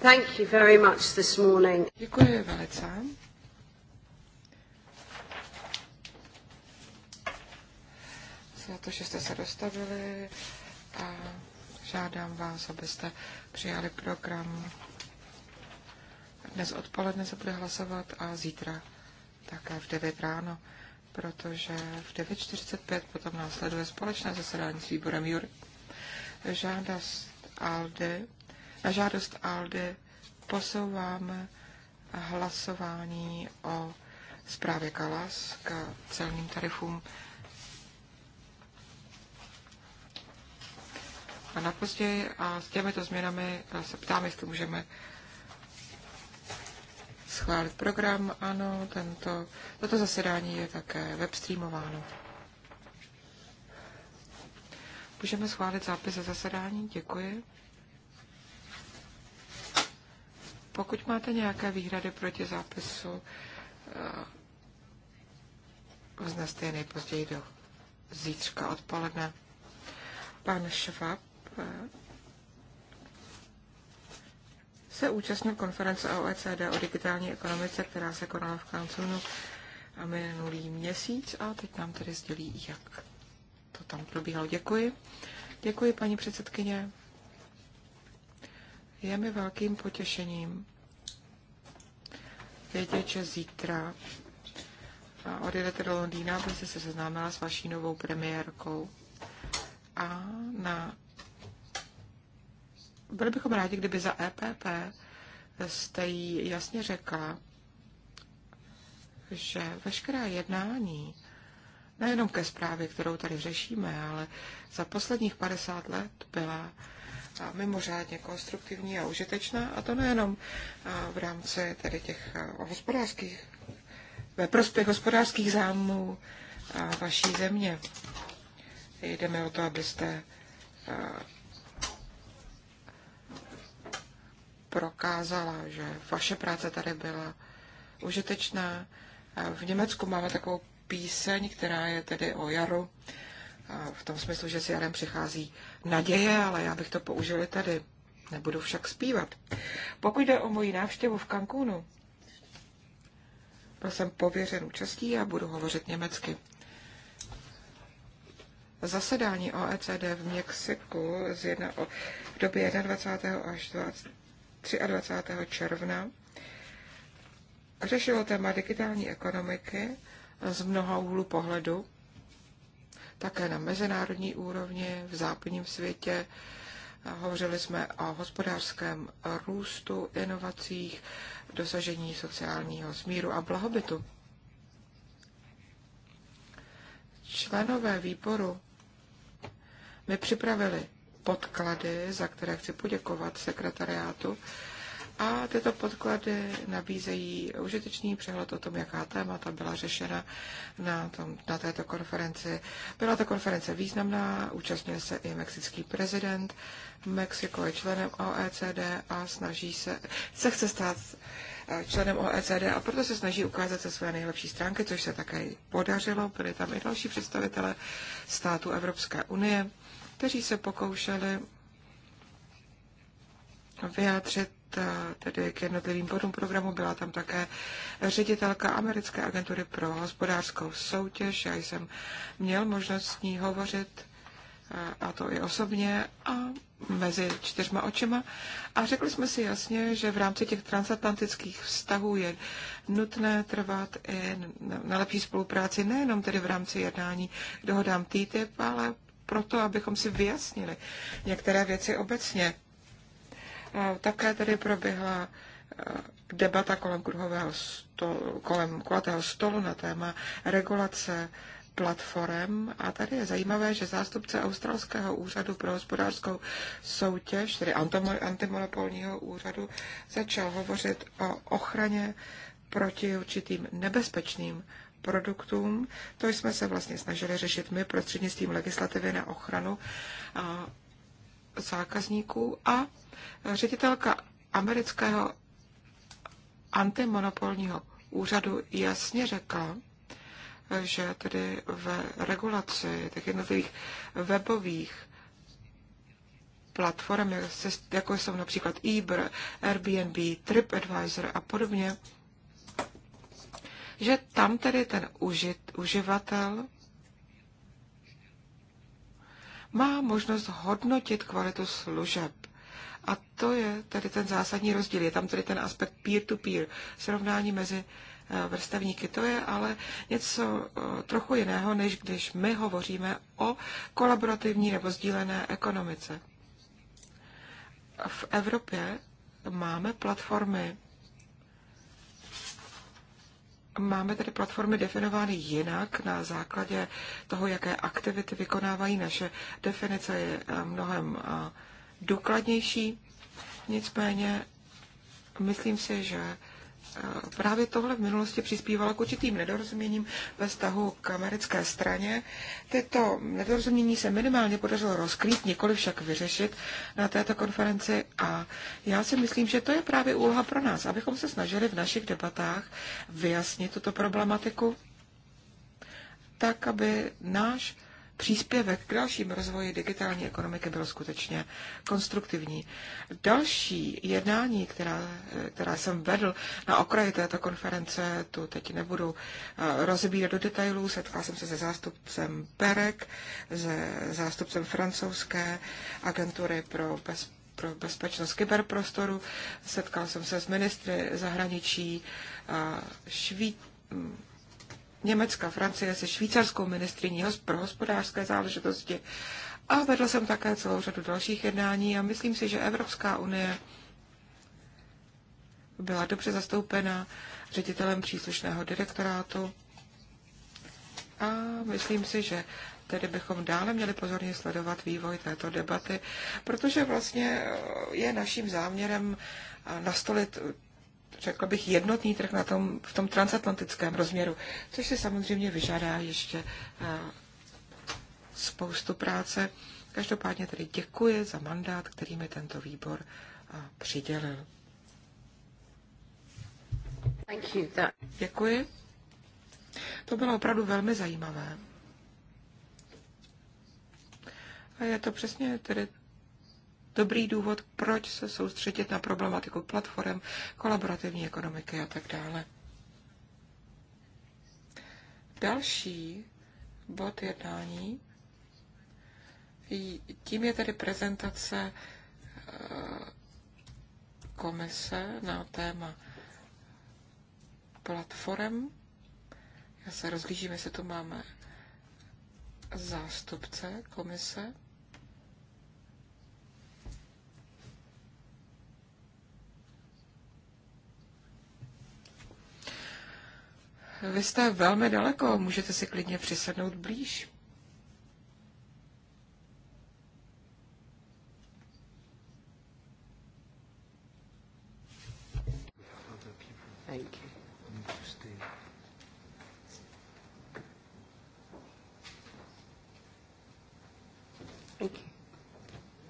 Thank you very much this morning. Děkuji velice. Za to, že jste se dostavili a žádám vás, abyste přijali program. Dnes odpoledne se bude hlasovat a zítra také v 9 ráno, protože v 9.45 potom následuje společné zasedání s výborem Jury. Žádost ALDE na žádost Aldy posouvám hlasování o zprávě Kalas k celním tarifům. A na později a s těmito změnami se ptám, jestli můžeme schválit program. Ano, tento, toto zasedání je také webstreamováno. Můžeme schválit zápis ze zasedání? Děkuji. Pokud máte nějaké výhrady proti zápisu, eh, vzneste je nejpozději do zítřka odpoledne. Pan Švab eh, se účastnil konference OECD o digitální ekonomice, která se konala v Cancunu a minulý měsíc a teď nám tedy sdělí, jak to tam probíhalo. Děkuji. Děkuji, paní předsedkyně. Je mi velkým potěšením vědět, že zítra odjedete do Londýna, abyste se seznámila s vaší novou premiérkou. A na... byli bychom rádi, kdyby za EPP jste jí jasně řekla, že veškerá jednání, nejenom ke zprávě, kterou tady řešíme, ale za posledních 50 let byla mimořádně konstruktivní a užitečná, a to nejenom v rámci tedy těch hospodářských, ve prospěch hospodářských zájmů vaší země. Jdeme o to, abyste prokázala, že vaše práce tady byla užitečná. V Německu máme takovou píseň, která je tedy o jaru v tom smyslu, že s jarem přichází naděje, ale já bych to použil tady. Nebudu však zpívat. Pokud jde o moji návštěvu v Cancúnu, byl jsem pověřen účastí a budu hovořit německy. Zasedání OECD v Mexiku z jedna, v době 21. až 20, 23. června řešilo téma digitální ekonomiky z mnoha úhlu pohledu také na mezinárodní úrovni v západním světě. Hovořili jsme o hospodářském růstu, inovacích, dosažení sociálního smíru a blahobytu. Členové výboru mi připravili podklady, za které chci poděkovat sekretariátu, a tyto podklady nabízejí užitečný přehled o tom, jaká témata byla řešena na, tom, na této konferenci. Byla ta konference významná, účastnil se i mexický prezident, Mexiko je členem OECD a snaží se, se chce stát eh, členem OECD a proto se snaží ukázat se své nejlepší stránky, což se také podařilo. Byli tam i další představitele států Evropské unie, kteří se pokoušeli vyjádřit Eh, tedy k jednotlivým bodům programu. Byla tam také ředitelka Americké agentury pro hospodářskou soutěž. Já jsem měl možnost s ní hovořit, eh, a to i osobně, a mezi čtyřma očima. A řekli jsme si jasně, že v rámci těch transatlantických vztahů je nutné trvat i na lepší spolupráci, nejenom tedy v rámci jednání dohodám TTIP, ale proto, abychom si vyjasnili některé věci obecně. Eh, také tedy proběhla eh, debata kolem, kruhového stolu, kolem kulatého stolu na téma regulace platform. A tady je zajímavé, že zástupce Australského úřadu pro hospodářskou soutěž, tedy antimonopolního úřadu, začal hovořit o ochraně proti určitým nebezpečným produktům. To jsme se vlastně snažili řešit my prostřednictvím legislativy na ochranu zákazníků a Ředitelka amerického antimonopolního úřadu jasně řekla, že tedy v regulaci těch jednotlivých webových platform, jako jsou například Uber, Airbnb, TripAdvisor a podobně, že tam tedy ten užit, uživatel má možnost hodnotit kvalitu služeb. A to je tady ten zásadní rozdíl. Je tam tedy ten aspekt peer-to-peer, -peer, srovnání mezi eh, vrstevníky. To je ale něco eh, trochu jiného, než když my hovoříme o kolaborativní nebo sdílené ekonomice. V Evropě máme platformy Máme tedy platformy definovány jinak na základě toho, jaké aktivity vykonávají. Naše definice je eh, mnohem důkladnější. Nicméně myslím si, že eh, právě tohle v minulosti přispívalo k určitým nedorozuměním ve vztahu k americké straně. Tyto nedorozumění se minimálně podařilo rozkrýt, nikoli však vyřešit na této konferenci a já si myslím, že to je právě úloha pro nás, abychom se snažili v našich debatách vyjasnit tuto problematiku tak, aby náš příspěvek k dalším rozvoji digitální ekonomiky byl skutečně konstruktivní. Další jednání, která, která jsem vedl na okraji této konference, tu teď nebudu eh, rozebírat do detailů, setkal jsem se se zástupcem PEREK, se zástupcem francouzské agentury pro bezpečnost pro bezpečnost kyberprostoru. Setkal jsem se s ministry zahraničí eh, Švý... Německa, Francie se švýcarskou ministriní pro hospodářské záležitosti a vedl jsem také celou řadu dalších jednání a myslím si, že Evropská unie byla dobře zastoupena ředitelem příslušného direktorátu a myslím si, že tedy bychom dále měli pozorně sledovat vývoj této debaty, protože vlastně je naším záměrem nastolit řekl bych, jednotný trh na tom, v tom transatlantickém rozměru, což se samozřejmě vyžádá ještě eh, spoustu práce. Každopádně tedy děkuji za mandát, který mi tento výbor eh, přidělil. Děkuji. To bylo opravdu velmi zajímavé. A je to přesně tedy dobrý důvod, proč se soustředit na problematiku platform, kolaborativní ekonomiky a tak dále. Další bod jednání, tím je tedy prezentace eh, komise na téma platform. Já se rozlížím, jestli tu máme zástupce komise. Vy jste velmi daleko, můžete si klidně přisednout blíž.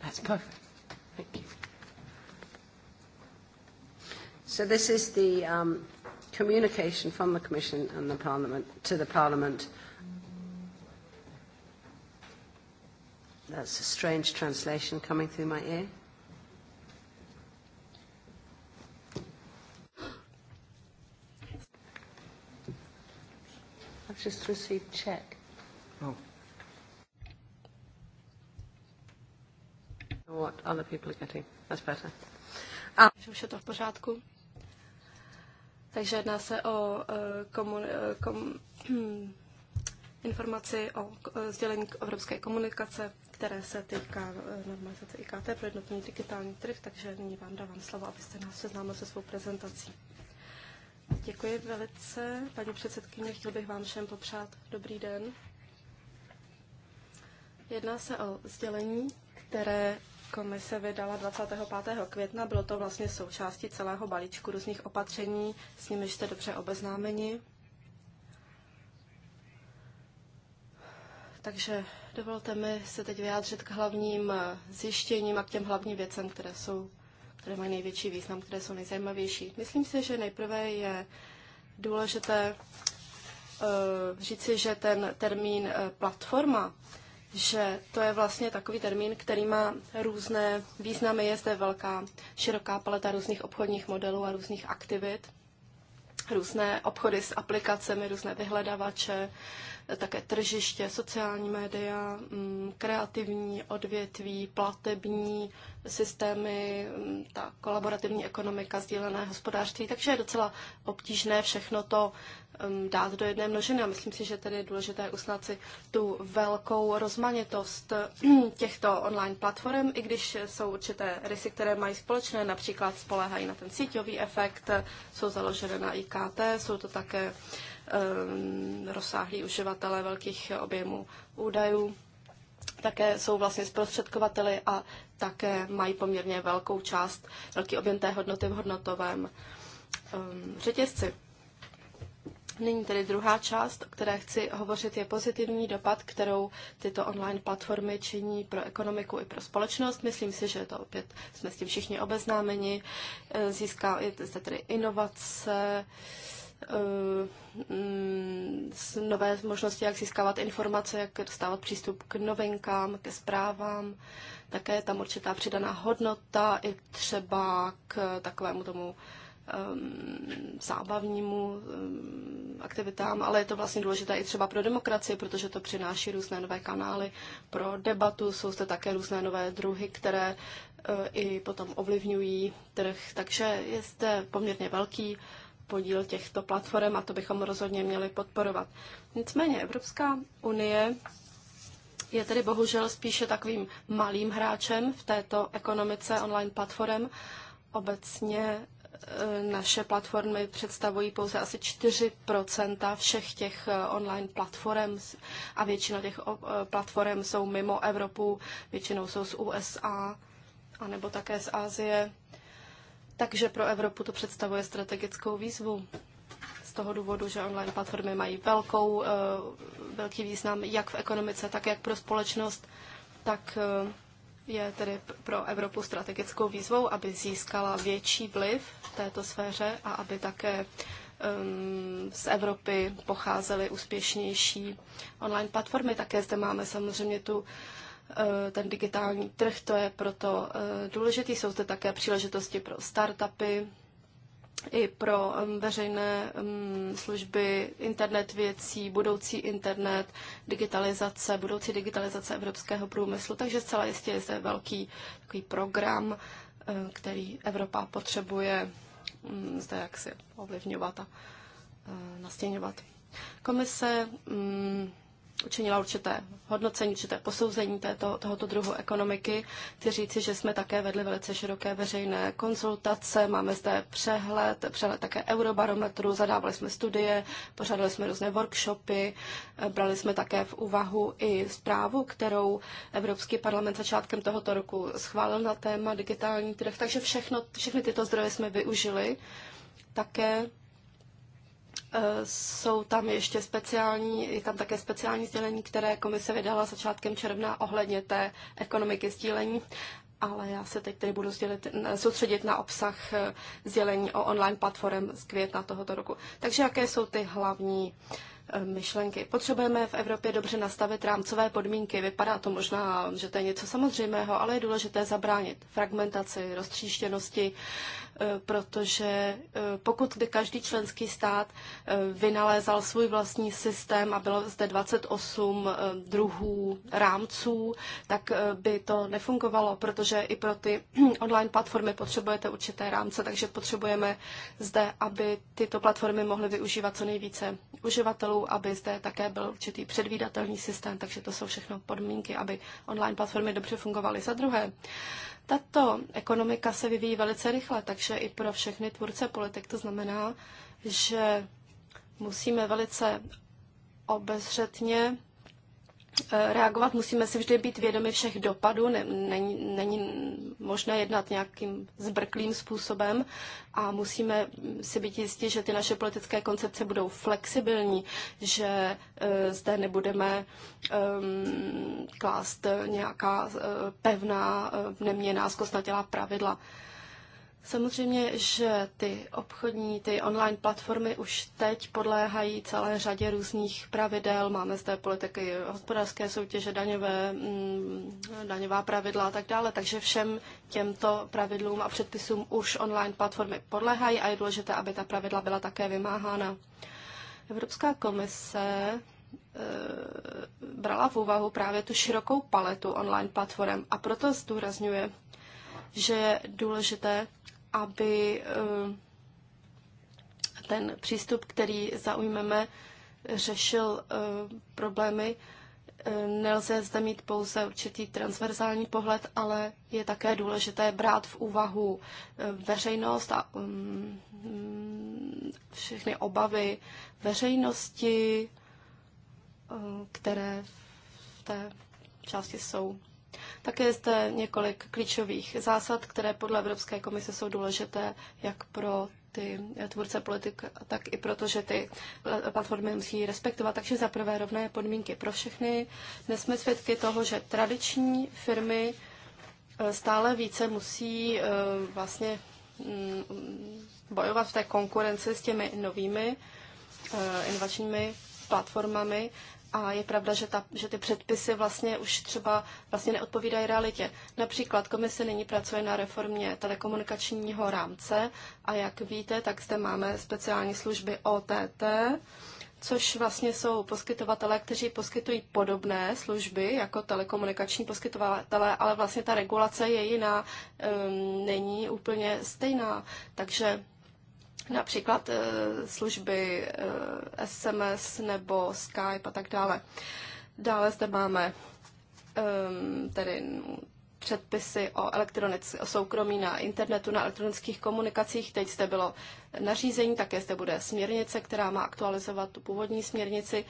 That's perfect. Thank you. So this is the um, communication from the Commission and the Parliament to the Parliament. That's a strange translation coming through my ear. I've just received check. Oh. What other people are getting. That's better. Um, takže jedná se o eh, komun, eh, kom, informaci o eh, sdělení evropské komunikace, které se týká normalizace IKT pro jednotný digitální trh, takže nyní vám dávám slovo, abyste nás seznámil se svou prezentací. Děkuji velice, paní předsedkyně, chtěl bych vám všem popřát dobrý den. Jedná se o sdělení, které komise vydala 25. května. Bylo to vlastně součástí celého balíčku různých opatření, s nimi jste dobře obeznámeni. Takže dovolte mi se teď vyjádřit k hlavním eh, zjištěním a k těm hlavním věcem, které, jsou, které mají největší význam, které jsou nejzajímavější. Myslím si, že nejprve je důležité eh, říci, že ten termín eh, platforma že to je vlastně takový termín, který má různé významy. Je zde velká, široká paleta různých obchodních modelů a různých aktivit, různé obchody s aplikacemi, různé vyhledavače, také tržiště, sociální média, mm, kreativní odvětví, platební systémy, mm, ta kolaborativní ekonomika, sdílené hospodářství, takže je docela obtížné všechno to mm, dát do jedné množiny a myslím si, že tady je důležité usnat si tu velkou rozmanitost těchto online platform, i když jsou určité rysy, které mají společné, například spolehají na ten síťový efekt, jsou založené na IKT, jsou to také Ehm, rozsáhlí uživatelé velkých objemů údajů. Také jsou vlastně zprostředkovateli a také mají poměrně velkou část, velký objem té hodnoty v hodnotovém ehm, řetězci. Nyní tedy druhá část, o které chci hovořit, je pozitivní dopad, kterou tyto online platformy činí pro ekonomiku i pro společnost. Myslím si, že to opět jsme s tím všichni obeznámeni. Ehm, získá je tedy inovace, Eh, mm, nové možnosti, jak získávat informace, jak dostávat přístup k novinkám, ke zprávám. Také je tam určitá přidaná hodnota i třeba k takovému tomu um, zábavnímu um, aktivitám, ale je to vlastně důležité i třeba pro demokracii, protože to přináší různé nové kanály pro debatu, jsou zde také různé nové druhy, které uh, i potom ovlivňují trh, takže je zde poměrně velký podíl těchto platform a to bychom rozhodně měli podporovat. Nicméně Evropská unie je tedy bohužel spíše takovým malým hráčem v této ekonomice online platform. Obecně e, naše platformy představují pouze asi 4 všech těch e, online platform a většina těch e, platform jsou mimo Evropu, většinou jsou z USA a nebo také z Asie. Takže pro Evropu to představuje strategickou výzvu z toho důvodu, že online platformy mají velkou, eh, velký význam jak v ekonomice, tak jak pro společnost, tak eh, je tedy pro Evropu strategickou výzvou, aby získala větší vliv v této sféře a aby také ehm, z Evropy pocházely úspěšnější online platformy. Také zde máme samozřejmě tu Eh, ten digitální trh, to je proto eh, důležitý. Jsou zde také příležitosti pro startupy, i pro veřejné služby, internet věcí, budoucí internet, digitalizace, budoucí digitalizace evropského průmyslu. Takže zcela jistě je zde velký takový program, eh, který Evropa potřebuje mm, zde jak ovlivňovat a nastěňovat. Komise mm, učinila určité hodnocení, určité posouzení této, tohoto druhu ekonomiky. Chci říci, že jsme také vedli velice široké veřejné konzultace, máme zde přehled, přehled také eurobarometru, zadávali jsme studie, pořádali jsme různé workshopy, brali jsme také v úvahu i zprávu, kterou Evropský parlament začátkem tohoto roku schválil na téma digitální trh, takže všechno, všechny tyto zdroje jsme využili. Také Eh, jsou tam ještě speciální, je tam také speciální sdělení, které komise vydala začátkem června ohledně té ekonomiky sdílení, ale já se teď tedy budu sdělit, soustředit na obsah eh, sdělení o online platform z května tohoto roku. Takže jaké jsou ty hlavní eh, myšlenky. Potřebujeme v Evropě dobře nastavit rámcové podmínky. Vypadá to možná, že to je něco samozřejmého, ale je důležité zabránit fragmentaci, roztříštěnosti, E, protože e, pokud by každý členský stát e, vynalézal svůj vlastní systém a bylo zde 28 druhů rámců, tak by to nefungovalo, protože i pro ty online platformy potřebujete určité rámce, takže potřebujeme zde, aby tyto platformy mohly využívat co nejvíce uživatelů, aby zde také byl určitý předvídatelný systém, takže to jsou všechno podmínky, aby online platformy dobře fungovaly. Za druhé, tato ekonomika se vyvíjí velice rychle, takže i pro všechny tvůrce politik to znamená, že musíme velice obezřetně Eh, reagovat, musíme si vždy být vědomi všech dopadů, není, není možné jednat nějakým zbrklým způsobem a musíme mm, si být jistí, že ty naše politické koncepce budou flexibilní, že eh, zde nebudeme um, klást nějaká eh, pevná, neměná, zkostnatělá pravidla. Samozřejmě, že ty obchodní, ty online platformy už teď podléhají celé řadě různých pravidel. Máme zde politiky hospodářské soutěže, daňové, mm, daňová pravidla a tak dále. Takže všem těmto pravidlům a předpisům už online platformy podléhají a je důležité, aby ta pravidla byla také vymáhána. Evropská komise eh, brala v úvahu právě tu širokou paletu online platform a proto zdůrazňuje, že je důležité aby eh, ten přístup, který zaujmeme, řešil eh, problémy. Eh, nelze zde mít pouze určitý transverzální pohled, ale je také důležité brát v úvahu veřejnost a mm, mm, všechny obavy veřejnosti, které v té části jsou. Také zde několik klíčových zásad, které podle Evropské komise jsou důležité jak pro ty tvůrce politik, tak i proto, že ty eh, platformy musí respektovat. Takže za prvé rovné podmínky pro všechny. Dnes jsme svědky toho, že tradiční firmy eh, stále více musí eh, vlastně mm, bojovat v té konkurenci s těmi novými inovačními platformami. A je pravda, že, ta, že ty předpisy vlastně už třeba vlastně neodpovídají realitě. Například komise nyní pracuje na reformě telekomunikačního rámce a jak víte, tak zde máme speciální služby OTT, což vlastně jsou poskytovatelé, kteří poskytují podobné služby jako telekomunikační poskytovatelé, ale vlastně ta regulace je jiná, um, ehm, není úplně stejná. Takže například eh, služby SMS eh, nebo Skype a tak dále. Dále zde máme ehm, tedy předpisy o, elektronic- o soukromí na internetu, na elektronických komunikacích. Teď zde bylo nařízení, také zde bude směrnice, která má aktualizovat tu původní směrnici,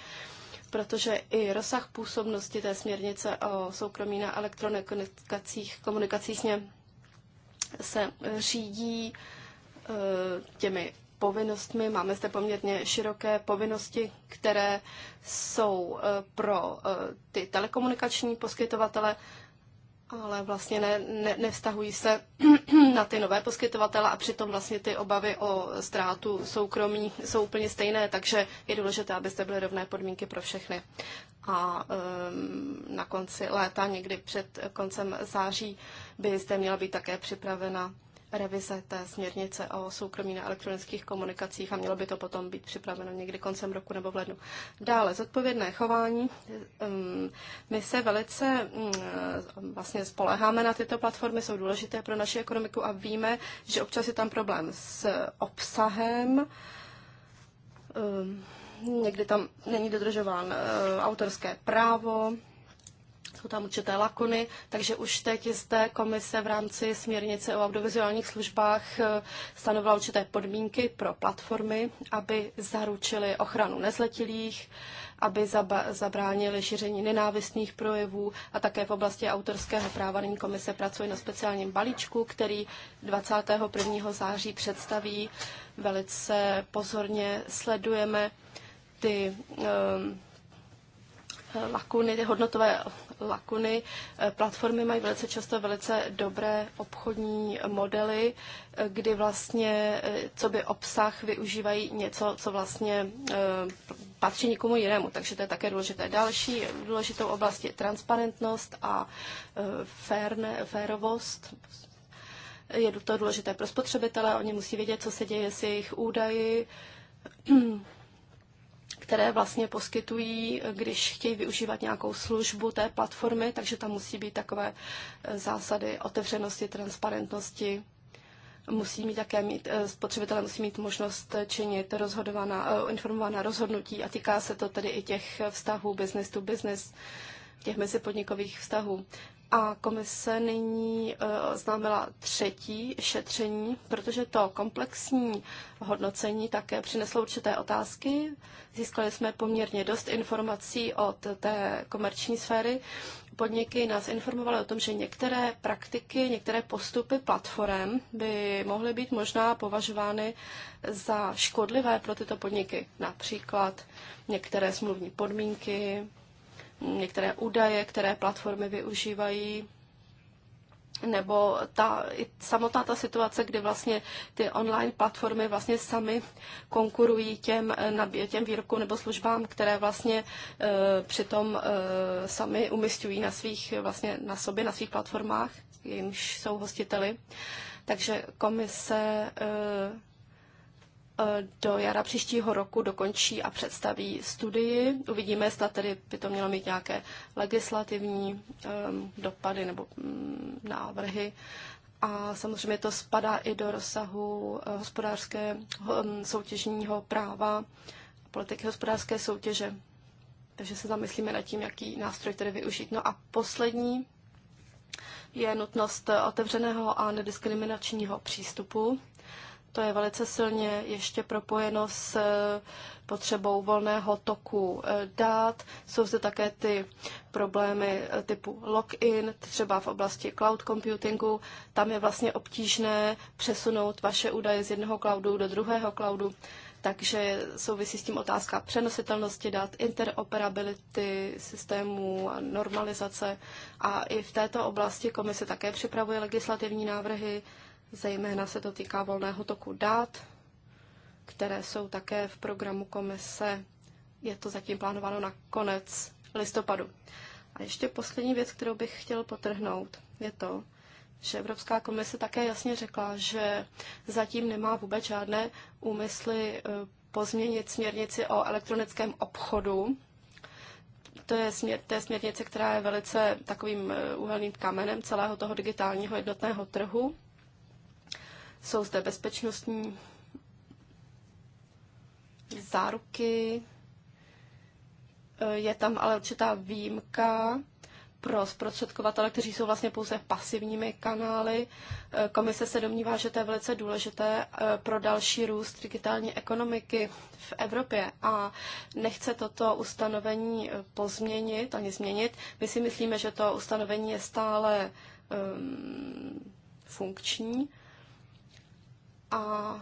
protože i rozsah působnosti té směrnice o soukromí na elektronických komunikacích se řídí Eh, těmi povinnostmi. Máme zde poměrně široké povinnosti, které jsou eh, pro eh, ty telekomunikační poskytovatele, ale vlastně ne, ne, nevztahují se na ty nové poskytovatele a přitom vlastně ty obavy o ztrátu soukromí jsou úplně stejné, takže je důležité, aby zde byly rovné podmínky pro všechny. A um, na konci léta, někdy před koncem září, by zde měla být také připravena revize té směrnice o soukromí na elektronických komunikacích a mělo by to potom být připraveno někdy koncem roku nebo v lednu. Dále, zodpovědné chování. Ehm, my se velice mm, eh, vlastně spoleháme na tyto platformy, jsou důležité pro naši ekonomiku a víme, že občas je tam problém s obsahem, ehm, někdy tam není dodržován eh, autorské právo, jsou tam určité lakony, takže už teď zde komise v rámci směrnice o audiovizuálních službách eh, stanovila určité podmínky pro platformy, aby zaručili ochranu nezletilých, aby zabránili šíření nenávistných projevů a také v oblasti autorského práva nyní komise pracuje na speciálním balíčku, který 21. září představí. Velice pozorně sledujeme ty um, ehm, eh, lakuny, ty hodnotové lakuny. Eh, platformy mají velice často velice dobré obchodní modely, eh, kdy vlastně eh, co by obsah využívají něco, co vlastně patří nikomu jinému, takže to je také důležité. Další důležitou oblast je transparentnost a férne, férovost, je to důležité pro spotřebitele, oni musí vědět, co se děje s jejich údaji, které vlastně poskytují, když chtějí využívat nějakou službu té platformy, takže tam musí být takové eh, zásady otevřenosti, transparentnosti. Musí mít také mít, eh, spotřebitelé musí mít možnost činit rozhodovaná, eh, informovaná rozhodnutí a týká se to tedy i těch vztahů business to business, těch mezipodnikových vztahů. A komise nyní eh, oznámila třetí šetření, protože to komplexní hodnocení také přineslo určité otázky. Získali jsme poměrně dost informací od té komerční sféry. Podniky nás informovaly o tom, že některé praktiky, některé postupy platform by mohly být možná považovány za škodlivé pro tyto podniky. Například některé smluvní podmínky, některé údaje, které platformy využívají, nebo ta, i samotná ta situace, kdy vlastně ty online platformy vlastně sami konkurují těm, těm výrobkům nebo službám, které vlastně e, přitom e, sami umistují na svých, vlastně na sobě, na svých platformách, jimž jsou hostiteli. Takže komise e, Eh, do jara příštího roku dokončí a představí studii. Uvidíme, zda tedy by to mělo mít nějaké legislativní dopady nebo mm, návrhy. A samozřejmě to spadá i do rozsahu eh, hospodářské soutěžního práva a politiky hospodářské soutěže. Takže se zamyslíme nad tím, jaký nástroj tedy využít. No a poslední je nutnost otevřeného a nediskriminačního přístupu to je velice silně ještě propojeno s eh, potřebou volného toku eh, dát. Jsou zde také ty problémy eh, typu login, třeba v oblasti cloud computingu. Tam je vlastně obtížné přesunout vaše údaje z jednoho cloudu do druhého cloudu. Takže souvisí s tím otázka přenositelnosti dat, interoperability systémů, normalizace. A i v této oblasti komise také připravuje legislativní návrhy. Zejména se to týká volného toku dat, které jsou také v programu komise. Je to zatím plánováno na konec listopadu. A ještě poslední věc, kterou bych chtěl potrhnout, je to, že Evropská komise také jasně řekla, že zatím nemá vůbec žádné úmysly e, pozměnit směrnici o elektronickém obchodu. To je, směr, to je směrnice, která je velice takovým e, uhelným kamenem celého toho digitálního jednotného trhu. Jsou zde bezpečnostní záruky, eh, je tam ale určitá výjimka pro zprostředkovatele, kteří jsou vlastně pouze pasivními kanály. Eh, komise se domnívá, že to je velice důležité eh, pro další růst digitální ekonomiky v Evropě a nechce toto ustanovení pozměnit ani změnit. My si myslíme, že to ustanovení je stále um, funkční a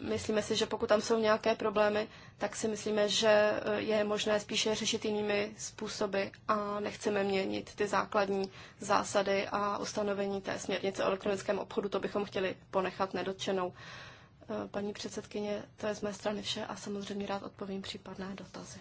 myslíme si, že pokud tam jsou nějaké problémy, tak si myslíme, že eh, je možné spíše řešit jinými způsoby a nechceme měnit ty základní zásady a ustanovení té směrnice o elektronickém obchodu. To bychom chtěli ponechat nedotčenou. Eh, paní předsedkyně, to je z mé strany vše a samozřejmě rád odpovím případné dotazy.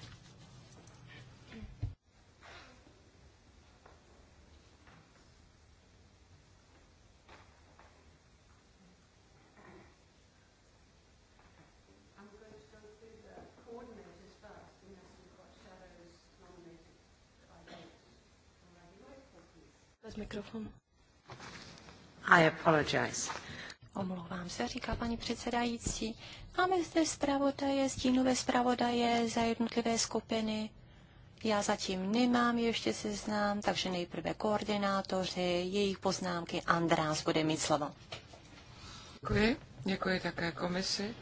mikrofon. I apologize. Omlouvám se, říká paní předsedající. Máme zde zpravodaje, stínové zpravodaje za jednotlivé skupiny. Já zatím nemám ještě seznám, takže nejprve koordinátoři, jejich poznámky. András bude mít slovo. Děkuji. Děkuji také komisi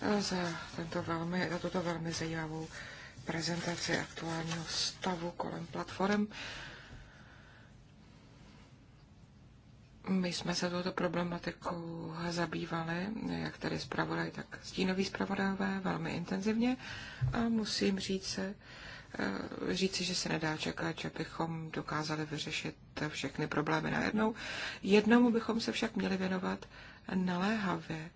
eh, za, tento velmi, za tuto velmi zajímavou prezentaci aktuálního stavu kolem platform. My jsme se touto problematikou zabývali, jak tady zpravodaj, tak stínový zpravodajové, velmi intenzivně a musím říct se, eh, říci, že se nedá čekat, že bychom dokázali vyřešit všechny problémy najednou. Jednomu bychom se však měli věnovat naléhavě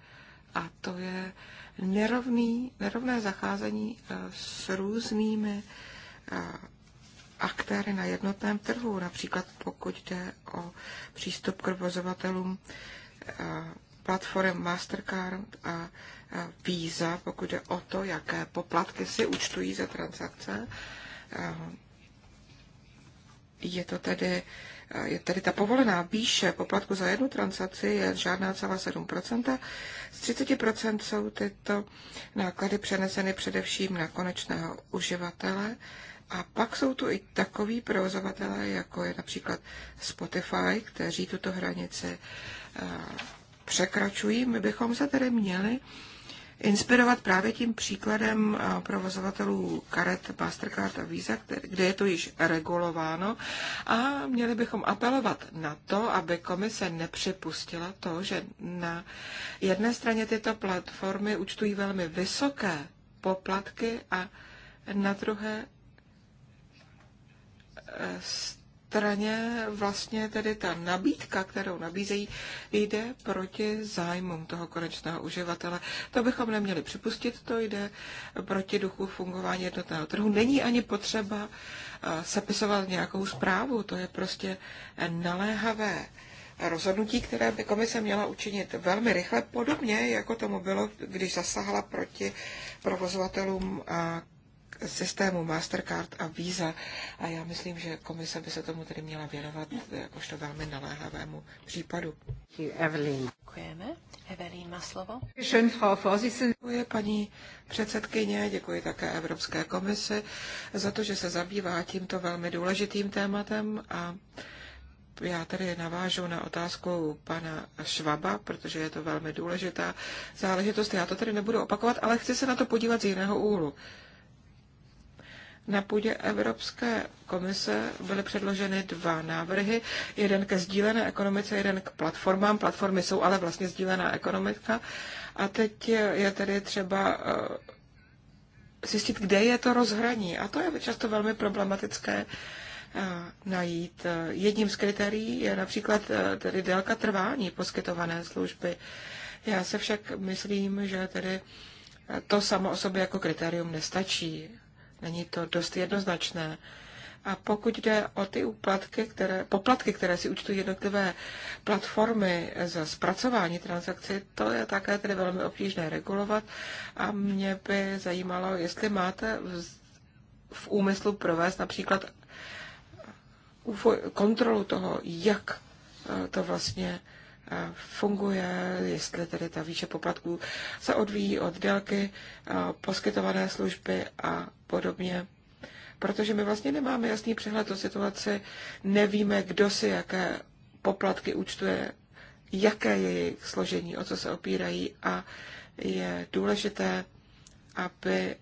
a to je nerovný, nerovné zacházení eh, s různými eh, aktéry na jednotném trhu, například pokud jde o přístup k provozovatelům eh, platform Mastercard a eh, Visa, pokud jde o to, jaké poplatky si účtují za transakce. Eh, je to tedy je tedy ta povolená výše poplatku za jednu transakci je žádná celá 7%. Z 30% jsou tyto náklady přeneseny především na konečného uživatele a pak jsou tu i takoví provozovatelé, jako je například Spotify, kteří tuto hranici eh, překračují. My bychom se tedy měli inspirovat právě tím příkladem eh, provozovatelů karet Mastercard a Visa, kde je to již regulováno a měli bychom apelovat na to, aby komise nepřipustila to, že na jedné straně tyto platformy účtují velmi vysoké poplatky a na druhé straně vlastně tedy ta nabídka, kterou nabízejí, jde proti zájmům toho konečného uživatele. To bychom neměli připustit, to jde proti duchu fungování jednotného trhu. Není ani potřeba eh, sepisovat nějakou zprávu, to je prostě naléhavé rozhodnutí, které by komise měla učinit velmi rychle, podobně jako tomu bylo, když zasáhla proti provozovatelům eh, systému Mastercard a Visa a já myslím, že komise by se tomu tedy měla věnovat jakožto velmi naléhavému případu. Evelyn. Děkujeme. Evelyn má slovo. Děkuji paní předsedkyně, děkuji také Evropské komisi za to, že se zabývá tímto velmi důležitým tématem a já tady navážu na otázku pana Švaba, protože je to velmi důležitá záležitost. Já to tady nebudu opakovat, ale chci se na to podívat z jiného úhlu. Na půdě Evropské komise byly předloženy dva návrhy, jeden ke sdílené ekonomice, jeden k platformám. Platformy jsou ale vlastně sdílená ekonomika. A teď je tedy třeba eh, zjistit, kde je to rozhraní. A to je často velmi problematické eh, najít. Jedním z kritérií je například eh, tedy délka trvání poskytované služby. Já se však myslím, že tedy to samo o sobě jako kritérium nestačí. Není to dost jednoznačné. A pokud jde o ty uplatky, které, poplatky, které si účtují jednotlivé platformy za zpracování transakcí, to je také tedy velmi obtížné regulovat. A mě by zajímalo, jestli máte v úmyslu provést například kontrolu toho, jak eh, to vlastně funguje, jestli tedy ta výše poplatků se odvíjí od délky poskytované služby a podobně. Protože my vlastně nemáme jasný přehled o situaci, nevíme, kdo si jaké poplatky účtuje, jaké je jejich složení, o co se opírají a je důležité, aby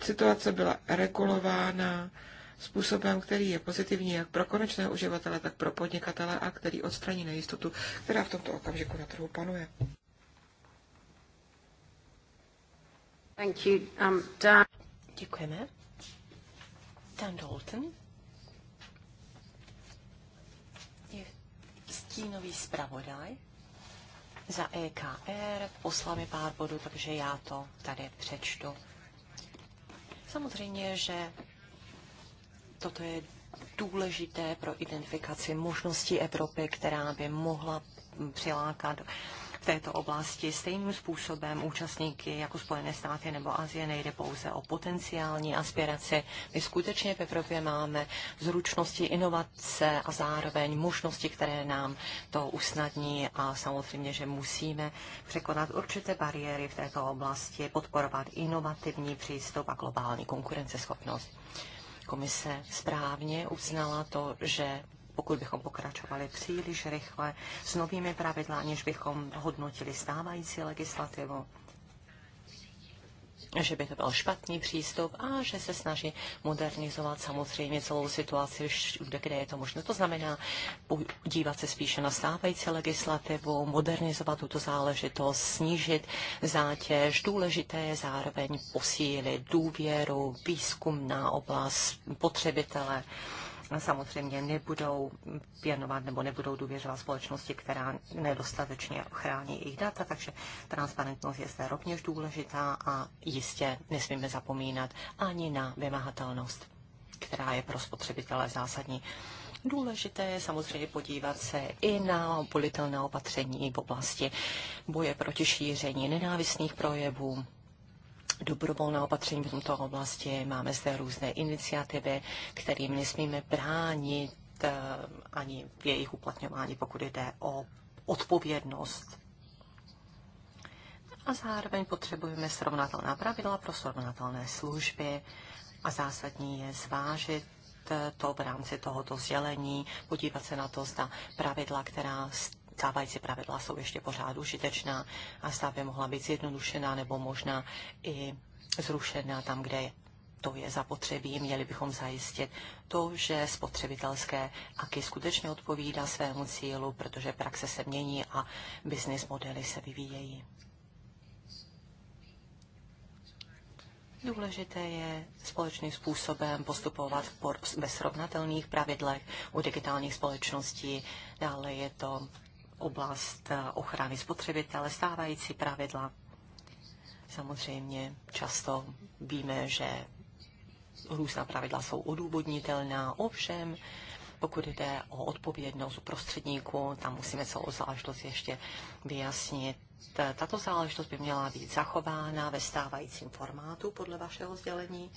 situace byla regulována způsobem, který je pozitivní jak pro konečného uživatele, tak pro podnikatele a který odstraní nejistotu, která v tomto okamžiku na trhu panuje. Thank you. Um, Dan... Děkujeme. Dan Dalton je stínový zpravodaj za EKR, poslal mi pár bodů, takže já to tady přečtu. Samozřejmě, že Toto je důležité pro identifikaci možností Evropy, která by mohla přilákat v této oblasti stejným způsobem účastníky jako Spojené státy nebo Asie nejde pouze o potenciální aspirace. My skutečně v Evropě máme zručnosti, inovace a zároveň možnosti, které nám to usnadní a samozřejmě, že musíme překonat určité bariéry v této oblasti, podporovat inovativní přístup a globální konkurenceschopnost komise správně uznala to, že pokud bychom pokračovali příliš rychle s novými pravidly, aniž bychom hodnotili stávající legislativu, že by to byl špatný přístup a že se snaží modernizovat samozřejmě celou situaci kde je to možné. To znamená dívat se spíše na stávající legislativu, modernizovat tuto záležitost, snížit zátěž. Důležité je zároveň posílit důvěru, výzkumná oblast, potřebitele samozřejmě nebudou věnovat nebo nebudou důvěřovat společnosti, která nedostatečně ochrání jejich data, takže transparentnost je zde rovněž důležitá a jistě nesmíme zapomínat ani na vymahatelnost, která je pro spotřebitele zásadní. Důležité je samozřejmě podívat se i na volitelná opatření v oblasti boje proti šíření nenávistných projevů, dobrovolná opatření v tomto oblasti, máme zde různé iniciativy, kterým nesmíme bránit eh, ani v jejich uplatňování, pokud jde o odpovědnost. A zároveň potřebujeme srovnatelná pravidla pro srovnatelné služby a zásadní je zvážit to v rámci tohoto sdělení, podívat se na to, zda pravidla, která stávající pravidla jsou ještě pořád užitečná a stav by mohla být zjednodušená nebo možná i zrušená tam, kde to je zapotřebí. Měli bychom zajistit to, že spotřebitelské aky skutečně odpovídá svému cílu, protože praxe se mění a business modely se vyvíjejí. Důležité je společným způsobem postupovat ve srovnatelných pravidlech u digitálních společností. Dále je to oblast eh, ochrany spotřebitele, stávající pravidla. Samozřejmě často víme, že různá pravidla jsou odůvodnitelná, ovšem pokud jde o odpovědnost prostředníků, tam musíme celou záležitost ještě vyjasnit. Tato záležitost by měla být zachována ve stávajícím formátu podle vašeho sdělení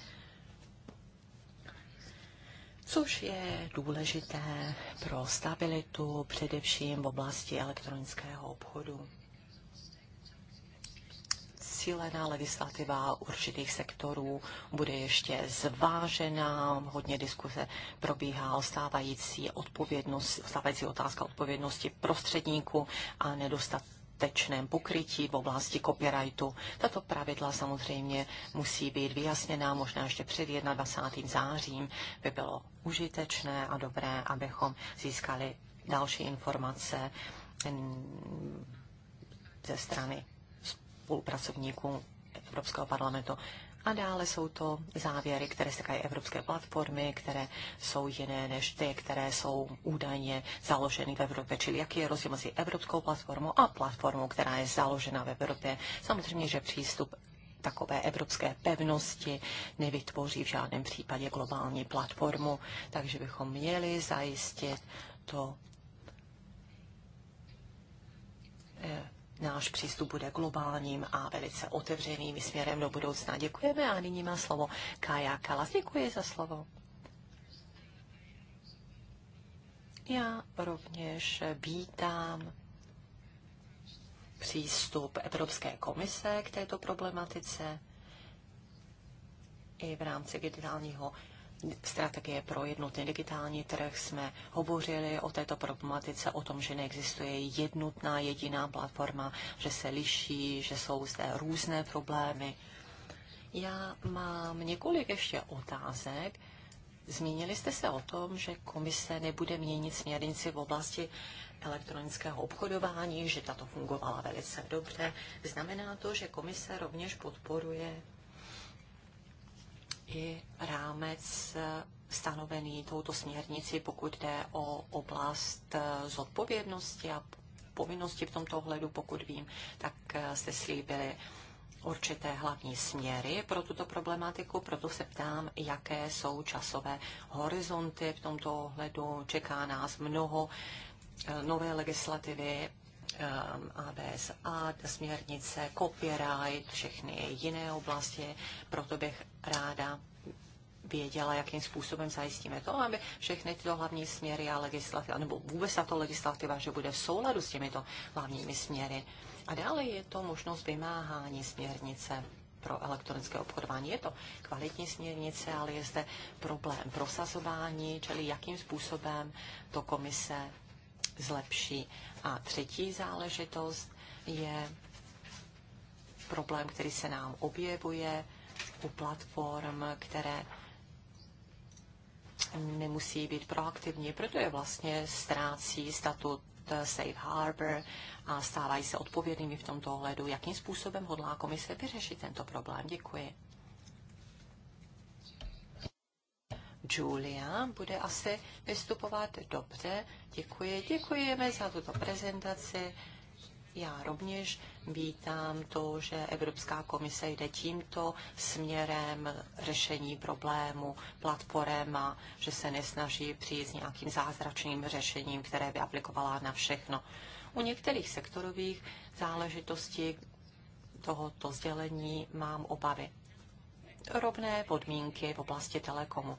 což je důležité pro stabilitu, především v oblasti elektronického obchodu. Cílená legislativa určitých sektorů bude ještě zvážená, hodně diskuse probíhá o stávající, odpovědnost, stávající otázka odpovědnosti prostředníků a nedostatku dostatečném pokrytí v oblasti copyrightu. Tato pravidla samozřejmě musí být vyjasněná možná ještě před 21. zářím. By bylo užitečné a dobré, abychom získali další informace mm, ze strany spolupracovníků Evropského parlamentu. A dále jsou to závěry, které se týkají evropské platformy, které jsou jiné než ty, které jsou údajně založeny v Evropě. Čili jaký je rozdíl mezi evropskou platformou a platformou, která je založena v Evropě. Samozřejmě, že přístup takové evropské pevnosti nevytvoří v žádném případě globální platformu, takže bychom měli zajistit to eh, náš přístup bude globálním a velice otevřeným směrem do budoucna. Děkujeme a nyní má slovo Kaja Kalas. Děkuji za slovo. Já rovněž vítám přístup Evropské komise k této problematice i v rámci digitálního strategie pro jednotný digitální trh jsme hovořili o této problematice, o tom, že neexistuje jednotná jediná platforma, že se liší, že jsou zde různé problémy. Já mám několik ještě otázek. Zmínili jste se o tom, že komise nebude měnit směrnici v oblasti elektronického obchodování, že tato fungovala velice dobře. Znamená to, že komise rovněž podporuje i rámec eh, stanovený touto směrnici, pokud jde o oblast eh, zodpovědnosti a povinnosti v tomto ohledu, pokud vím, tak eh, jste slíbili určité hlavní směry pro tuto problematiku, proto se ptám, jaké jsou časové horizonty v tomto ohledu. Čeká nás mnoho nové legislativy, ABSA, um, směrnice, copyright, všechny jiné oblasti. Proto bych ráda věděla, jakým způsobem zajistíme to, aby všechny tyto hlavní směry a legislativa, nebo vůbec tato legislativa, že bude v souladu s těmito hlavními směry. A dále je to možnost vymáhání směrnice pro elektronické obchodování. Je to kvalitní směrnice, ale je zde problém prosazování, čili jakým způsobem to komise zlepší. A třetí záležitost je problém, který se nám objevuje u platform, které nemusí být proaktivní, protože je vlastně ztrácí statut eh, Safe Harbor a stávají se odpovědnými v tomto ohledu. Jakým způsobem hodlá komise vyřešit tento problém? Děkuji. Julia bude asi vystupovat dobře. Děkuji, děkujeme za tuto prezentaci. Já rovněž vítám to, že Evropská komise jde tímto směrem řešení problému platformem a že se nesnaží přijít s nějakým zázračným řešením, které by aplikovala na všechno. U některých sektorových záležitostí tohoto sdělení mám obavy. Rovné podmínky v oblasti telekomu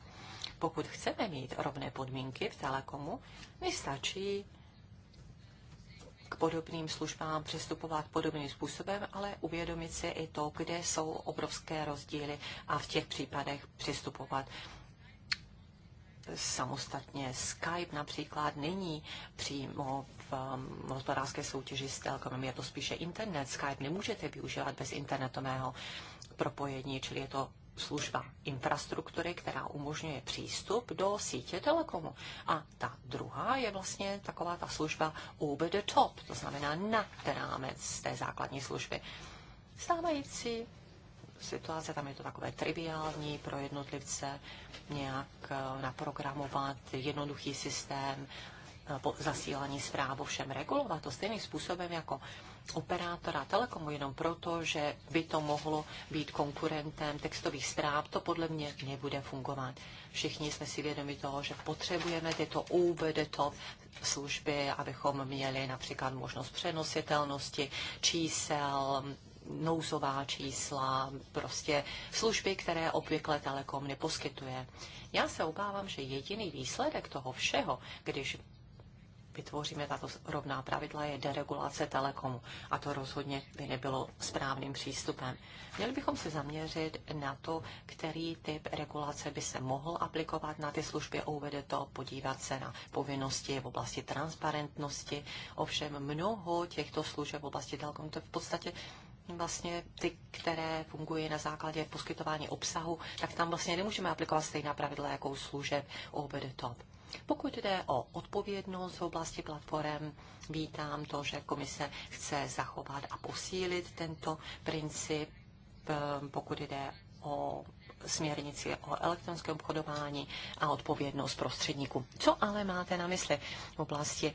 pokud chceme mít rovné podmínky v Telekomu, nestačí k podobným službám přistupovat podobným způsobem, ale uvědomit si i to, kde jsou obrovské rozdíly a v těch případech přistupovat samostatně. Skype například není přímo v um, hospodářské soutěži s Telkomem, je to spíše internet. Skype nemůžete využívat bez internetového propojení, čili je to služba infrastruktury, která umožňuje přístup do sítě telekomu. A ta druhá je vlastně taková ta služba over the top, to znamená na ten rámec té základní služby. Stávající situace, tam je to takové triviální pro jednotlivce, nějak eh, naprogramovat jednoduchý systém, eh, zasílání zpráv všem regulovat to stejným způsobem jako uh, operátora Telekomu jenom proto, že by to mohlo být konkurentem textových zpráv, to podle mě nebude fungovat. Všichni jsme si vědomi toho, že potřebujeme tyto over tyto služby, abychom měli například možnost přenositelnosti čísel, nouzová čísla, prostě služby, které obvykle Telekom neposkytuje. Já se obávám, že jediný výsledek toho všeho, když vytvoříme tato rovná pravidla, je deregulace telekomu. A to rozhodně by nebylo správným přístupem. Měli bychom se zaměřit na to, který typ regulace by se mohl aplikovat na ty služby a uvede to, podívat se na povinnosti v oblasti transparentnosti. Ovšem mnoho těchto služeb v oblasti telekomu, to je v podstatě vlastně ty, které fungují na základě poskytování obsahu, tak tam vlastně nemůžeme aplikovat stejná pravidla jako služeb OBD Top. Pokud jde o odpovědnost v oblasti platform, vítám to, že komise chce zachovat a posílit tento princip, eh, pokud jde o směrnici o elektronickém obchodování a odpovědnost prostředníků. Co ale máte na mysli v oblasti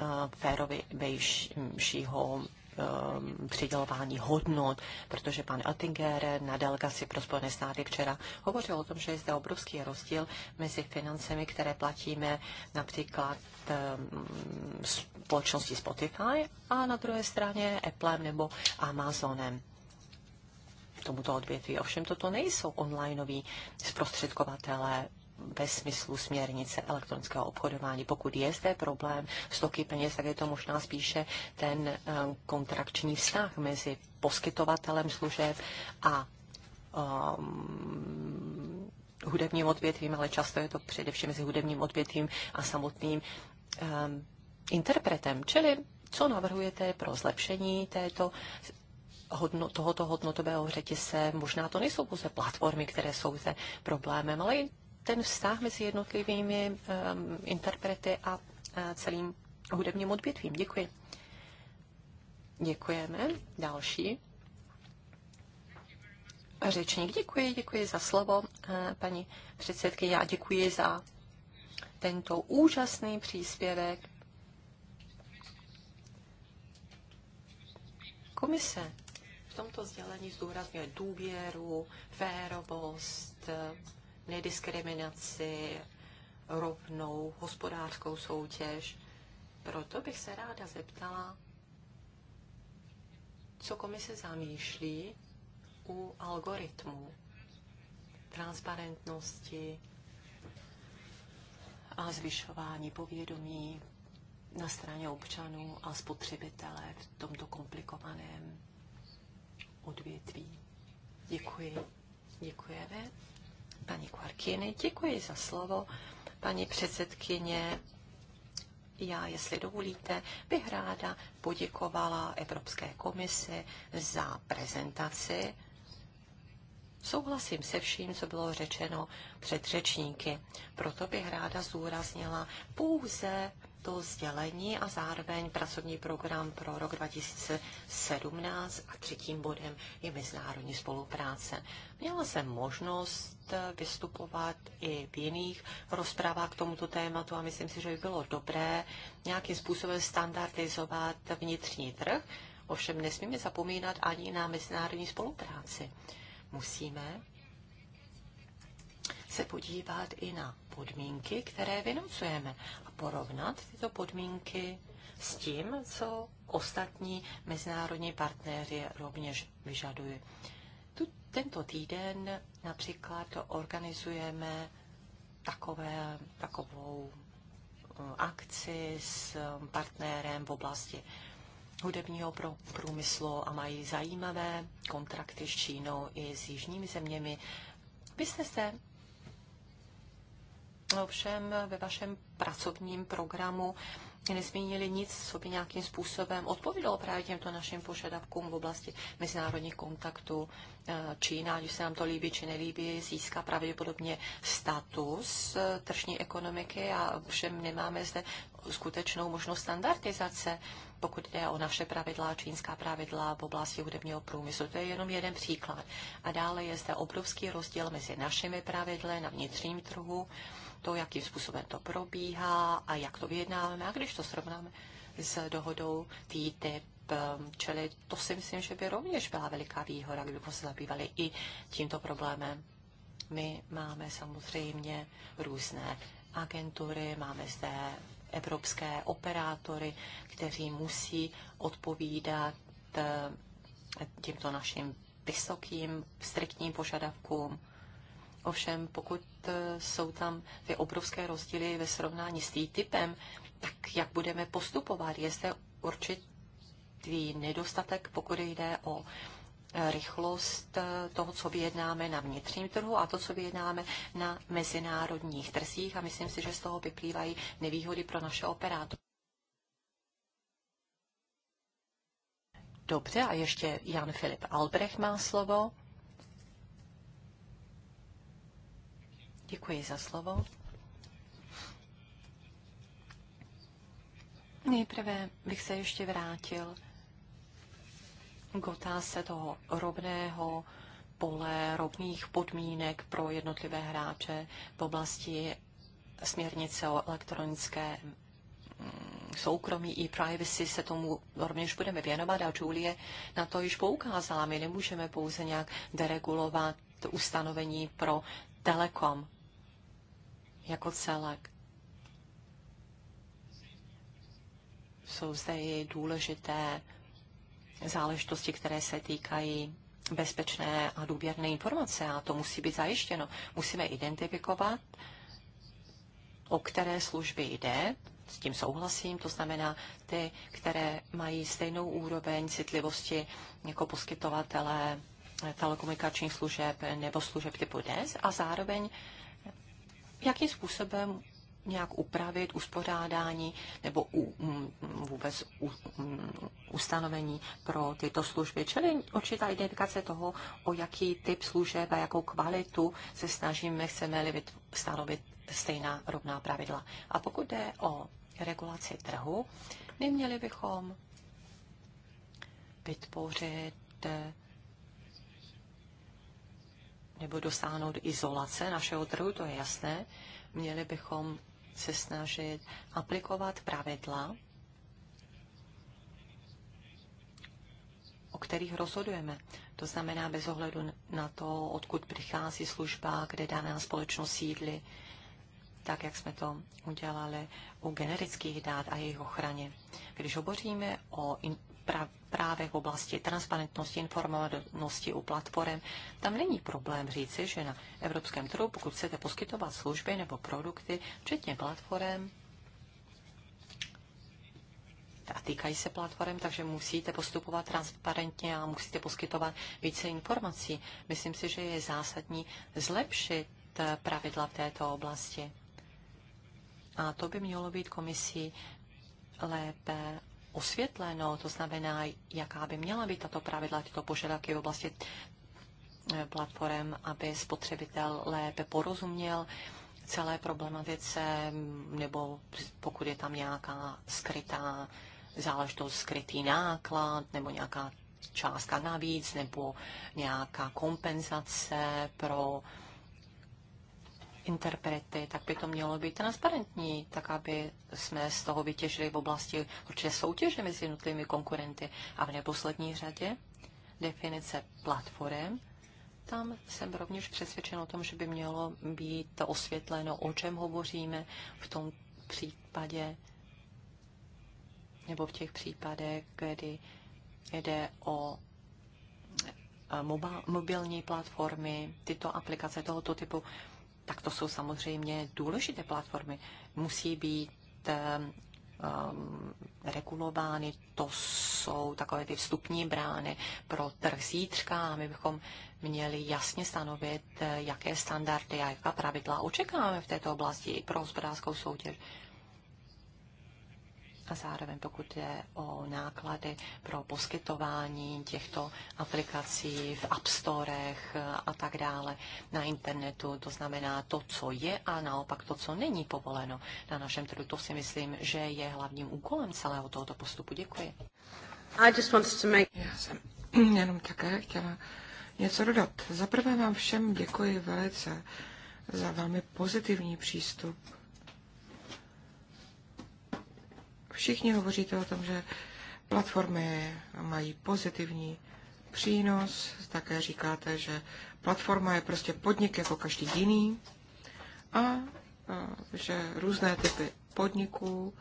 eh, férovějšího Um, přidělování hodnot, protože pan Oettinger na delegaci pro Spojené státy včera hovořil o tom, že je zde obrovský rozdíl mezi financemi, které platíme například um, společnosti Spotify a na druhé straně Applem nebo Amazonem tomuto odvětví. Ovšem toto nejsou onlineoví zprostředkovatelé ve smyslu směrnice elektronického obchodování. Pokud je zde problém s toky peněz, tak je to možná spíše ten eh, kontrakční vztah mezi poskytovatelem služeb a um, hudebním odvětvím, ale často je to především mezi hudebním odvětvím a samotným um, interpretem. Čili co navrhujete pro zlepšení této hodno, tohoto hodnotového se Možná to nejsou pouze platformy, které jsou se problémem, ale i ten vztah mezi jednotlivými um, interprety a eh, celým hudebním odbětvím. Děkuji. Děkujeme. Další. Řečník, děkuji, děkuji za slovo, eh, paní předsedky. Já děkuji za tento úžasný příspěvek. Komise v tomto sdělení zdůrazňuje důvěru, férovost, nediskriminaci, rovnou hospodářskou soutěž. Proto bych se ráda zeptala, co komise zamýšlí u algoritmů, transparentnosti a zvyšování povědomí na straně občanů a spotřebitele v tomto komplikovaném odvětví. Děkuji. Děkujeme paní Kvarkiny. Děkuji za slovo, paní předsedkyně. Já, jestli dovolíte, bych ráda poděkovala Evropské komisi za prezentaci. Souhlasím se vším, co bylo řečeno před řečníky. Proto bych ráda zúraznila pouze to sdělení a zároveň pracovní program pro rok 2017 a třetím bodem je mezinárodní spolupráce. Měla jsem možnost vystupovat i v jiných rozprávách k tomuto tématu a myslím si, že by bylo dobré nějakým způsobem standardizovat vnitřní trh, ovšem nesmíme zapomínat ani na mezinárodní spolupráci. Musíme se podívat i na podmínky, které vynucujeme a porovnat tyto podmínky s tím, co ostatní mezinárodní partnéři rovněž vyžadují. tento týden například organizujeme takové, takovou eh, akci s eh, partnérem v oblasti hudebního průmyslu a mají zajímavé kontrakty s Čínou i s jižními zeměmi. Vy jste se ovšem ve vašem pracovním programu nezmínili nic, co by nějakým způsobem odpovídalo právě těmto našim požadavkům v oblasti mezinárodních kontaktů. Eh, Čína, když se nám to líbí či nelíbí, získá pravděpodobně status eh, tržní ekonomiky a všem nemáme zde skutečnou možnost standardizace, pokud jde o naše pravidla, čínská pravidla v oblasti hudebního průmyslu. To je jenom jeden příklad. A dále je zde obrovský rozdíl mezi našimi pravidly na vnitřním trhu to, jakým způsobem to probíhá a jak to vyjednáváme. A když to srovnáme s dohodou TTIP, ehm, čili to si myslím, že by rovněž byla veliká výhoda, kdybychom se zabývali i tímto problémem. My máme samozřejmě různé agentury, máme zde evropské operátory, kteří musí odpovídat ehm, tímto našim vysokým, striktním požadavkům. Ovšem, pokud eh, jsou tam ty obrovské rozdíly ve srovnání s typem, tak jak budeme postupovat? Je zde určitý nedostatek, pokud jde o eh, rychlost eh, toho, co vyjednáme na vnitřním trhu a to, co vyjednáme na mezinárodních trzích a myslím si, že z toho vyplývají nevýhody pro naše operátory. Dobře, a ještě Jan Filip Albrecht má slovo. Děkuji za slovo. Nejprve bych se ještě vrátil k otázce toho rovného pole, rovných podmínek pro jednotlivé hráče v oblasti směrnice o elektronické mm, soukromí i privacy se tomu rovněž budeme věnovat a Julie na to již poukázala. My nemůžeme pouze nějak deregulovat ustanovení pro telekom jako celek. Jsou zde i důležité záležitosti, které se týkají bezpečné a důvěrné informace a to musí být zajištěno. Musíme identifikovat, o které služby jde, s tím souhlasím, to znamená ty, které mají stejnou úroveň citlivosti jako poskytovatele telekomunikačních služeb nebo služeb typu DES a zároveň jakým způsobem nějak upravit uspořádání nebo u, um, vůbec u, um, ustanovení pro tyto služby. Čili určitá identifikace toho, o jaký typ služeb a jakou kvalitu se snažíme, chceme-li stanovit stejná rovná pravidla. A pokud jde o regulaci trhu, neměli bychom vytvořit nebo dosáhnout izolace našeho trhu, to je jasné. Měli bychom se snažit aplikovat pravidla, o kterých rozhodujeme. To znamená bez ohledu na to, odkud přichází služba, kde daná společnost sídli, tak jak jsme to udělali u generických dát a jejich ochraně. Když hovoříme o právech, v oblasti transparentnosti, informovanosti u platform. Tam není problém říci, že na evropském trhu, pokud chcete poskytovat služby nebo produkty, včetně platform, a týkají se platform, takže musíte postupovat transparentně a musíte poskytovat více informací. Myslím si, že je zásadní zlepšit eh, pravidla v této oblasti. A to by mělo být komisí lépe osvětleno, to znamená, jaká by měla být tato pravidla, tyto požadavky v oblasti eh, platform, aby spotřebitel lépe porozuměl celé problematice, nebo pokud je tam nějaká skrytá záležitost, skrytý náklad, nebo nějaká částka navíc, nebo nějaká kompenzace pro uh, interprety, tak by to mělo být transparentní, tak aby jsme z toho vytěžili v oblasti určitě soutěže mezi jednotlivými konkurenty. A v neposlední řadě definice platform, tam jsem rovněž přesvědčen o tom, že by mělo být osvětleno, o čem hovoříme v tom případě nebo v těch případech, kdy jde o eh, mobilní platformy, tyto aplikace tohoto typu tak to jsou samozřejmě důležité platformy. Musí být um, regulovány, to jsou takové ty vstupní brány pro trh zítřka a my bychom měli jasně stanovit, eh, jaké standardy a jaká pravidla očekáváme v této oblasti i pro hospodářskou soutěž a zároveň pokud je o náklady pro poskytování těchto aplikací v App Storech a tak dále na internetu, to znamená to, co je a naopak to, co není povoleno na našem trhu. To si myslím, že je hlavním úkolem celého tohoto postupu. Děkuji. I just to make... Já jsem jenom také chtěla něco dodat. Za prvé vám všem děkuji velice za velmi pozitivní přístup Všichni hovoříte o tom, že platformy mají pozitivní přínos. Také říkáte, že platforma je prostě podnik jako každý jiný a že různé typy podniků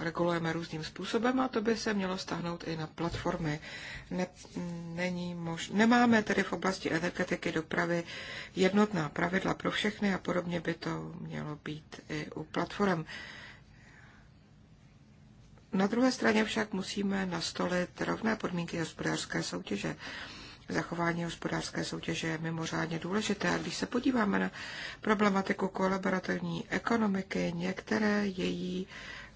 regulujeme různým způsobem a to by se mělo stáhnout i na platformy. Ne, není mož, nemáme tedy v oblasti energetiky dopravy jednotná pravidla pro všechny a podobně by to mělo být i u platform. Na druhé straně však musíme nastolit rovné podmínky hospodářské soutěže. Zachování hospodářské soutěže je mimořádně důležité a když se podíváme na problematiku kolaborativní ekonomiky, některé její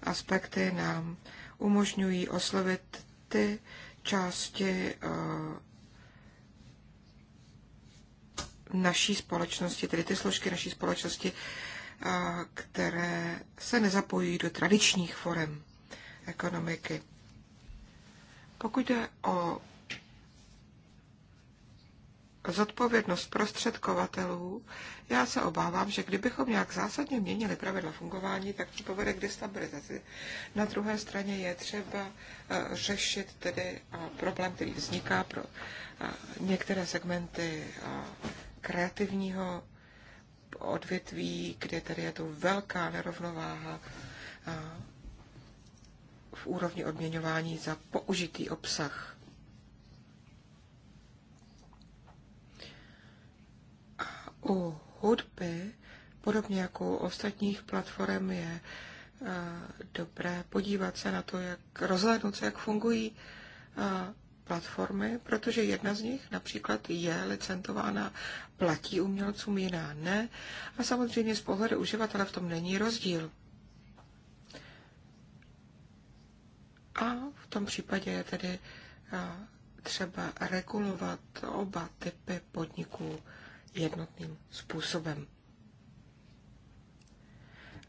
aspekty nám umožňují oslovit ty části eh, naší společnosti, tedy ty složky naší společnosti, eh, které se nezapojují do tradičních forem ekonomiky. Pokud jde o zodpovědnost prostředkovatelů, já se obávám, že kdybychom nějak zásadně měnili pravidla fungování, tak to povede k destabilizaci. Na druhé straně je třeba eh, řešit tedy eh, problém, který vzniká pro eh, některé segmenty kreativního odvětví, kde tady je to velká nerovnováha v úrovni odměňování za použitý obsah. A u hudby, podobně jako u ostatních platform, je eh, dobré podívat se na to, jak rozhlédnout se, jak fungují eh, platformy, protože jedna z nich například je licentována, platí umělcům, jiná ne. A samozřejmě z pohledu uživatele v tom není rozdíl. A v tom případě je tedy eh, třeba regulovat oba typy podniků jednotným způsobem.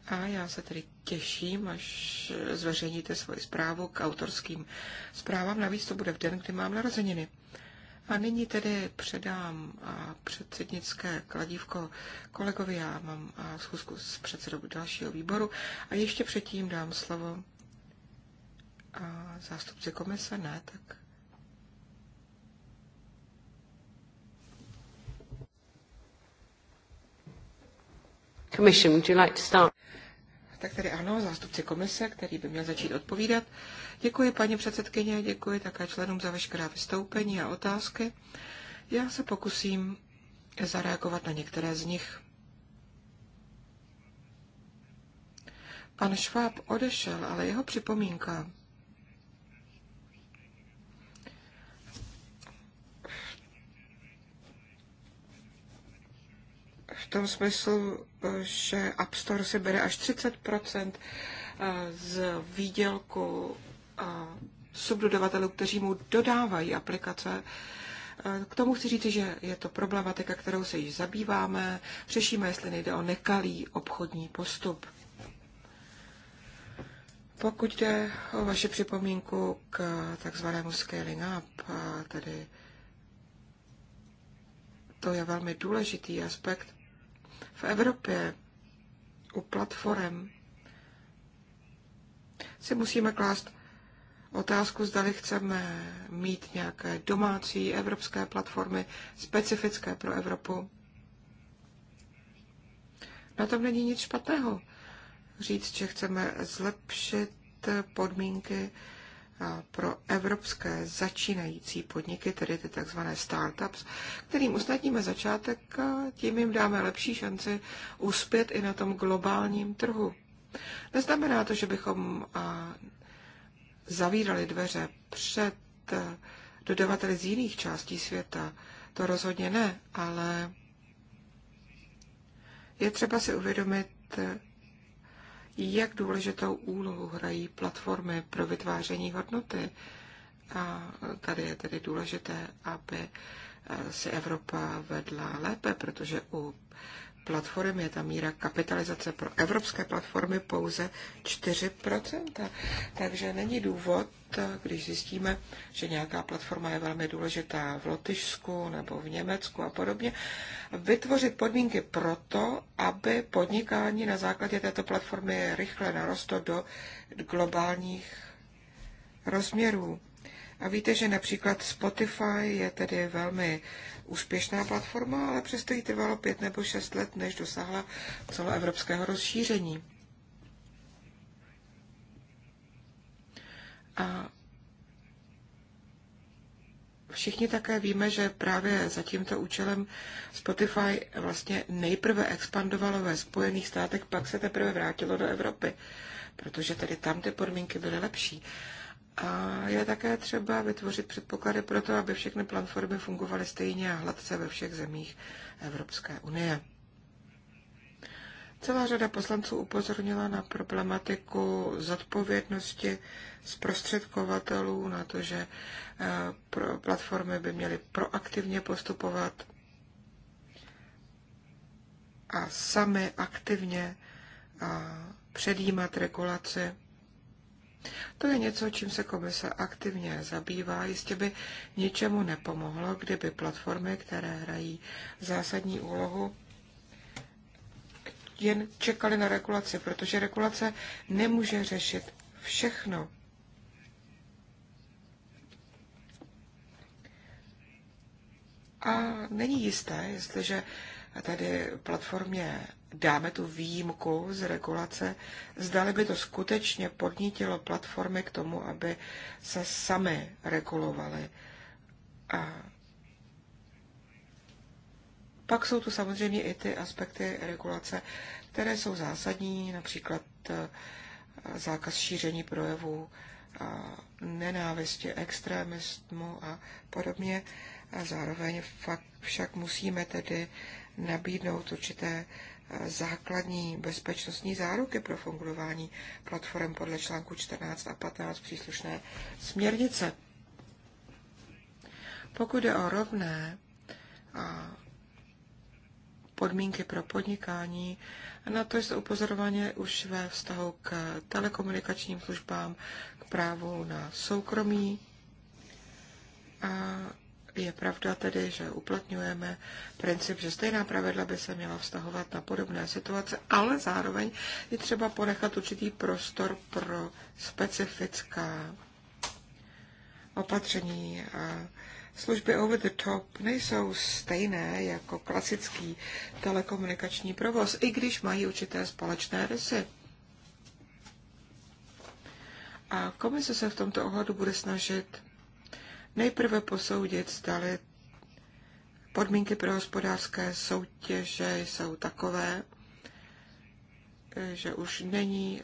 A já se tedy těším, až zveřejníte svoji zprávu k autorským zprávám. Navíc to bude v den, kdy mám narozeniny. A nyní tedy předám předsednické kladívko kolegovi. Já mám eh, schůzku s předsedou dalšího výboru. A ještě předtím dám slovo a zástupci komise ne, tak... Commission, would you like to start? Tak tedy ano, zástupci komise, který by měl začít odpovídat. Děkuji paní předsedkyně, děkuji také členům za veškerá vystoupení a otázky. Já se pokusím zareagovat na některé z nich. Pan Šváb odešel, ale jeho připomínka tom smyslu, že App Store si bere až 30% eh, z výdělku subdodavatelů, kteří mu dodávají aplikace. Eh, k tomu chci říct, že je to problematika, kterou se již zabýváme. Řešíme, jestli nejde o nekalý obchodní postup. Pokud jde o vaši připomínku k takzvanému scaling up, eh, tedy to je velmi důležitý aspekt, v Evropě u platform si musíme klást otázku, zdali chceme mít nějaké domácí evropské platformy specifické pro Evropu. Na tom není nic špatného. Říct, že chceme zlepšit podmínky pro evropské začínající podniky, tedy ty tzv. startups, kterým usnadníme začátek a tím jim dáme lepší šanci uspět i na tom globálním trhu. Neznamená to, že bychom zavírali dveře před dodavateli z jiných částí světa. To rozhodně ne, ale je třeba si uvědomit, jak důležitou úlohu hrají platformy pro vytváření hodnoty. A tady je tedy důležité, aby si Evropa vedla lépe, protože u platform je ta míra kapitalizace pro evropské platformy pouze 4%. Takže není důvod, když zjistíme, že nějaká platforma je velmi důležitá v Lotyšsku nebo v Německu a podobně, vytvořit podmínky pro to, aby podnikání na základě této platformy rychle narostlo do globálních rozměrů. A víte, že například Spotify je tedy velmi úspěšná platforma, ale přesto jí trvalo pět nebo šest let, než dosáhla celoevropského rozšíření. A všichni také víme, že právě za tímto účelem Spotify vlastně nejprve expandovalo ve Spojených státech, pak se teprve vrátilo do Evropy, protože tedy tam ty podmínky byly lepší. A je také třeba vytvořit předpoklady pro to, aby všechny platformy fungovaly stejně a hladce ve všech zemích Evropské unie. Celá řada poslanců upozornila na problematiku zodpovědnosti zprostředkovatelů, na to, že eh, platformy by měly proaktivně postupovat a sami aktivně eh, předjímat regulaci. To je něco, čím se komise aktivně zabývá. Jistě by ničemu nepomohlo, kdyby platformy, které hrají zásadní úlohu, jen čekaly na regulaci, protože regulace nemůže řešit všechno. A není jisté, jestliže tady platformě dáme tu výjimku z regulace, zdali by to skutečně podnítilo platformy k tomu, aby se sami regulovaly. A pak jsou tu samozřejmě i ty aspekty regulace, které jsou zásadní, například eh, zákaz šíření projevů nenávisti, extremismu a podobně. A zároveň fakt však musíme tedy nabídnout určité základní bezpečnostní záruky pro fungování platform podle článku 14 a 15 příslušné směrnice. Pokud je o rovné podmínky pro podnikání, na to jsou upozorovaně už ve vztahu k telekomunikačním službám, k právu na soukromí, je pravda tedy, že uplatňujeme princip, že stejná pravidla by se měla vztahovat na podobné situace, ale zároveň je třeba ponechat určitý prostor pro specifická opatření. Služby over the top nejsou stejné jako klasický telekomunikační provoz, i když mají určité společné rysy. A komise se v tomto ohledu bude snažit nejprve posoudit, zdali podmínky pro hospodářské soutěže jsou takové, že už není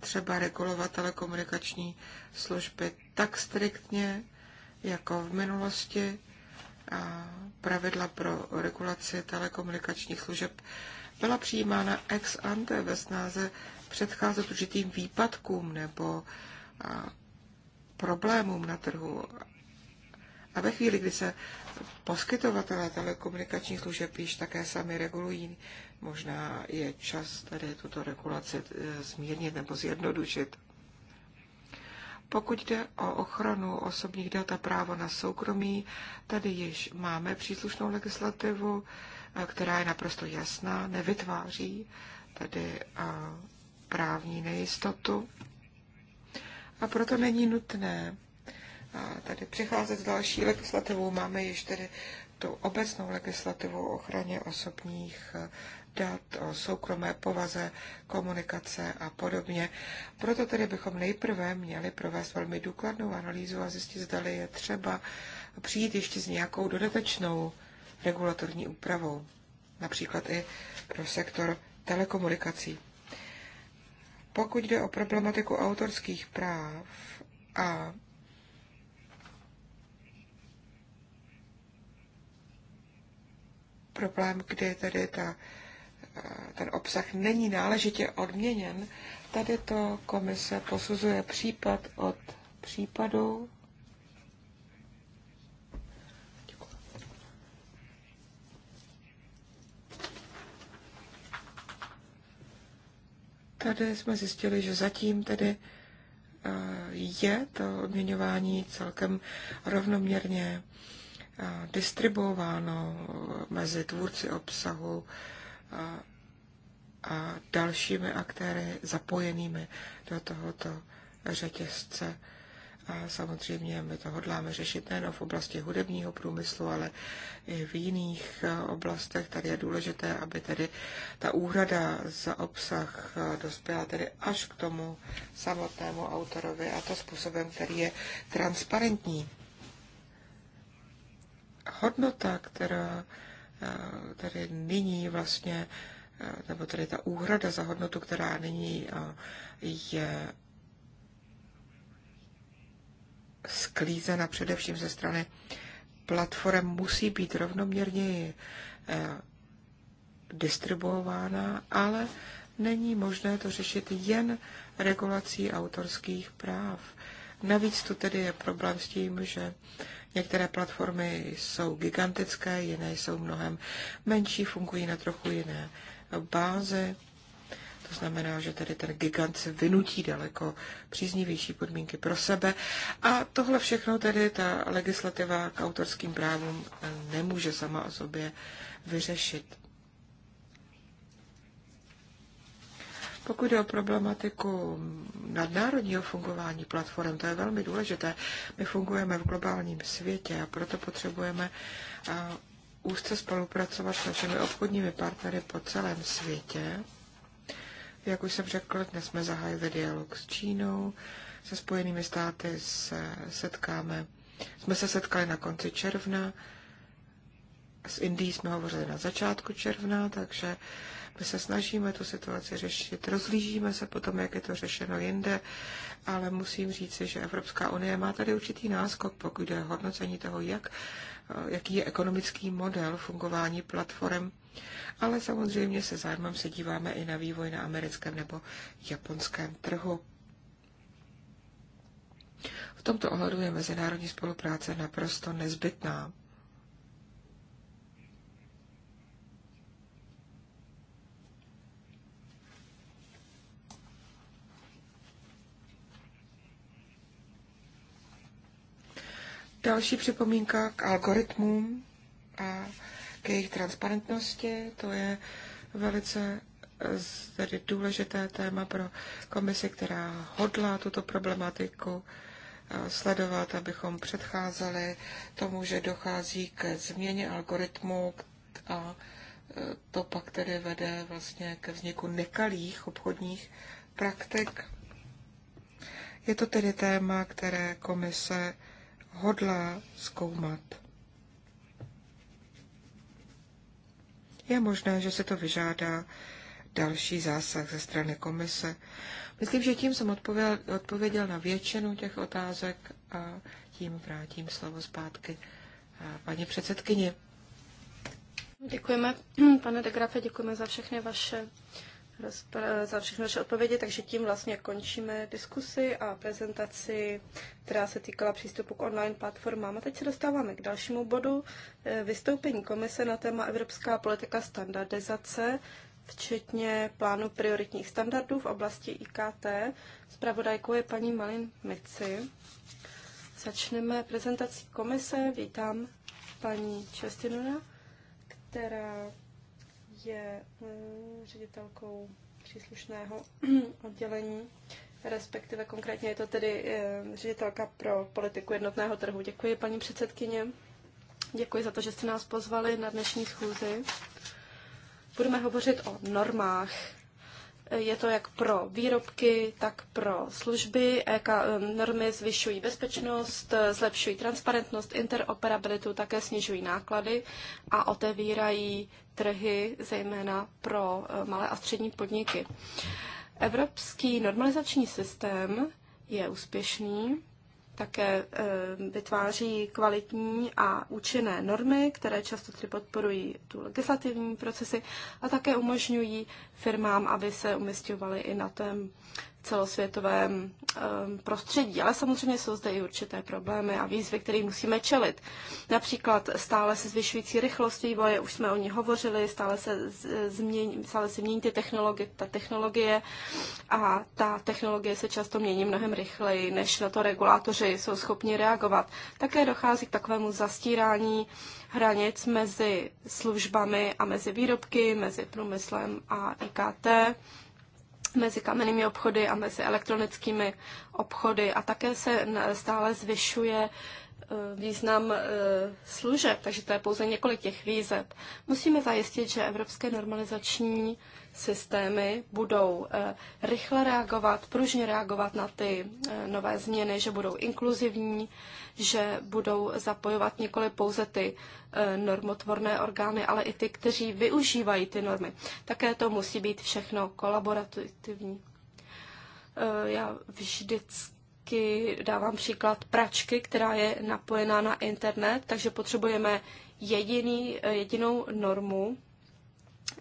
třeba regulovat telekomunikační služby tak striktně, jako v minulosti. A pravidla pro regulaci telekomunikačních služeb byla přijímána ex ante ve snáze předcházet užitým výpadkům nebo problémům na trhu. A ve chvíli, kdy se poskytovatelé telekomunikačních služeb již také sami regulují, možná je čas tady tuto regulaci eh, zmírnit nebo zjednodušit. Pokud jde o ochranu osobních dat a právo na soukromí, tady již máme příslušnou legislativu, eh, která je naprosto jasná, nevytváří tady eh, právní nejistotu. A proto není nutné tady přicházet s další legislativou. Máme již tedy tu obecnou legislativu o ochraně osobních e, dat, o soukromé povaze, komunikace a podobně. Proto tedy bychom nejprve měli provést velmi důkladnou analýzu a zjistit, zda je třeba přijít ještě s nějakou dodatečnou regulatorní úpravou, například i pro sektor telekomunikací. Pokud jde o problematiku autorských práv a problém, kdy tady ta, ten obsah není náležitě odměněn, tady to komise posuzuje případ od případu Tady jsme zjistili, že zatím tedy eh, je to odměňování celkem rovnoměrně eh, distribuováno eh, mezi tvůrci obsahu a dalšími aktéry zapojenými do tohoto řetězce a samozřejmě my to hodláme řešit nejen v oblasti hudebního průmyslu, ale i v jiných e, oblastech. Tady je důležité, aby tedy ta úhrada za obsah e, dospěla tedy až k tomu samotnému autorovi a to způsobem, který je transparentní. Hodnota, která e, tady nyní vlastně, nebo tedy ta úhrada za hodnotu, která nyní je sklízena především ze strany platform, musí být rovnoměrněji eh, distribuována, ale není možné to řešit jen regulací autorských práv. Navíc tu tedy je problém s tím, že některé platformy jsou gigantické, jiné jsou mnohem menší, fungují na trochu jiné bázi. To znamená, že tedy ten gigant se vynutí daleko příznivější podmínky pro sebe. A tohle všechno tedy ta legislativa k autorským právům eh, nemůže sama o sobě vyřešit. Pokud jde o problematiku nadnárodního fungování platform, to je velmi důležité. My fungujeme v globálním světě a proto potřebujeme eh, úzce spolupracovat s našimi obchodními partnery po celém světě. Jak už jsem řekl, dnes jsme zahájili dialog s Čínou, se Spojenými státy se setkáme. Jsme se setkali na konci června, s Indií jsme hovořili na začátku června, takže my se snažíme tu situaci řešit, rozlížíme se potom, jak je to řešeno jinde, ale musím říci, že Evropská unie má tady určitý náskok, pokud je hodnocení toho, jak, jaký je ekonomický model fungování platform ale samozřejmě se zájmem se díváme i na vývoj na americkém nebo japonském trhu. V tomto ohledu je mezinárodní spolupráce naprosto nezbytná. Další připomínka k algoritmům a k jejich transparentnosti. To je velice eh, tedy důležité téma pro komisi, která hodlá tuto problematiku eh, sledovat, abychom předcházeli tomu, že dochází k změně algoritmu a eh, to pak tedy vede vlastně ke vzniku nekalých obchodních praktik. Je to tedy téma, které komise hodlá zkoumat. je možné, že se to vyžádá další zásah ze strany komise. Myslím, že tím jsem odpověděl, odpověděl na většinu těch otázek a tím vrátím slovo zpátky paní předsedkyni. Děkujeme, pane de děkujeme za všechny vaše Eh, za všechny naše odpovědi, takže tím vlastně končíme diskusi a prezentaci, která se týkala přístupu k online platformám. A teď se dostáváme k dalšímu bodu, eh, vystoupení komise na téma Evropská politika standardizace, včetně plánu prioritních standardů v oblasti IKT. Zpravodajkou je paní Malin Mici. Začneme prezentací komise. Vítám paní Čestinuna, která je eh, ředitelkou příslušného oddělení, respektive konkrétně je to tedy eh, ředitelka pro politiku jednotného trhu. Děkuji, paní předsedkyně. Děkuji za to, že jste nás pozvali na dnešní schůzi. Budeme hovořit o normách je to jak pro výrobky, tak pro služby. EK eh, normy zvyšují bezpečnost, eh, zlepšují transparentnost, interoperabilitu, také snižují náklady a otevírají trhy, zejména pro eh, malé a střední podniky. Evropský normalizační systém je úspěšný také eh, vytváří kvalitní a účinné normy, které často tedy podporují tu legislativní procesy a také umožňují firmám, aby se umistovaly i na tom celosvětovém ehm, prostředí. Ale samozřejmě jsou zde i určité problémy a výzvy, které musíme čelit. Například stále se zvyšující rychlost vývoje, už jsme o ní hovořili, stále se, změní, stále se mění ty technologie, ta technologie a ta technologie se často mění mnohem rychleji, než na to regulátoři jsou schopni reagovat. Také dochází k takovému zastírání hranic mezi službami a mezi výrobky, mezi průmyslem a IKT mezi kamennými obchody a mezi elektronickými obchody. A také se stále zvyšuje e, význam e, služeb, takže to je pouze několik těch výzev. Musíme zajistit, že evropské normalizační systémy budou eh, rychle reagovat, pružně reagovat na ty eh, nové změny, že budou inkluzivní, že budou zapojovat nikoli pouze ty eh, normotvorné orgány, ale i ty, kteří využívají ty normy. Také to musí být všechno kolaborativní. Já vždycky dávám příklad pračky, která je napojená na internet, takže potřebujeme jediný, jedinou normu,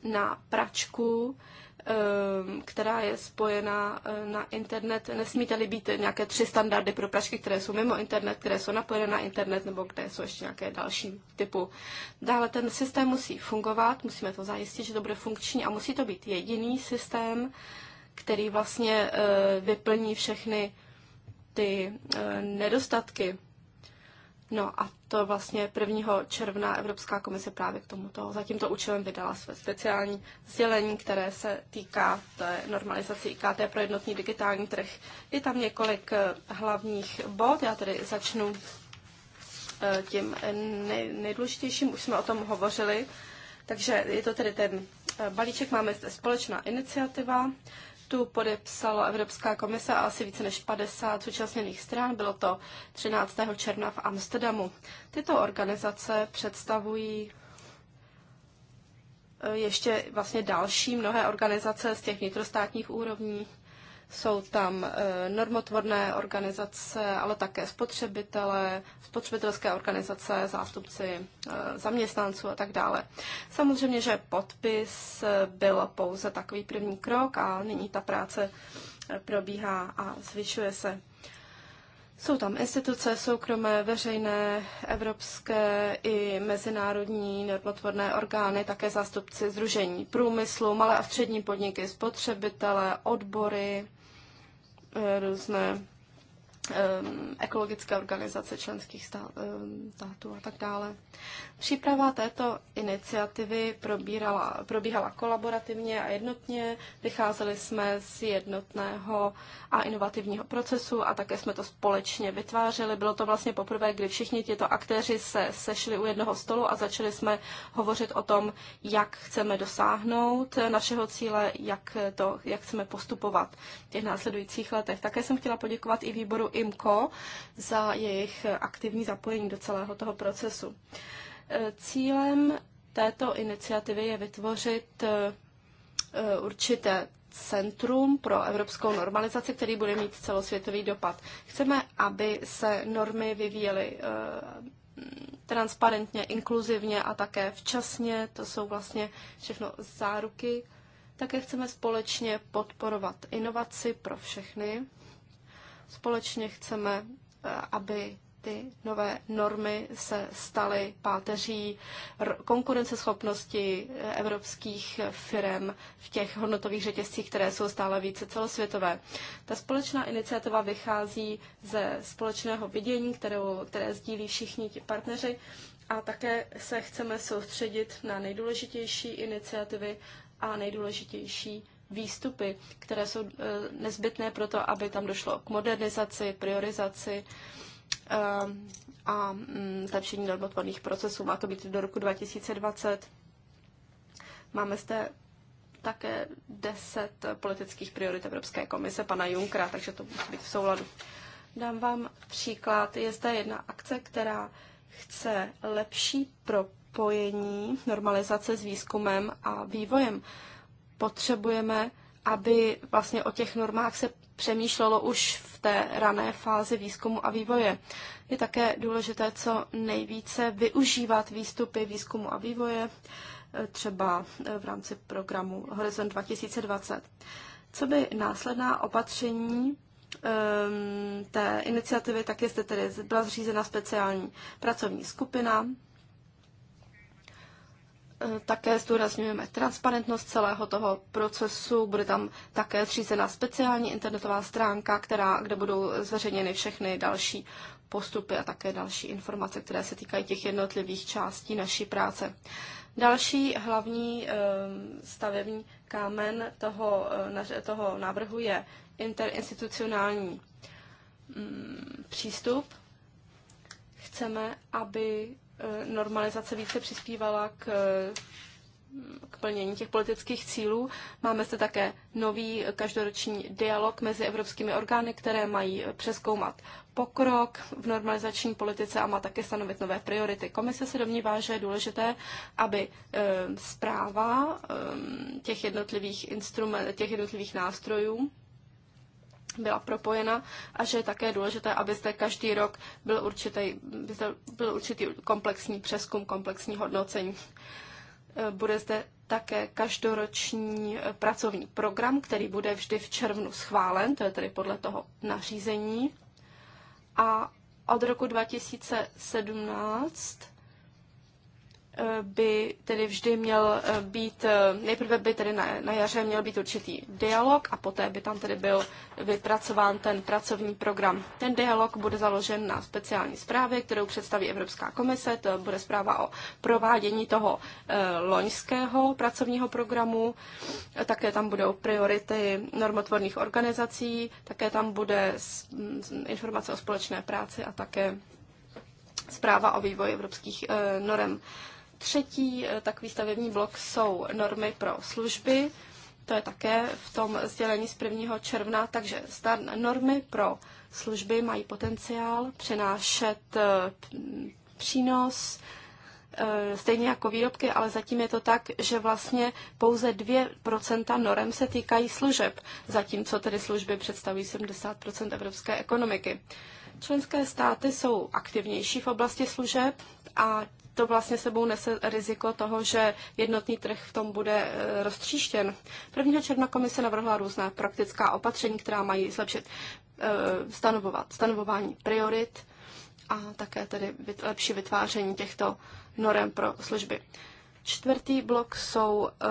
na pračku, ehm, která je spojena eh, na internet. Nesmí tady být nějaké tři standardy pro pračky, které jsou mimo internet, které jsou napojené na internet nebo kde jsou ještě nějaké další typu. Dále ten systém musí fungovat, musíme to zajistit, že to bude funkční a musí to být jediný systém, který vlastně eh, vyplní všechny ty eh, nedostatky No a to vlastně 1. června Evropská komise právě k tomuto za tímto účelem vydala své speciální sdělení, které se týká té normalizace IKT pro jednotný digitální trh. Je tam několik eh, hlavních bod, já tedy začnu eh, tím nej, nejdůležitějším, už jsme o tom hovořili. Takže je to tedy ten eh, balíček, máme zde společná iniciativa, textu podepsala Evropská komise a asi více než 50 současněných stran. Bylo to 13. června v Amsterdamu. Tyto organizace představují eh, ještě vlastně další mnohé organizace z těch vnitrostátních úrovní. Jsou tam eh, normotvorné organizace, ale také spotřebitelé, spotřebitelské organizace, zástupci eh, zaměstnanců a tak dále. Samozřejmě, že podpis eh, byl pouze takový první krok a nyní ta práce probíhá a zvyšuje se. Jsou tam instituce soukromé, veřejné, evropské i mezinárodní normotvorné orgány, také zástupci združení průmyslu, malé a střední podniky, spotřebitele, odbory, Eh, různé Ehm, ekologické organizace členských ehm, států a tak dále. Příprava této iniciativy probírala, probíhala kolaborativně a jednotně. Vycházeli jsme z jednotného a inovativního procesu a také jsme to společně vytvářeli. Bylo to vlastně poprvé, kdy všichni tito aktéři se sešli u jednoho stolu a začali jsme hovořit o tom, jak chceme dosáhnout našeho cíle, jak, to, jak chceme postupovat v těch následujících letech. Také jsem chtěla poděkovat i výboru IMCO za jejich aktivní zapojení do celého toho procesu. Cílem této iniciativy je vytvořit eh, eh, určité centrum pro evropskou normalizaci, který bude mít celosvětový dopad. Chceme, aby se normy vyvíjely eh, transparentně, inkluzivně a také včasně. To jsou vlastně všechno záruky. Také chceme společně podporovat inovaci pro všechny. Společně chceme, eh, aby ty nové normy se staly páteří konkurenceschopnosti eh, evropských firm v těch hodnotových řetězcích, které jsou stále více celosvětové. Ta společná iniciativa vychází ze společného vidění, kterou, které sdílí všichni ti partneři a také se chceme soustředit na nejdůležitější iniciativy a nejdůležitější výstupy, které jsou eh, nezbytné pro to, aby tam došlo k modernizaci, priorizaci eh, a mm, zlepšení normotvorných procesů. Má to být do roku 2020. Máme zde také deset politických priorit Evropské komise pana Junkra, takže to musí být v souladu. Dám vám příklad. Je zde jedna akce, která chce lepší propojení normalizace s výzkumem a vývojem potřebujeme, aby vlastně o těch normách se přemýšlelo už v té rané fázi výzkumu a vývoje. Je také důležité co nejvíce využívat výstupy výzkumu a vývoje, e, třeba e, v rámci programu Horizont 2020. Co by následná opatření ehm, té iniciativy, tak jestli tedy byla zřízena speciální pracovní skupina, Eh, také zdůrazňujeme transparentnost celého toho procesu. Bude tam také zřízená speciální internetová stránka, která, kde budou zveřejněny všechny další postupy a také další informace, které se týkají těch jednotlivých částí naší práce. Další hlavní eh, stavební kámen toho, eh, toho návrhu je interinstitucionální mm, přístup. Chceme, aby Eh, normalizace více přispívala k eh, k plnění těch politických cílů. Máme zde také nový každoroční dialog mezi evropskými orgány, které mají eh, přeskoumat pokrok v normalizační politice a má také stanovit nové priority. Komise se domnívá, že je důležité, aby zpráva těch jednotlivých, instrument, těch jednotlivých nástrojů byla propojena a že je také důležité, abyste každý rok byl určitý, byl určitý komplexní přeskum, komplexní hodnocení. Eh, bude zde také každoroční eh, pracovní program, který bude vždy v červnu schválen, to je tedy podle toho nařízení. A od roku 2017 Eh, by tedy vždy měl eh, být, eh, nejprve by tedy na, na jaře měl být určitý dialog a poté by tam tedy byl vypracován ten pracovní program. Ten dialog bude založen na speciální zprávě, kterou představí Evropská komise, to bude zpráva o provádění toho loňského pracovního programu, také tam budou priority normotvorných organizací, také tam bude informace o společné práci a také zpráva o vývoji evropských norem třetí eh, takový stavební blok jsou normy pro služby, to je také v tom sdělení z 1. června, takže normy pro služby mají potenciál přinášet eh, přínos, eh, stejně jako výrobky, ale zatím je to tak, že vlastně pouze 2% norem se týkají služeb, zatímco tedy služby představují 70% evropské ekonomiky. Členské státy jsou aktivnější v oblasti služeb a to vlastně sebou nese riziko toho, že jednotný trh v tom bude e, roztříštěn. 1. června komise navrhla různá praktická opatření, která mají zlepšit e, stanovovat, stanovování priorit a také tedy lepší vytváření těchto norem pro služby. Čtvrtý blok jsou e,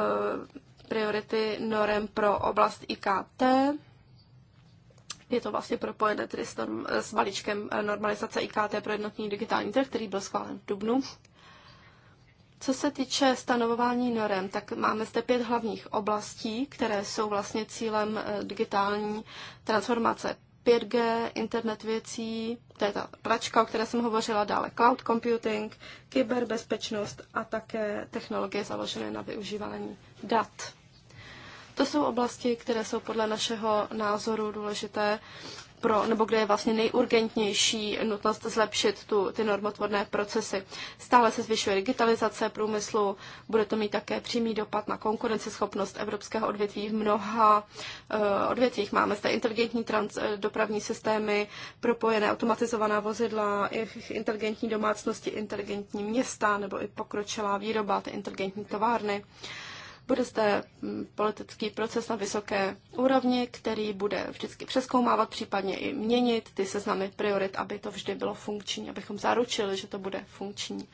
priority norem pro oblast IKT. Je to vlastně propojené tedy s, norm, s balíčkem normalizace IKT pro jednotný digitální trh, který byl schválen v Dubnu. Co se týče stanovování norem, tak máme zde pět hlavních oblastí, které jsou vlastně cílem eh, digitální transformace. 5G, internet věcí, to je ta pračka, o které jsem hovořila dále, cloud computing, kyberbezpečnost a také technologie založené na využívání dat. To jsou oblasti, které jsou podle našeho názoru důležité pro, nebo kde je vlastně nejurgentnější nutnost zlepšit tu, ty normotvorné procesy. Stále se zvyšuje digitalizace průmyslu, bude to mít také přímý dopad na konkurenceschopnost evropského odvětví v mnoha uh, odvětvích. Máme zde inteligentní trans, eh, dopravní systémy, propojené automatizovaná vozidla, i inteligentní domácnosti, inteligentní města nebo i pokročilá výroba, ty inteligentní továrny. Uh, bude zde mm, politický proces na vysoké úrovni, který bude vždycky přeskoumávat, případně i měnit ty seznamy priorit, aby to vždy bylo funkční, abychom zaručili, že to bude funkční.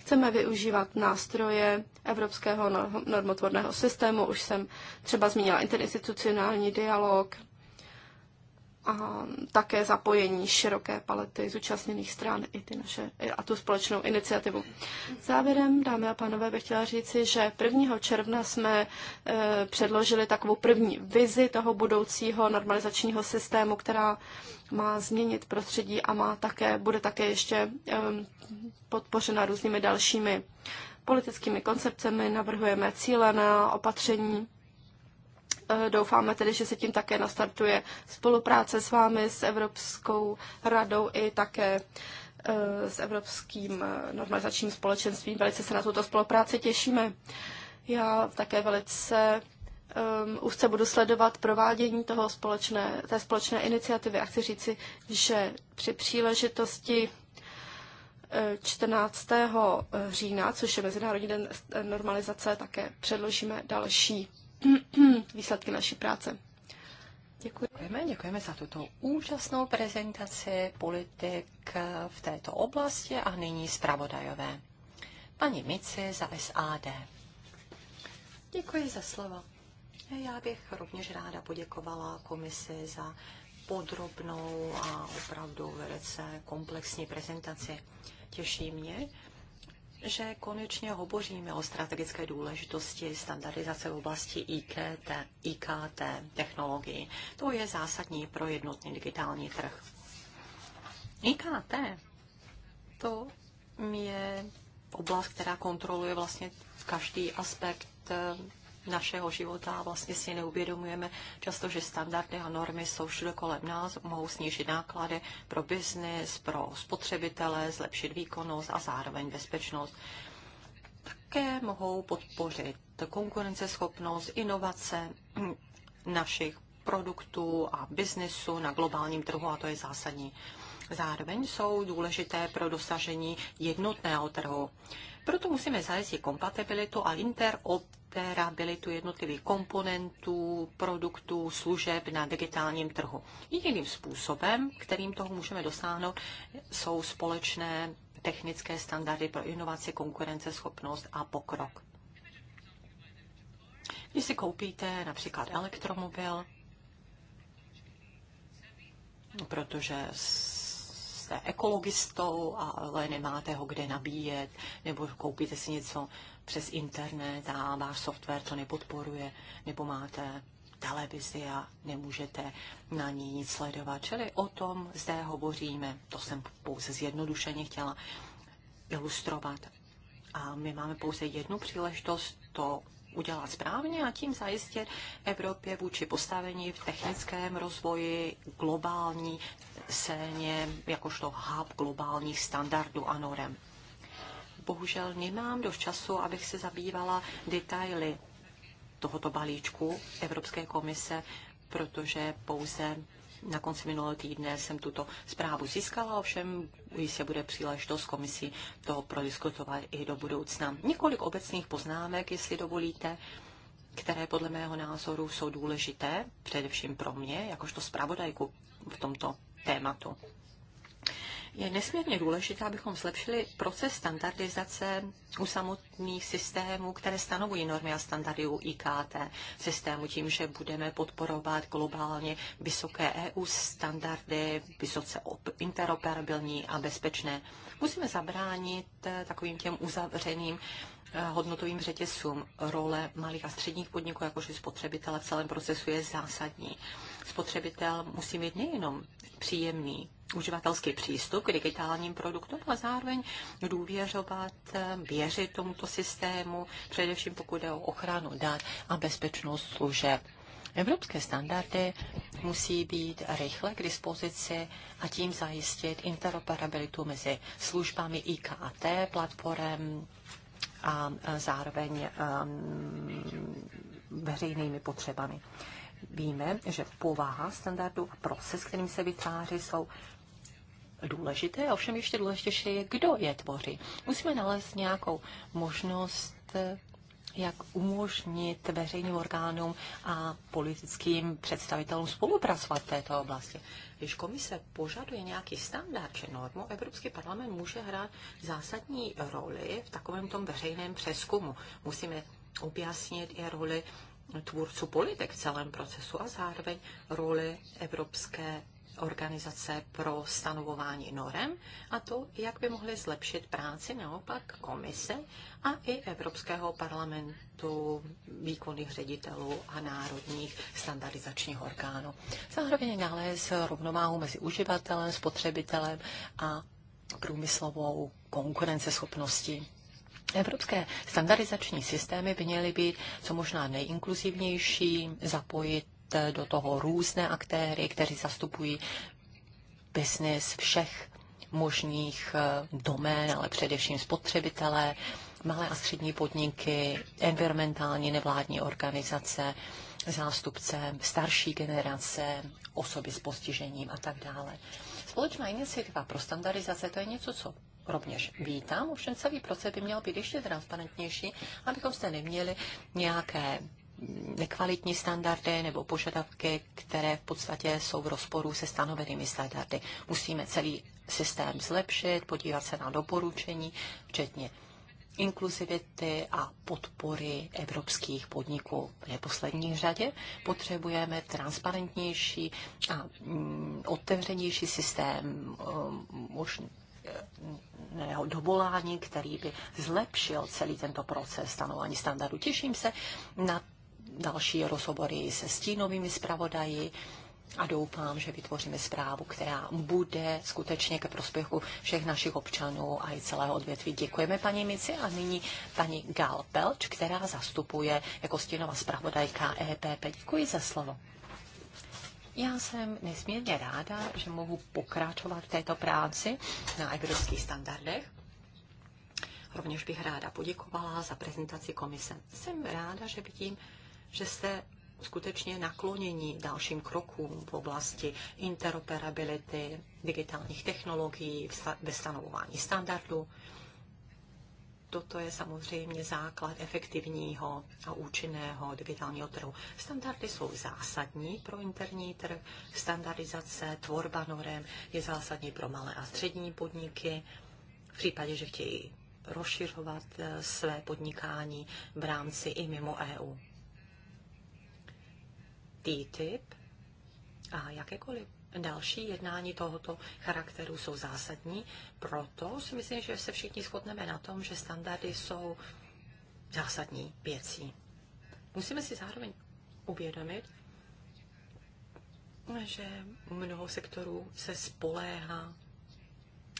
Chceme využívat nástroje evropského no- normotvorného systému, už jsem třeba zmínila interinstitucionální dialog, a také zapojení široké palety zúčastněných stran i ty naše, a tu společnou iniciativu. Závěrem, dámy a pánové, bych chtěla říci, že 1. června jsme e, předložili takovou první vizi toho budoucího normalizačního systému, která má změnit prostředí a má také, bude také ještě e, podpořena různými dalšími politickými koncepcemi. Navrhujeme cíle na opatření Eh, doufáme tedy, že se tím také nastartuje spolupráce s vámi, s Evropskou radou i také eh, s Evropským eh, normalizačním společenstvím. Velice se na tuto spolupráci těšíme. Já také velice um, úzce budu sledovat provádění toho společné, té společné iniciativy a chci říci, že při příležitosti 14. října, což je Mezinárodní den normalizace, také předložíme další výsledky naší práce. Děkuji. Děkujeme, děkujeme za tuto úžasnou prezentaci politik v této oblasti a nyní zpravodajové. Paní Mici za SAD. Děkuji za slovo. Já bych rovněž ráda poděkovala komisi za podrobnou a opravdu velice komplexní prezentaci. Těší mě, že konečně hovoříme o strategické důležitosti standardizace v oblasti IKT, IKT technologií. To je zásadní pro jednotný digitální trh. IKT to je oblast, která kontroluje vlastně každý aspekt eh, našeho života a vlastně si neuvědomujeme často, že standardy a normy jsou všude kolem nás, mohou snížit náklady pro biznis, pro spotřebitele, zlepšit výkonnost a zároveň bezpečnost. Také mohou podpořit konkurenceschopnost, inovace našich produktů a biznesu na globálním trhu a to je zásadní. Zároveň jsou důležité pro dosažení jednotného trhu. Proto musíme zajistit kompatibilitu a interoperabilitu jednotlivých komponentů, produktů, služeb na digitálním trhu. Jediným způsobem, kterým toho můžeme dosáhnout, jsou společné technické standardy pro inovaci, konkurenceschopnost a pokrok. Když si koupíte například elektromobil, protože jste ekologistou, ale nemáte ho kde nabíjet, nebo koupíte si něco přes internet a váš software to nepodporuje, nebo máte televizi a nemůžete na ní nic sledovat. Čili o tom zde hovoříme. To jsem pouze zjednodušeně chtěla ilustrovat. A my máme pouze jednu příležitost to udělat správně a tím zajistit Evropě vůči postavení v technickém rozvoji globální scéně jakožto hub globálních standardů a norem. Bohužel nemám dost času, abych se zabývala detaily tohoto balíčku Evropské komise, protože pouze na konci minulého týdne jsem tuto zprávu získala, ovšem jistě bude příležitost komisí to prodiskutovat i do budoucna. Několik obecných poznámek, jestli dovolíte, které podle mého názoru jsou důležité, především pro mě, jakožto zpravodajku v tomto tématu. Je nesmírně důležité, abychom zlepšili proces standardizace u samotných systémů, které stanovují normy a standardy u IKT systému tím, že budeme podporovat globálně vysoké EU standardy, vysoce interoperabilní a bezpečné. Musíme zabránit eh, takovým těm uzavřeným Eh, hodnotovým řetězům Role malých a středních podniků, jakož i spotřebitele v celém procesu je zásadní. Spotřebitel musí mít nejenom příjemný uživatelský přístup k digitálním produktům, ale zároveň důvěřovat, eh, věřit tomuto systému, především pokud je o ochranu dat a bezpečnost služeb. Evropské standardy musí být rychle k dispozici a tím zajistit interoperabilitu mezi službami IKT, platformem a zároveň um, veřejnými potřebami. Víme, že povaha standardu a proces, kterým se vytváří, jsou důležité, ovšem ještě důležitější je, kdo je tvoří. Musíme nalézt nějakou možnost jak umožnit veřejným orgánům a politickým představitelům spolupracovat v této oblasti když komise požaduje nějaký standard či normu, Evropský parlament může hrát zásadní roli v takovém tom veřejném přeskumu. Musíme objasnit i roli tvůrců politik v celém procesu a zároveň roli Evropské organizace pro stanovování norem a to, jak by mohly zlepšit práci naopak komise a i Evropského parlamentu, výkonných ředitelů a národních standardizačních orgánů. Zároveň nalézt rovnováhu mezi uživatelem, spotřebitelem a průmyslovou konkurenceschopností. Evropské standardizační systémy by měly být co možná nejinkluzivnější, zapojit Eh, do toho různé aktéry, kteří zastupují biznis všech možných eh, domén, ale především spotřebitelé, malé a střední podniky, environmentální nevládní organizace, zástupce starší generace, osoby s postižením a tak dále. Společná iniciativa pro standardizace to je něco, co rovněž vítám, ovšem celý proces by měl být ještě transparentnější, abychom se neměli nějaké nekvalitní standardy nebo požadavky, které v podstatě jsou v rozporu se stanovenými standardy. Musíme celý systém zlepšit, podívat se na doporučení, včetně inkluzivity a podpory evropských podniků. V neposlední řadě potřebujeme transparentnější a mm, otevřenější systém um, možný dovolání, který by zlepšil celý tento proces stanování standardu. Těším se na další rozhovory se stínovými zpravodaji a doufám, že vytvoříme zprávu, která bude skutečně ke prospěchu všech našich občanů a i celého odvětví. Děkujeme paní Mici a nyní paní Gal Pelč, která zastupuje jako stínová zpravodajka EPP. Děkuji za slovo. Já jsem nesmírně ráda, že mohu pokračovat v této práci na evropských standardech. Rovněž bych ráda poděkovala za prezentaci komise. Jsem ráda, že vidím, že jste skutečně naklonění dalším krokům v oblasti interoperability, digitálních technologií, ve stanovování standardů. Toto je samozřejmě základ efektivního a účinného digitálního trhu. Standardy jsou zásadní pro interní trh, standardizace, tvorba norem je zásadní pro malé a střední podniky. V případě, že chtějí rozšiřovat eh, své podnikání v rámci i mimo EU. TTIP a jakékoliv další jednání tohoto charakteru jsou zásadní. Proto si myslím, že se všichni shodneme na tom, že standardy jsou zásadní věcí. Musíme si zároveň uvědomit, že mnoho sektorů se spoléhá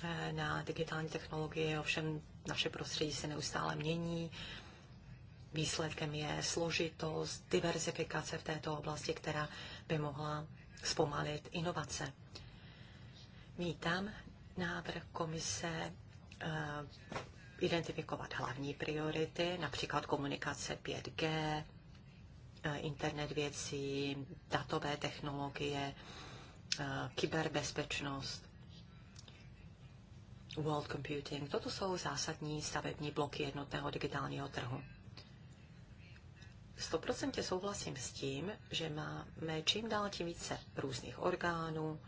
eh, na digitální technologie, ovšem naše prostředí se neustále mění, Výsledkem je složitost, diverzifikace v této oblasti, která by mohla zpomalit inovace. Vítám návrh komise eh, identifikovat hlavní priority, například komunikace 5G, eh, internet věcí, datové technologie, eh, kyberbezpečnost, world computing. Toto jsou zásadní stavební bloky jednotného digitálního trhu. 100% souhlasím s tím, že máme čím dál tím více různých orgánů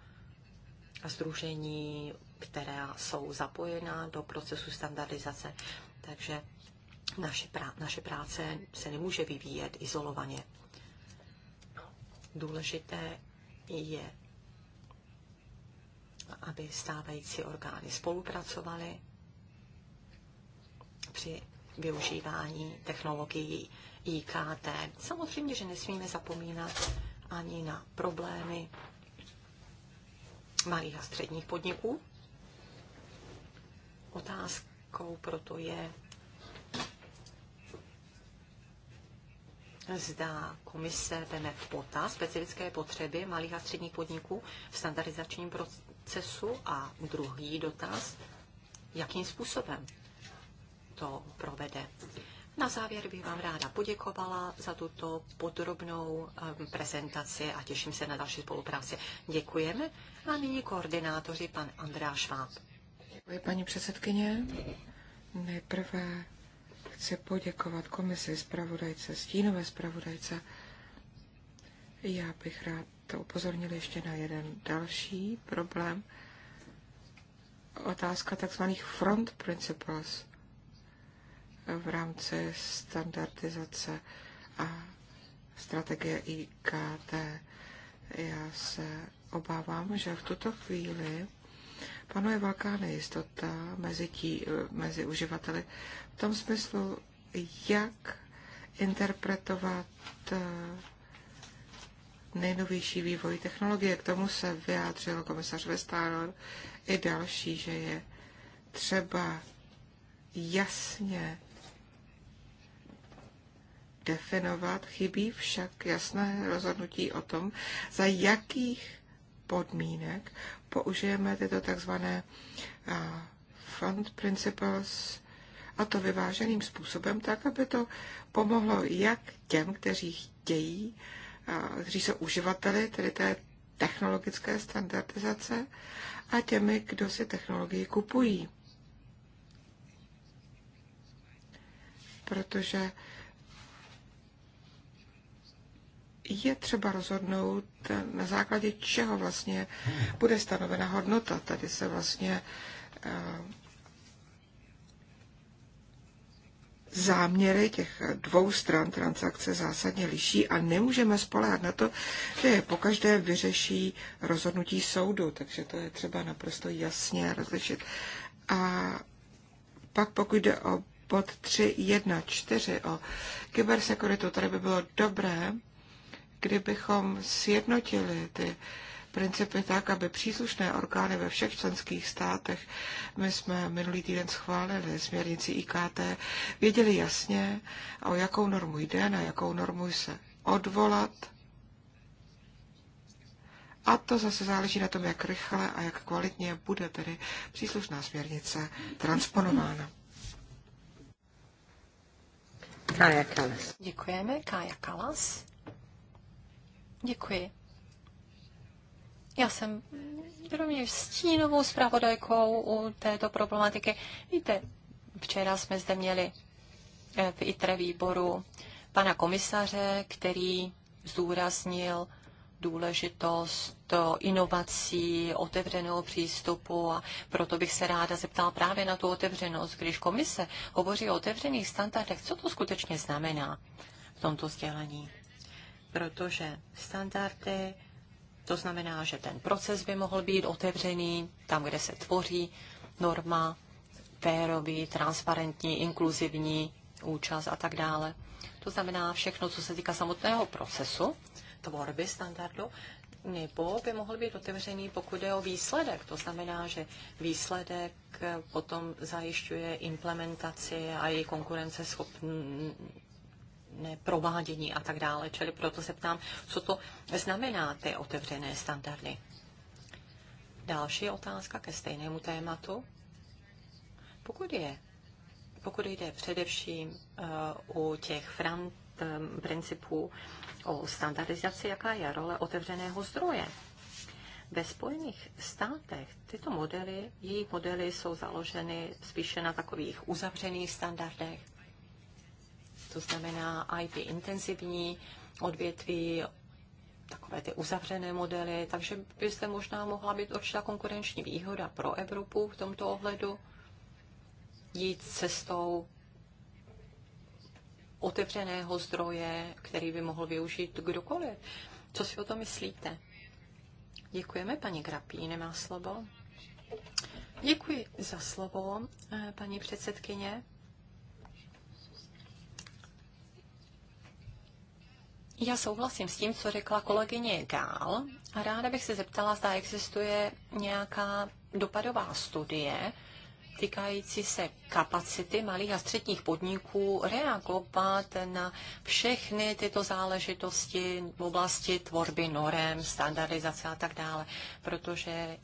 a združení, která jsou zapojená do procesu standardizace. Takže naše, prá- naše práce se nemůže vyvíjet izolovaně. Důležité je, aby stávající orgány spolupracovaly při využívání technologií IKT. Samozřejmě, že nesmíme zapomínat ani na problémy malých a středních podniků. Otázkou proto je, zda komise veme v pota specifické potřeby malých a středních podniků v standardizačním procesu a druhý dotaz, jakým způsobem to provede. Na závěr bych vám ráda poděkovala za tuto podrobnou eh, prezentaci a těším se na další spolupráci. Děkujeme. A nyní koordinátoři pan Andrá Šváb. Děkuji, paní předsedkyně. Nejprve chci poděkovat komisi zpravodajce, stínové zpravodajce. Já bych rád upozornil ještě na jeden další problém. Otázka tzv. front principles – v rámci standardizace a strategie IKT. Já se obávám, že v tuto chvíli panuje velká nejistota mezi, tí, mezi uživateli v tom smyslu, jak interpretovat eh, nejnovější vývoj technologie. K tomu se vyjádřil komisař Vestager i další, že je třeba jasně definovat, chybí však jasné rozhodnutí o tom, za jakých podmínek použijeme tyto takzvané fund principles a to vyváženým způsobem, tak, aby to pomohlo jak těm, kteří chtějí, kteří jsou uživateli, tedy té technologické standardizace, a těmi, kdo si technologii kupují. Protože je třeba rozhodnout, na základě čeho vlastně bude stanovena hodnota. Tady se vlastně eh, záměry těch dvou stran transakce zásadně liší a nemůžeme spolehat na to, že je pokaždé vyřeší rozhodnutí soudu, takže to je třeba naprosto jasně rozlišit. A pak pokud jde o bod 3.1.4 o kybersekuritu, tady by bylo dobré kdybychom sjednotili ty principy tak, aby příslušné orgány ve všech členských státech, my jsme minulý týden schválili směrnici IKT, věděli jasně, o jakou normu jde, na jakou normu se odvolat. A to zase záleží na tom, jak rychle a jak kvalitně bude tedy příslušná směrnice transponována. Kaja Kalas. Děkujeme, Kaja Kalas. Děkuji. Já jsem rovněž stínovou zpravodajkou u této problematiky. Víte, včera jsme zde měli eh, v ITRE výboru pana komisaře, který zdůraznil důležitost inovací, otevřeného přístupu a proto bych se ráda zeptala právě na tu otevřenost. Když komise hovoří o otevřených standardech, co to skutečně znamená v tomto sdělení? protože standardy, to znamená, že ten proces by mohl být otevřený tam, kde se tvoří norma, férový, transparentní, inkluzivní účast a tak dále. To znamená všechno, co se týká samotného procesu tvorby standardu, nebo by mohl být otevřený, pokud je o výsledek. To znamená, že výsledek potom zajišťuje implementaci a její konkurenceschopnost provádění a tak dále. Čili proto se ptám, co to znamená ty otevřené standardy. Další otázka ke stejnému tématu. Pokud je, pokud jde především uh, u těch frant, um, eh, principů o standardizaci, jaká je role otevřeného zdroje. Ve Spojených státech tyto modely, jejich modely jsou založeny spíše na takových uzavřených standardech, to znamená IP intenzivní odvětví, takové ty uzavřené modely, takže byste možná mohla být určitá konkurenční výhoda pro Evropu v tomto ohledu jít cestou otevřeného zdroje, který by mohl využít kdokoliv. Co si o to myslíte? Děkujeme, paní Grapí, nemá slovo. Děkuji za slovo, eh, paní předsedkyně. Já souhlasím s tím, co řekla kolegyně Gál a ráda bych se zeptala, zda existuje nějaká dopadová studie týkající se kapacity malých a středních podniků reagovat na všechny tyto záležitosti v oblasti tvorby norem, standardizace a tak dále. Protože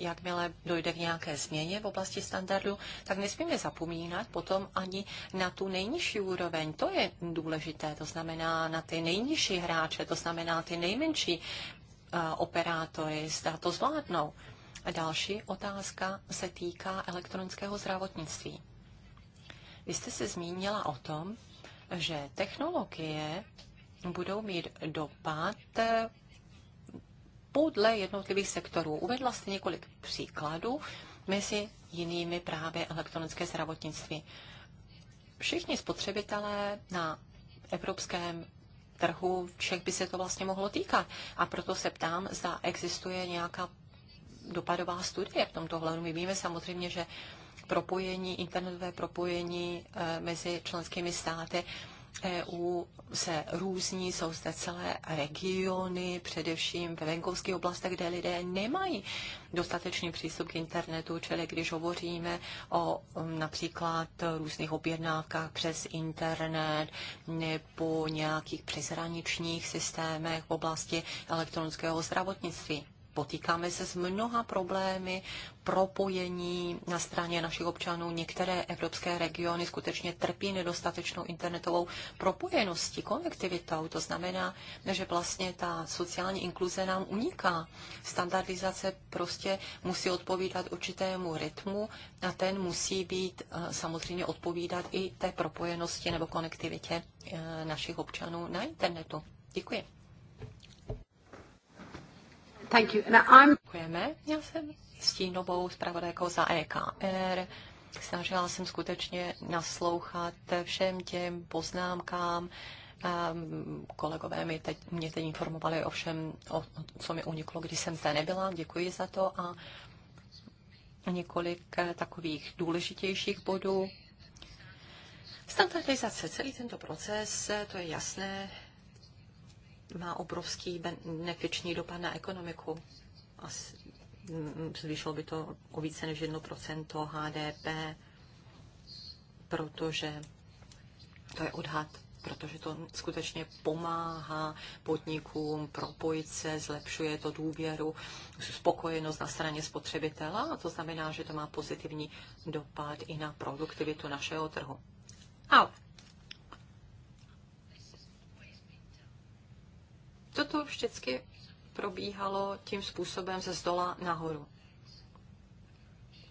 jakmile dojde k nějaké změně v oblasti standardu, tak nesmíme zapomínat potom ani na tu nejnižší úroveň. To je důležité, to znamená na ty nejnižší hráče, to znamená ty nejmenší eh, operátory, zda to zvládnou. A další otázka se týká elektronického zdravotnictví. Vy jste se zmínila o tom, že technologie budou mít dopad eh, podle jednotlivých sektorů. Uvedla jste několik příkladů, mezi jinými právě elektronické zdravotnictví. Všichni spotřebitelé na evropském trhu, všech by se to vlastně mohlo týkat. A proto se ptám, zda existuje nějaká dopadová studie v tomto hledu. My víme samozřejmě, že propojení, internetové propojení eh, mezi členskými státy EU se různí, jsou zde celé regiony, především ve venkovských oblastech, kde lidé nemají dostatečný přístup k internetu, čili když hovoříme o mm, například různých objednávkách přes internet nebo nějakých přeshraničních systémech v oblasti elektronického zdravotnictví potýkáme se s mnoha problémy propojení na straně našich občanů. Některé evropské regiony skutečně trpí nedostatečnou internetovou propojeností, konektivitou. To znamená, že vlastně ta sociální inkluze nám uniká. Standardizace prostě musí odpovídat určitému rytmu a ten musí být eh, samozřejmě odpovídat i té propojenosti nebo konektivitě eh, našich občanů na internetu. Děkuji. Thank you. Now I'm... Děkujeme. Já jsem stínovou zpravodajkou za EKR. Snažila jsem skutečně naslouchat všem těm poznámkám. Ehm, kolegové mi teď, mě teď informovali o všem, o, o, co mi uniklo, když jsem zde nebyla. Děkuji za to a několik eh, takových důležitějších bodů. Standardizace, celý tento proces, eh, to je jasné, má obrovský nefiční dopad na ekonomiku. Asi mm, zvýšilo by to o více než 1% HDP, protože to je odhad, protože to skutečně pomáhá podnikům propojit se, zlepšuje to důvěru, spokojenost na straně spotřebitela a to znamená, že to má pozitivní dopad i na produktivitu našeho trhu. Ale Toto vždycky probíhalo tím způsobem ze zdola nahoru.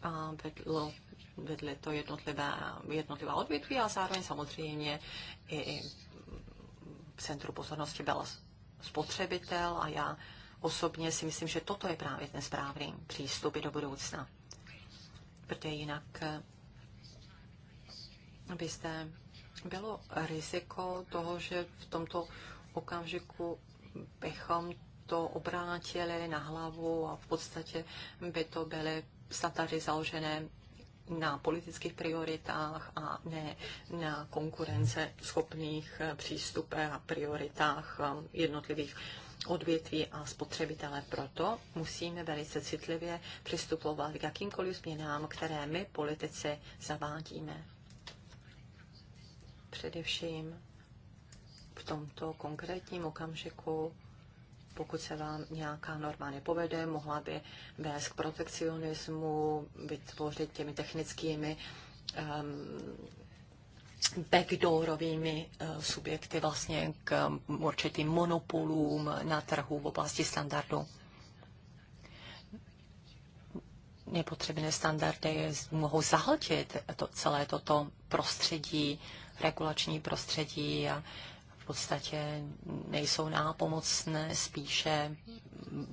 A vedlo, vedly to jednotlivé, jednotlivá odvětví a zároveň samozřejmě i v centru pozornosti byl spotřebitel a já osobně si myslím, že toto je právě ten správný přístup i do budoucna. Protože jinak eh, byste bylo riziko toho, že v tomto okamžiku bychom to obrátili na hlavu a v podstatě by to byly sataři založené na politických prioritách a ne na konkurence schopných eh, přístupech a prioritách eh, jednotlivých odvětví a spotřebitele. Proto musíme velice citlivě přistupovat k jakýmkoliv změnám, které my politici zavádíme. Především v tomto konkrétním okamžiku, pokud se vám nějaká norma nepovede, mohla by vést k protekcionismu, vytvořit těmi technickými um, backdoorovými uh, subjekty vlastně k um, určitým monopolům na trhu v oblasti standardu. Nepotřebné standardy mohou zahltit to, celé toto prostředí, regulační prostředí a podstatě nejsou nápomocné, spíše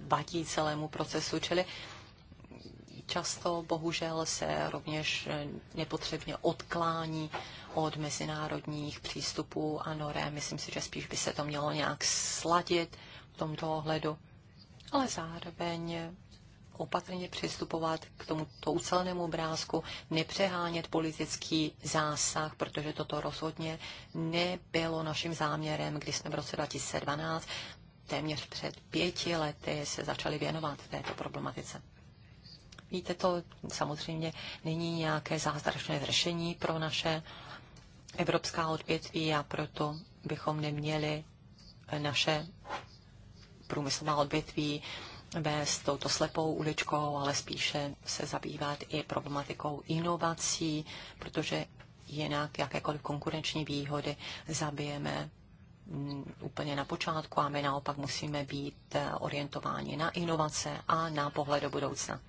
vadí celému procesu, čili často bohužel se rovněž nepotřebně odklání od mezinárodních přístupů a norem. Myslím si, že spíš by se to mělo nějak sladit v tomto ohledu. Ale zároveň opatrně přistupovat k tomuto ucelenému obrázku, nepřehánět politický zásah, protože toto rozhodně nebylo naším záměrem, když jsme v roce 2012 téměř před pěti lety se začali věnovat této problematice. Víte, to samozřejmě není nějaké zázračné řešení pro naše evropská odvětví a proto bychom neměli naše průmyslová odvětví vést touto slepou uličkou, ale spíše se zabývat i problematikou inovací, protože jinak jakékoliv konkurenční výhody zabijeme mm, úplně na počátku a my naopak musíme být eh, orientováni na inovace a na pohled do budoucna.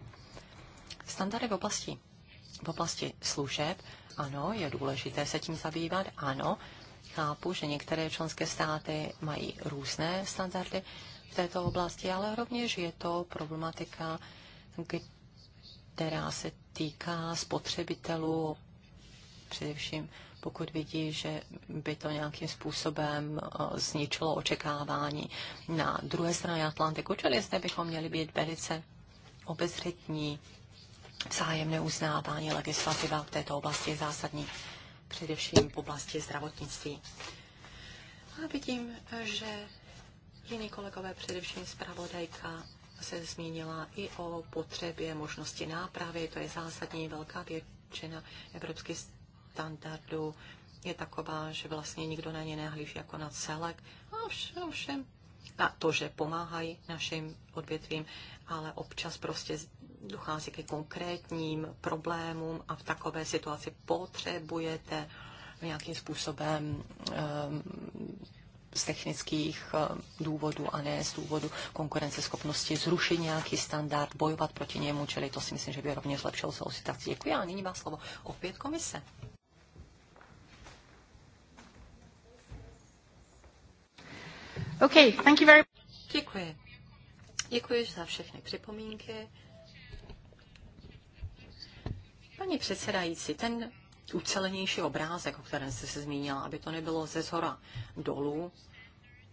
Standardy v oblasti, v oblasti služeb, ano, je důležité se tím zabývat, ano, chápu, že některé členské státy mají různé standardy, v této oblasti, ale rovněž je to problematika, která se týká spotřebitelů, především pokud vidí, že by to nějakým způsobem eh, zničilo očekávání na druhé straně Atlantiku. Čili zde bychom měli být velice obezřetní. Vzájemné uznávání legislativa v této oblasti je zásadní, především v oblasti zdravotnictví. A vidím, eh, že Jiní kolegové, především zpravodajka, se zmínila i o potřebě možnosti nápravy, to je zásadní velká většina evropských standardů je taková, že vlastně nikdo na ně nehlíží jako na celek. A vše, ovšem, a to, že pomáhají našim odvětvím, ale občas prostě dochází ke konkrétním problémům a v takové situaci potřebujete nějakým způsobem um, z technických eh, důvodů a ne z důvodu konkurenceschopnosti zrušit nějaký standard, bojovat proti němu, čili to si myslím, že by rovněž zlepšilo celou situaci. Děkuji a nyní má slovo opět komise. Okay, thank you very... Děkuji. Děkuji za všechny připomínky. Paní předsedající, ten ucelenější obrázek, o kterém jste se zmínila, aby to nebylo ze zhora dolů,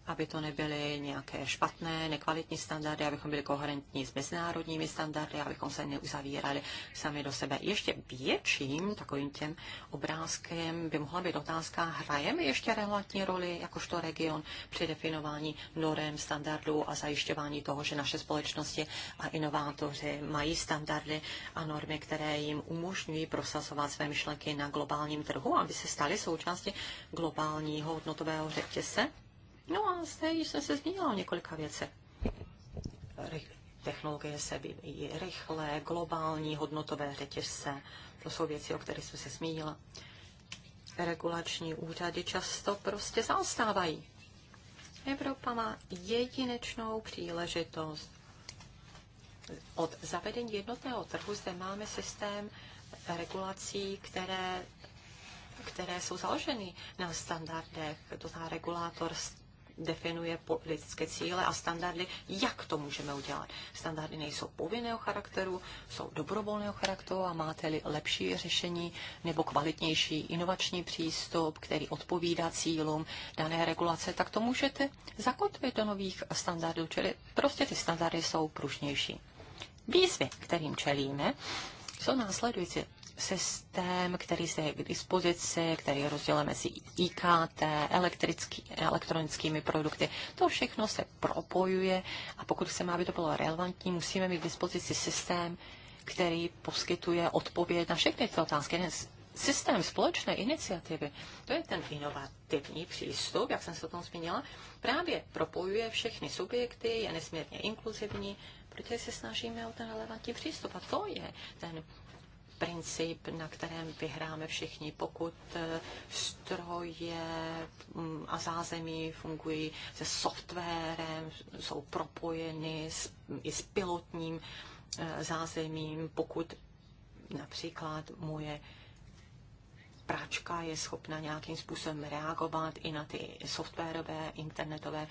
aby to nebyly nějaké špatné, nekvalitní standardy, abychom byli koherentní s mezinárodními standardy, abychom se neuzavírali sami do sebe. Ještě větším takovým těm obrázkem by mohla být otázka, hrajeme ještě relevantní roli jakožto region při definování norem, standardů a zajišťování toho, že naše společnosti a inovátoři mají standardy a normy, které jim umožňují prosazovat své myšlenky na globálním trhu, aby se staly součástí globálního hodnotového řetězce. No a zde již jsem se zmínila o několika věcech. Technologie se vyvíjí rychle, globální hodnotové řetězce, to jsou věci, o kterých jsem se zmínila. Regulační úřady často prostě zaostávají. Evropa má jedinečnou příležitost. Od zavedení jednotného trhu zde máme systém regulací, které které jsou založeny na standardech. To znamená, regulátor definuje politické cíle a standardy, jak to můžeme udělat. Standardy nejsou povinného charakteru, jsou dobrovolného charakteru a máte-li lepší řešení nebo kvalitnější inovační přístup, který odpovídá cílům dané regulace, tak to můžete zakotvit do nových standardů, čili prostě ty standardy jsou pružnější. Výzvy, kterým čelíme, jsou následující systém, který se je k dispozici, který je rozdělen mezi IKT, elektrický, elektronickými produkty. To všechno se propojuje a pokud chceme, aby to bylo relevantní, musíme mít k dispozici systém, který poskytuje odpověď na všechny ty otázky. systém společné iniciativy, to je ten inovativní přístup, jak jsem se o tom zmínila, právě propojuje všechny subjekty, je nesmírně inkluzivní, protože se snažíme o ten relevantní přístup. A to je ten princip, na kterém vyhráme všichni. Pokud eh, stroje mm, a zázemí fungují se softwarem, jsou propojeny s, i s pilotním eh, zázemím, pokud například moje pračka je schopna nějakým způsobem reagovat i na ty softwarové, internetové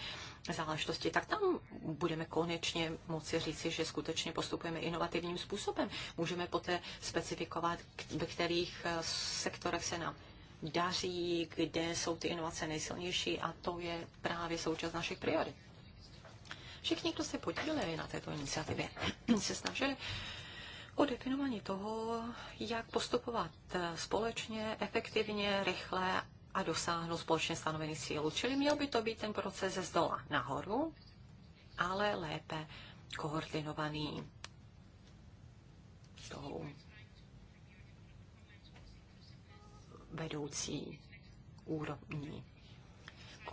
záležitosti, tak tam budeme konečně moci říci, že skutečně postupujeme inovativním způsobem. Můžeme poté specifikovat, ve kterých eh, sektorech se nám daří, kde jsou ty inovace nejsilnější a to je právě součást našich priorit. Všichni, kdo se podíleli na této iniciativě, se snažili o definování toho, jak postupovat společně, efektivně, rychle a dosáhnout společně stanovených cílů. Čili měl by to být ten proces ze zdola nahoru, ale lépe koordinovaný tou vedoucí úrovní.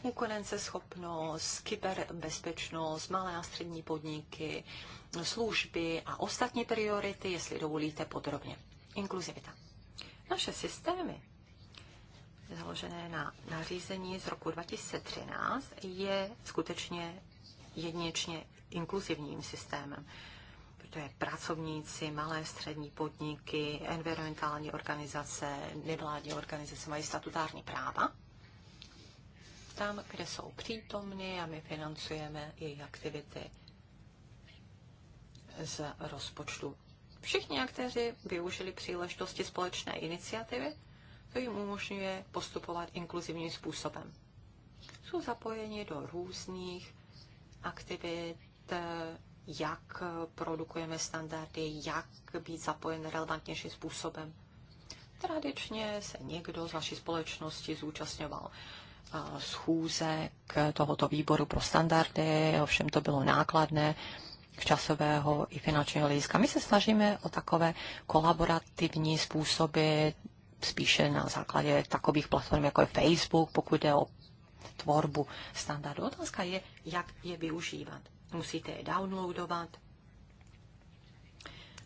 Konkurenceschopnost, kyberbezpečnost, malé a střední podniky, služby a ostatní priority, jestli dovolíte podrobně. Inkluzivita. Naše systémy založené na nařízení z roku 2013 je skutečně jedinečně inkluzivním systémem. Protože pracovníci, malé střední podniky, environmentální organizace, nevládní organizace mají statutární práva. Tam, kde jsou přítomny a my financujeme jejich aktivity z rozpočtu. Všichni aktéři využili příležitosti společné iniciativy, to jim umožňuje postupovat inkluzivním způsobem. Jsou zapojeni do různých aktivit, jak produkujeme standardy, jak být zapojen relevantnějším způsobem. Tradičně se někdo z vaší společnosti zúčastňoval schůzek tohoto výboru pro standardy, ovšem to bylo nákladné, časového i finančního hlediska. My se snažíme o takové kolaborativní způsoby, spíše na základě takových platform, jako je Facebook, pokud jde o tvorbu standardu. Otázka je, jak je využívat. Musíte je downloadovat,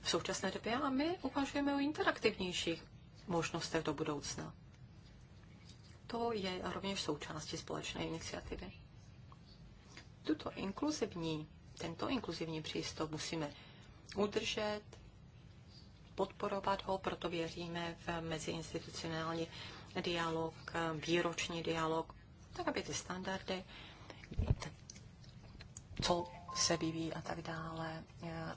v současné době a my uvažujeme o interaktivnějších možnostech do budoucna. To je rovněž součástí společné iniciativy. Tuto inkluzivní tento inkluzivní přístup musíme udržet, podporovat ho, proto věříme v meziinstitucionální dialog, výroční dialog, tak aby ty standardy, co se vyvíjí a tak dále,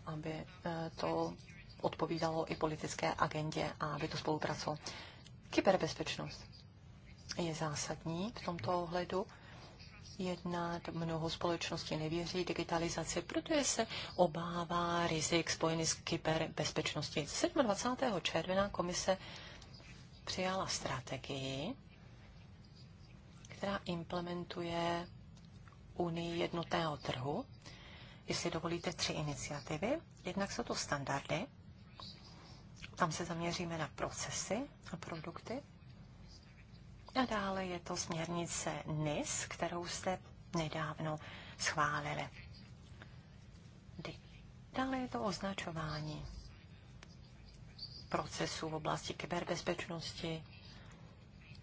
aby eh, to odpovídalo i politické agendě a aby to spolupracovalo. Kyberbezpečnost je zásadní v tomto ohledu jednat, mnoho společností nevěří digitalizaci, protože se obává rizik spojený s kyberbezpečností. 27. června komise přijala strategii, která implementuje Unii jednotného trhu. Jestli dovolíte tři iniciativy. Jednak jsou to standardy, tam se zaměříme na procesy a produkty. A dále je to směrnice NIS, kterou jste nedávno schválili. Dále je to označování procesů v oblasti kyberbezpečnosti,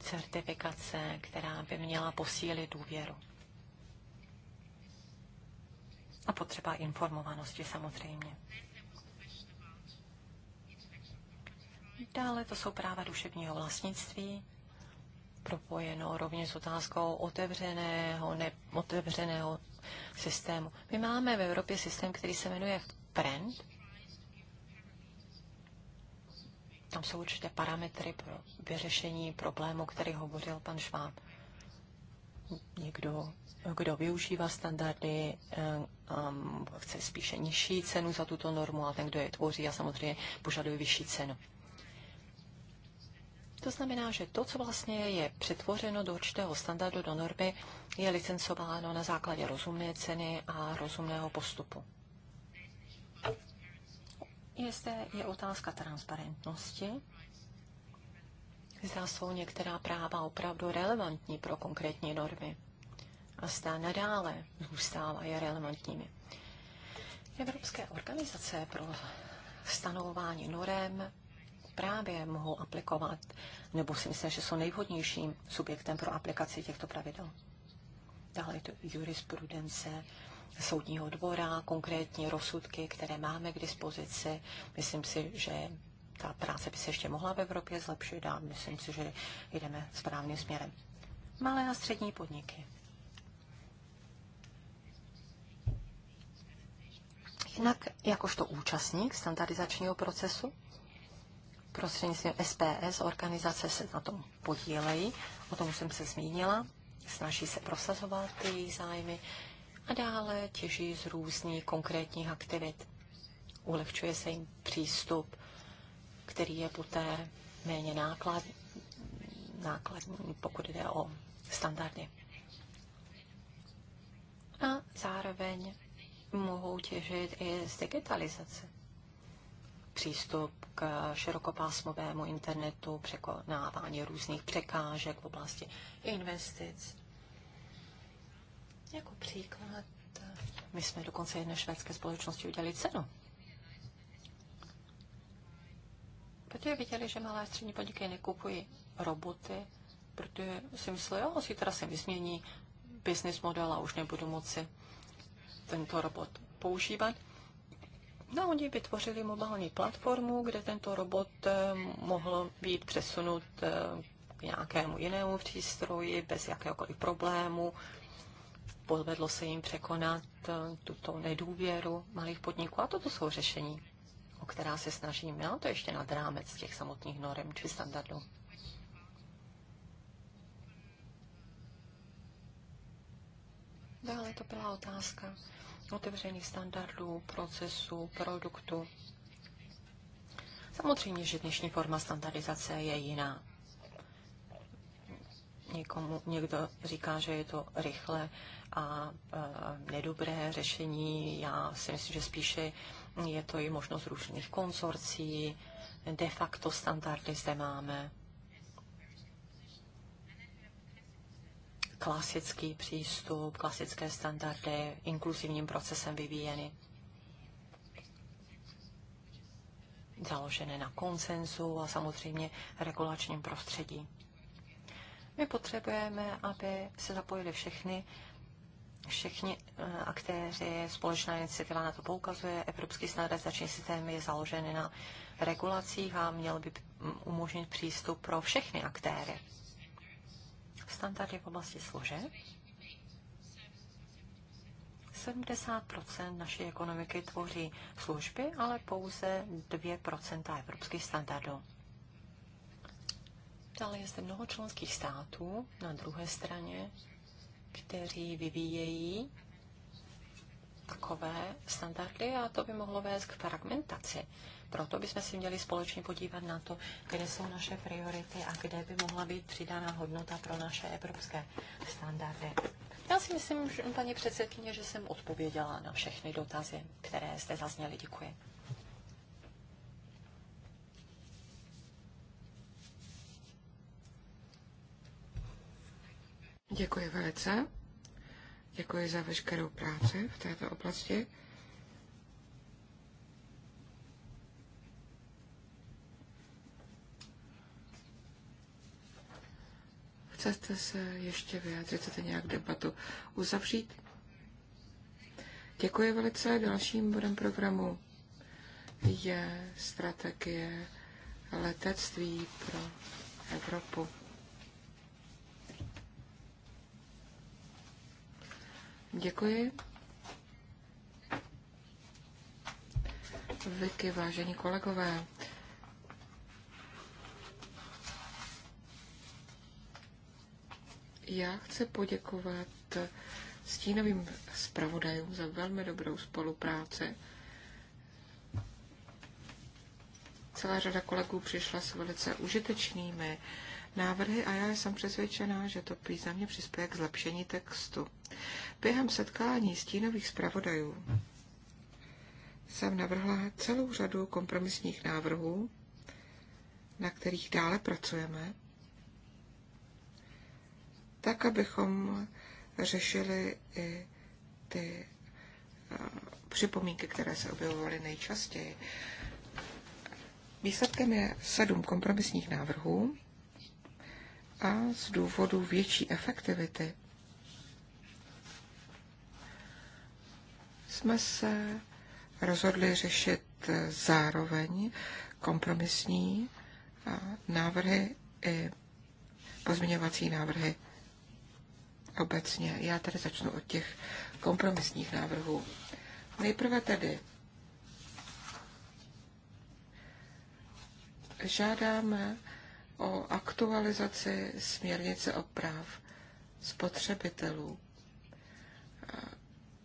certifikace, která by měla posílit důvěru. A potřeba informovanosti samozřejmě. Dále to jsou práva duševního vlastnictví, propojeno rovněž s otázkou otevřeného, neotevřeného systému. My máme v Evropě systém, který se jmenuje PRENT. Tam jsou určité parametry pro vyřešení problému, který hovořil pan Šváb. Někdo, kdo využívá standardy, eh, um, chce spíše nižší cenu za tuto normu, a ten, kdo je tvoří, a samozřejmě požaduje vyšší cenu. To znamená, že to, co vlastně je přetvořeno do určitého standardu, do normy, je licencováno na základě rozumné ceny a rozumného postupu. Je zde je otázka transparentnosti. Zda jsou některá práva opravdu relevantní pro konkrétní normy a zda nadále zůstávají relevantními. Evropské organizace pro stanovování norem právě mohou aplikovat, nebo si myslím, že jsou nejvhodnějším subjektem pro aplikaci těchto pravidel. Dále je to jurisprudence soudního dvora, konkrétní rozsudky, které máme k dispozici. Myslím si, že ta práce by se ještě mohla v Evropě zlepšit a myslím si, že jdeme správným směrem. Malé a střední podniky. Jinak jakožto účastník standardizačního procesu prostřednictvím SPS organizace se na tom podílejí, o tom jsem se zmínila, snaží se prosazovat ty jejich zájmy a dále těží z různých konkrétních aktivit. Ulehčuje se jim přístup, který je poté méně náklad, nákladní, pokud jde o standardy. A zároveň mohou těžit i z digitalizace přístup k širokopásmovému internetu, překonávání různých překážek v oblasti investic. Jako příklad, my jsme dokonce jedné švédské společnosti udělali cenu. Protože viděli, že malé střední podniky nekupují roboty, protože si mysleli, jo, zítra se mi změní business model a už nebudu moci tento robot používat. No oni vytvořili mobilní platformu, kde tento robot eh, mohl být přesunut eh, k nějakému jinému přístroji bez jakéhokoliv problému. Povedlo se jim překonat eh, tuto nedůvěru malých podniků a toto jsou řešení, o která se snažíme, a to ještě nad rámec těch samotných norm či standardů. Dále to byla otázka otevřených standardů, procesů, produktů. Samozřejmě, že dnešní forma standardizace je jiná. Někomu, někdo říká, že je to rychle a e, nedobré řešení. Já si myslím, že spíše je to i možnost různých konzorcí. De facto standardy zde máme klasický přístup, klasické standardy inkluzivním procesem vyvíjeny. Založené na konsenzu a samozřejmě regulačním prostředí. My potřebujeme, aby se zapojili všechny všichni eh, aktéři, společná iniciativa na to poukazuje, Evropský standardizační systém je založen na regulacích a měl by mm, umožnit přístup pro všechny aktéry standardy v oblasti služeb. 70 naší ekonomiky tvoří služby, ale pouze 2 evropských standardů. Dále je zde mnoho členských států na druhé straně, kteří vyvíjejí takové standardy a to by mohlo vést k fragmentaci proto bychom si měli společně podívat na to, kde jsou naše priority a kde by mohla být přidána hodnota pro naše evropské standardy. Já si myslím, že, paní předsedkyně, že jsem odpověděla na všechny dotazy, které jste zazněly. Děkuji. Děkuji velice. Děkuji za veškerou práci v této oblasti. Chcete se ještě vyjádřit, chcete nějak debatu uzavřít? Děkuji velice. Dalším bodem programu je strategie letectví pro Evropu. Děkuji. Vicky, vážení kolegové, Já chci poděkovat stínovým zpravodajům za velmi dobrou spolupráci. Celá řada kolegů přišla s velice užitečnými návrhy a já jsem přesvědčená, že to významně přispěje k zlepšení textu. Během setkání stínových zpravodajů jsem navrhla celou řadu kompromisních návrhů, na kterých dále pracujeme tak abychom řešili i ty eh, připomínky, které se objevovaly nejčastěji. Výsledkem je sedm kompromisních návrhů a z důvodu větší efektivity jsme se rozhodli řešit zároveň kompromisní eh, návrhy i pozměňovací návrhy obecně. Já tady začnu od těch kompromisních návrhů. Nejprve tedy žádáme o aktualizaci směrnice o práv spotřebitelů.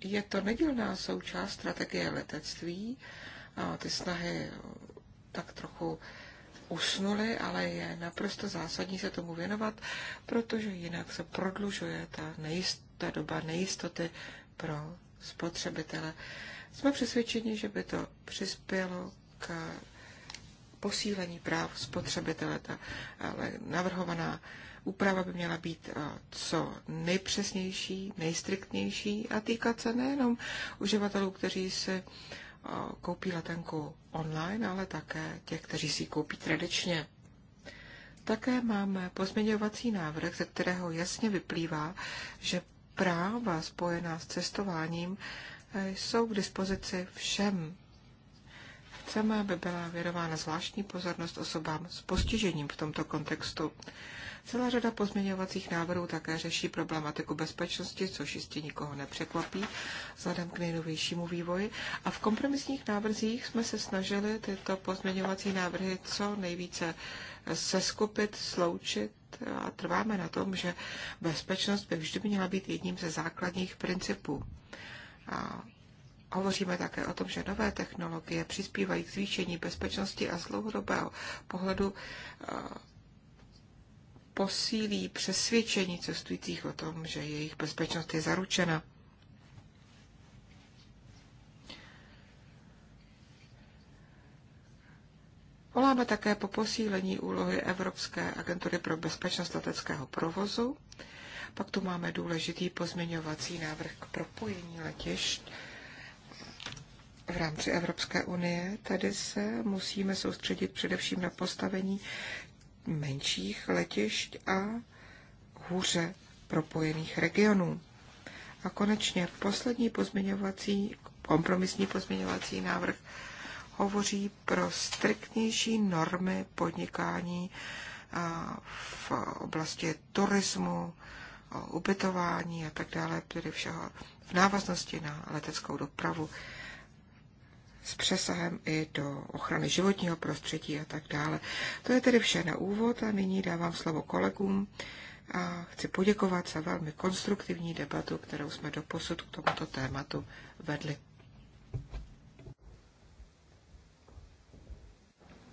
Je to nedílná součást strategie letectví, a ty snahy tak trochu usnuli, ale je naprosto zásadní se tomu věnovat, protože jinak se prodlužuje ta, nejist, ta doba nejistoty pro spotřebitele. Jsme přesvědčeni, že by to přispělo k posílení práv spotřebitele. Ta navrhovaná úprava by měla být eh, co nejpřesnější, nejstriktnější a týkat se nejenom uživatelů, kteří se Eh, koupí letenku online, ale také těch, kteří si ji koupí tradičně. Také máme pozměňovací návrh, ze kterého jasně vyplývá, že práva spojená s cestováním eh, jsou k dispozici všem. Chceme, aby byla věnována zvláštní pozornost osobám s postižením v tomto kontextu. Celá řada pozměňovacích návrhů také řeší problematiku bezpečnosti, což jistě nikoho nepřekvapí, vzhledem k nejnovějšímu vývoji. A v kompromisních návrzích jsme se snažili tyto pozměňovací návrhy co nejvíce seskupit, sloučit a trváme na tom, že bezpečnost by vždy měla být jedním ze základních principů. A Hovoříme také o tom, že nové technologie přispívají k zvýšení bezpečnosti a z dlouhodobého pohledu eh, posílí přesvědčení cestujících o tom, že jejich bezpečnost je zaručena. Voláme také po posílení úlohy Evropské agentury pro bezpečnost leteckého provozu. Pak tu máme důležitý pozměňovací návrh k propojení letišť v rámci Evropské unie. Tady se musíme soustředit především na postavení menších letišť a hůře propojených regionů. A konečně poslední pozměňovací, kompromisní pozměňovací návrh hovoří pro striktnější normy podnikání v oblasti turismu, ubytování a tak dále, tedy všeho v návaznosti na leteckou dopravu s přesahem i do ochrany životního prostředí a tak dále. To je tedy vše na úvod a nyní dávám slovo kolegům a chci poděkovat za velmi konstruktivní debatu, kterou jsme doposud k tomuto tématu vedli.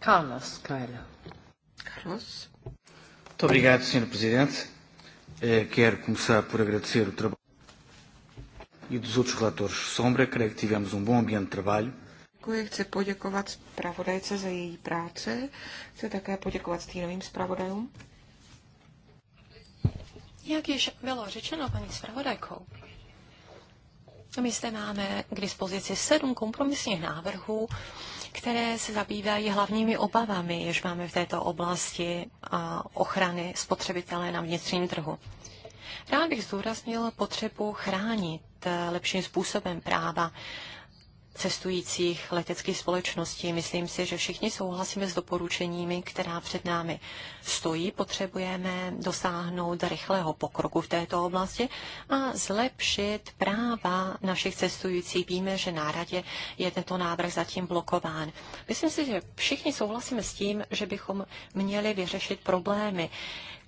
Carlos Coelho. Carlos. Muito obrigado, Sr. Presidente. Eh, quero começar por agradecer o trabalho e dos outros relatores sombra. Creio que tivemos um bom ambiente de trabalho. Děkuji, chci poděkovat zpravodajce za její práci. Chci také poděkovat stínovým zpravodajům. Jak již bylo řečeno paní zpravodajkou, my zde máme k dispozici sedm kompromisních návrhů, které se zabývají hlavními obavami, jež máme v této oblasti ochrany spotřebitele na vnitřním trhu. Rád bych zdůraznil potřebu chránit lepším způsobem práva cestujících leteckých společností. Myslím si, že všichni souhlasíme s doporučeními, která před námi stojí. Potřebujeme dosáhnout rychlého pokroku v této oblasti a zlepšit práva našich cestujících. Víme, že na radě je tento návrh zatím blokován. Myslím si, že všichni souhlasíme s tím, že bychom měli vyřešit problémy,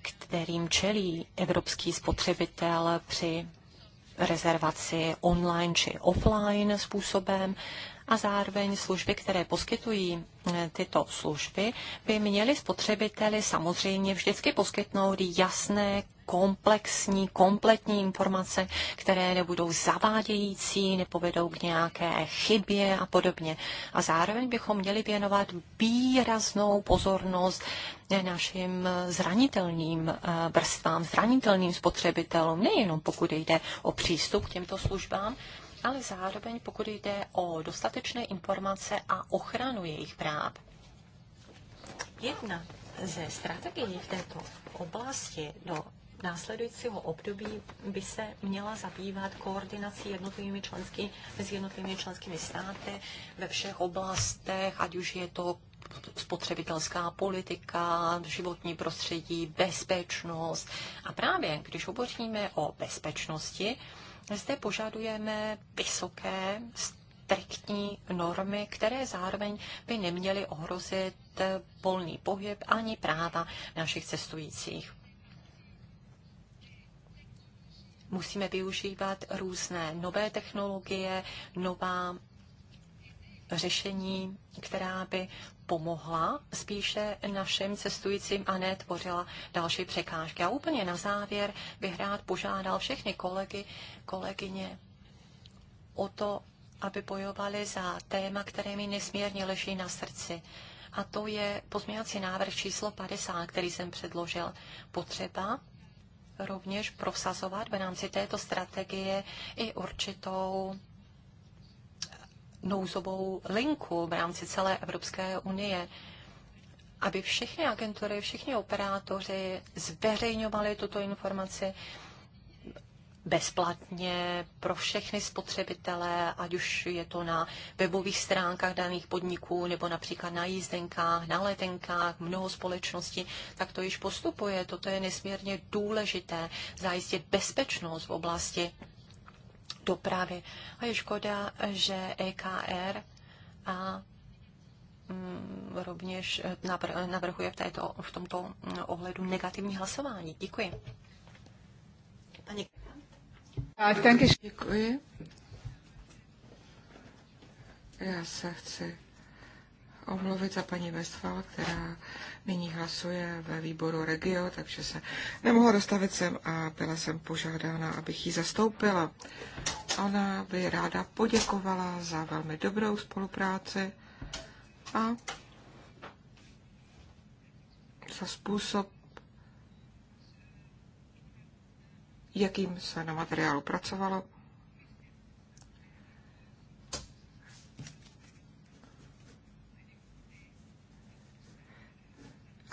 kterým čelí evropský spotřebitel při rezervaci online či offline způsobem a zároveň služby, které poskytují eh, tyto služby, by měly spotřebiteli samozřejmě vždycky poskytnout jasné, komplexní, kompletní informace, které nebudou zavádějící, nepovedou k nějaké chybě a podobně. A zároveň bychom měli věnovat výraznou pozornost našim eh, zranitelným eh, vrstvám, zranitelným spotřebitelům, nejenom pokud jde o přístup k těmto službám, ale zároveň pokud jde o dostatečné informace a ochranu jejich práv. Jedna ze strategií v této oblasti do následujícího období by se měla zabývat koordinací jednotlivými členskými, mezi jednotlivými členskými státy ve všech oblastech, ať už je to spotřebitelská politika, životní prostředí, bezpečnost. A právě když hovoříme o bezpečnosti, zde požadujeme vysoké striktní normy, které zároveň by neměly ohrozit volný pohyb ani práva našich cestujících. Musíme využívat různé nové technologie, nová řešení, která by pomohla spíše našim cestujícím a ne tvořila další překážky. A úplně na závěr bych rád požádal všechny kolegy, kolegyně o to, aby bojovali za téma, které mi nesmírně leží na srdci. A to je pozměňovací návrh číslo 50, který jsem předložil. Potřeba rovněž prosazovat v rámci této strategie i určitou nouzovou linku v rámci celé Evropské unie, aby všechny agentury, všichni operátoři zveřejňovali tuto informaci bezplatně pro všechny spotřebitele, ať už je to na webových stránkách daných podniků nebo například na jízdenkách, na letenkách, mnoho společností, tak to již postupuje. Toto je nesmírně důležité zajistit bezpečnost v oblasti dopravy. A je škoda, že EKR a mm, rovněž navrhuje v, této, v tomto ohledu negativní hlasování. Děkuji. Pani. Děkuji. Já se chci omluvit za paní Westfal, která nyní hlasuje ve výboru Regio, takže se nemohla dostavit sem a byla jsem požádána, abych ji zastoupila. Ona by ráda poděkovala za velmi dobrou spolupráci a za způsob, jakým se na materiálu pracovalo.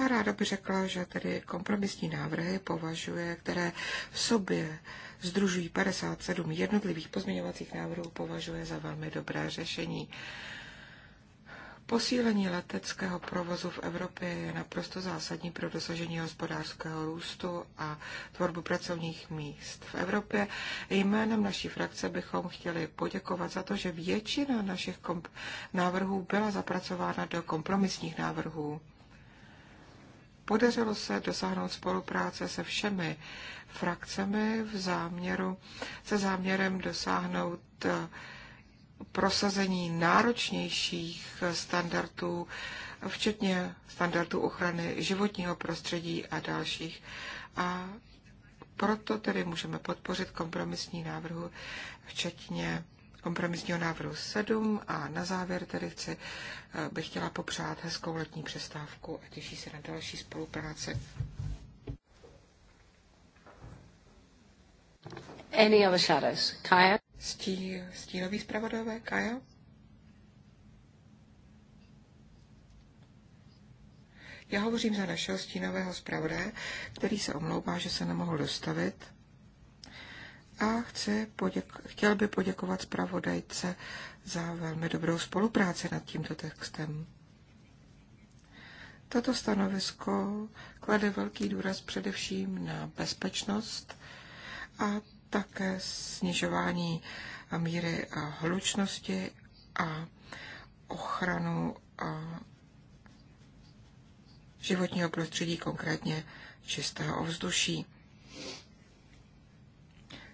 A ráda by řekla, že tedy kompromisní návrhy považuje, které v sobě združují 57 jednotlivých pozměňovacích návrhů, považuje za velmi dobré řešení. Posílení leteckého provozu v Evropě je naprosto zásadní pro dosažení hospodářského růstu a tvorbu pracovních míst v Evropě. Jménem naší frakce bychom chtěli poděkovat za to, že většina našich návrhů byla zapracována do kompromisních návrhů. Podařilo se dosáhnout spolupráce se všemi frakcemi v záměru, se záměrem dosáhnout eh, prosazení náročnějších standardů, včetně standardů ochrany životního prostředí a dalších. A proto tedy můžeme podpořit kompromisní návrhu, včetně kompromisního návrhu 7 a na závěr tedy chci, eh, bych chtěla popřát hezkou letní přestávku a těší se na další spolupráci. Any other shadows? Kaya? Stí, stínový zpravodajové, Kaja? Já hovořím za našeho stínového zpravodaje, který se omlouvá, že se nemohl dostavit a chce poděk- chtěl by poděkovat zpravodajce za velmi dobrou spolupráci nad tímto textem. Toto stanovisko klade velký důraz především na bezpečnost a také snižování míry hlučnosti a ochranu a životního prostředí, konkrétně čistého ovzduší.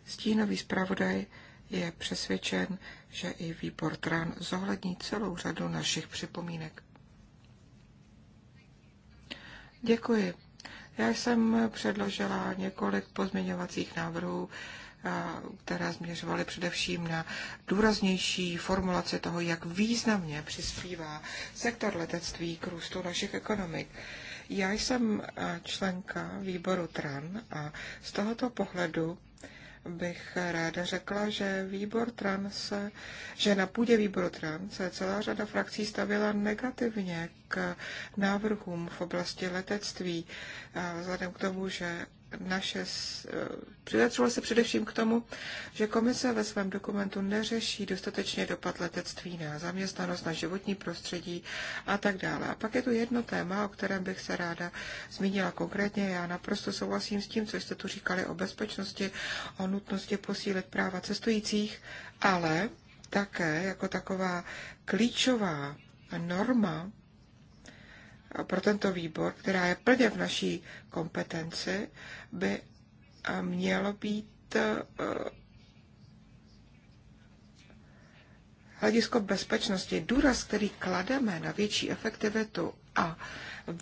Stínový zpravodaj je přesvědčen, že i výbor TRAN zohlední celou řadu našich připomínek. Děkuji. Já jsem předložila několik pozměňovacích návrhů, které změřovaly především na důraznější formulaci toho, jak významně přispívá sektor letectví k růstu našich ekonomik. Já jsem členka výboru TRAN a z tohoto pohledu bych ráda řekla, že výbor trans, že na půdě výboru trans celá řada frakcí stavila negativně k návrhům v oblasti letectví, vzhledem k tomu, že naše, eh, přidatřilo se především k tomu, že komise ve svém dokumentu neřeší dostatečně dopad letectví na zaměstnanost, na životní prostředí a tak dále. A pak je tu jedno téma, o kterém bych se ráda zmínila konkrétně. Já naprosto souhlasím s tím, co jste tu říkali o bezpečnosti, o nutnosti posílit práva cestujících, ale také jako taková klíčová norma pro tento výbor, která je plně v naší kompetenci, by eh, mělo být eh, hledisko bezpečnosti. Důraz, který klademe na větší efektivitu a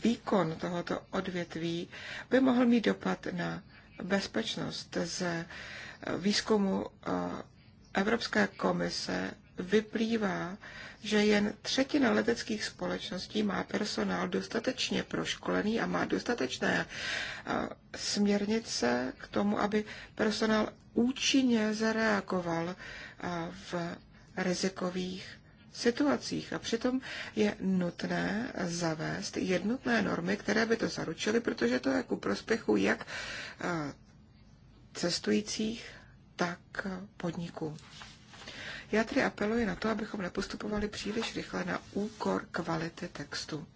výkon tohoto odvětví, by mohl mít dopad na bezpečnost. Z eh, výzkumu Evropské komise vyplývá, že jen třetina leteckých společností má personál dostatečně proškolený a má dostatečné eh, směrnice k tomu, aby personál účinně zareagoval eh, v rizikových situacích. A přitom je nutné zavést jednotné normy, které by to zaručily, protože to je ku prospěchu jak eh, cestujících, tak podniků. Já tedy apeluji na to, abychom nepostupovali příliš rychle na úkor kvality textu.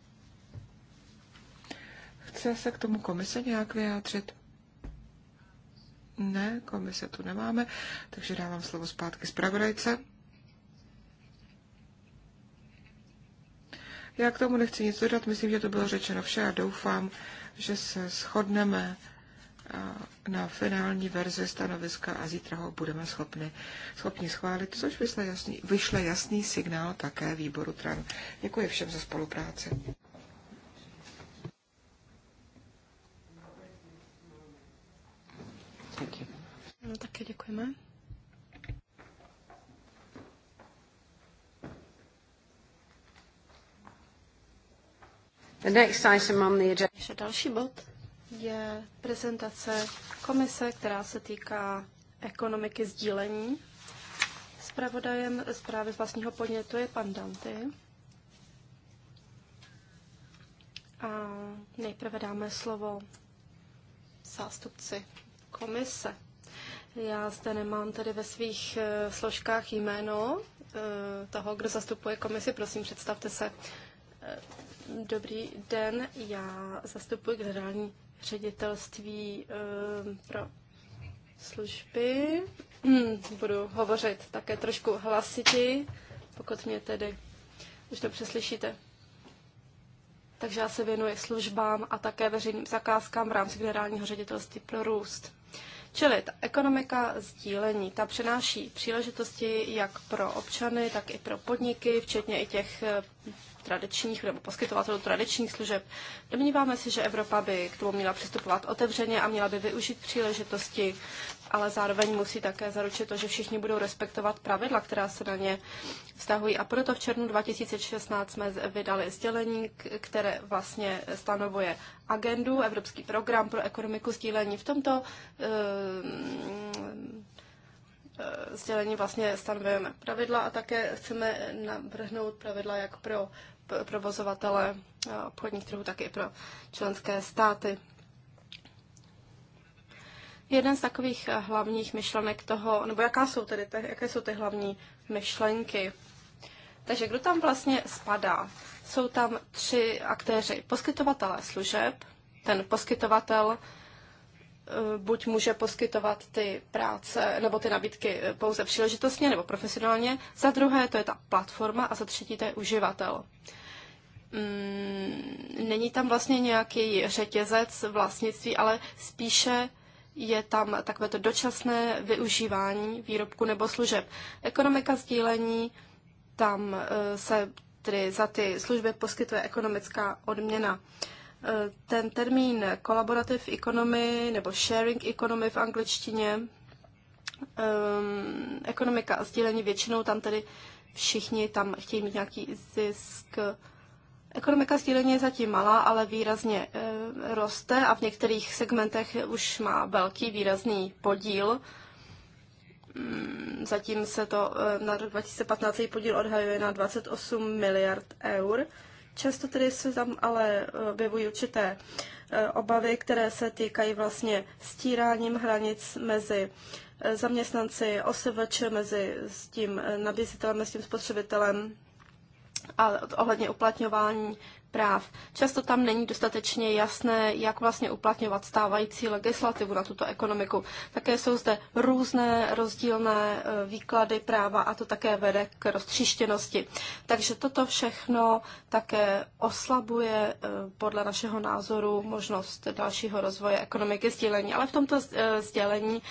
Chce se k tomu komise nějak vyjádřit? Ne, komise tu nemáme, takže dávám slovo zpátky zpravodajce. Já k tomu nechci nic dodat, myslím, že to bylo řečeno vše a doufám, že se shodneme na finální verzi stanoviska a zítra ho budeme schopni, schopni schválit, což vyšle jasný, vyšle jasný signál také výboru TRAN. Děkuji všem za spolupráci. No, také děkujeme. The next item on the agenda. další bod je prezentace komise, která se týká ekonomiky sdílení. Spravodajem zprávy z vlastního podnětu je pan Danty. A nejprve dáme slovo zástupci komise. Já zde nemám tedy ve svých eh, složkách jméno eh, toho, kdo zastupuje komisi. Prosím, představte se. Eh, dobrý den, já zastupuji generální ředitelství ehm, pro služby. Hmm, budu hovořit také trošku hlasitě, pokud mě tedy už to přeslyšíte. Takže já se věnuji službám a také veřejným zakázkám v rámci generálního ředitelství pro růst. Čili ta ekonomika sdílení, ta přenáší příležitosti jak pro občany, tak i pro podniky, včetně i těch tradičních nebo poskytovatelů tradičních služeb. Domníváme si, že Evropa by k tomu měla přistupovat otevřeně a měla by využít příležitosti, ale zároveň musí také zaručit to, že všichni budou respektovat pravidla, která se na ně vztahují. A proto v červnu 2016 jsme vydali sdělení, které vlastně stanovuje agendu, Evropský program pro ekonomiku sdílení. V tomto ehm, ehm, sdělení vlastně stanovujeme pravidla a také chceme navrhnout pravidla jak pro provozovatele eh, obchodních trhů, tak i pro členské státy. Jeden z takových eh, hlavních myšlenek toho, nebo jaká jsou tedy, jaké jsou ty hlavní myšlenky. Takže kdo tam vlastně spadá? Jsou tam tři aktéři. Poskytovatele služeb, ten poskytovatel Eh, buď může poskytovat ty práce nebo ty nabídky eh, pouze příležitostně nebo profesionálně, za druhé to je ta platforma a za třetí to je uživatel. Mm, není tam vlastně nějaký řetězec vlastnictví, ale spíše je tam takové to dočasné využívání výrobku nebo služeb. Ekonomika sdílení, tam eh, se tedy za ty služby poskytuje ekonomická odměna. Eh, ten termín collaborative economy nebo sharing economy v angličtině, um, ekonomika a sdílení, většinou tam tedy všichni tam chtějí mít nějaký zisk. Ekonomika sdílení je zatím malá, ale výrazně uh, roste a v některých segmentech už má velký výrazný podíl. Mm, zatím se to uh, na rok 2015 podíl odhajuje na 28 miliard eur. Často tedy se tam ale eh, objevují určité eh, obavy, které se týkají vlastně stíráním hranic mezi eh, zaměstnanci OSVČ, mezi s tím nabízitelem, s tím spotřebitelem a ohledně uplatňování práv. Často tam není dostatečně jasné, jak vlastně uplatňovat stávající legislativu na tuto ekonomiku. Také jsou zde různé rozdílné eh, výklady práva a to také vede k roztříštěnosti. Takže toto všechno také oslabuje eh, podle našeho názoru možnost dalšího rozvoje ekonomiky sdílení. Ale v tomto eh, sdělení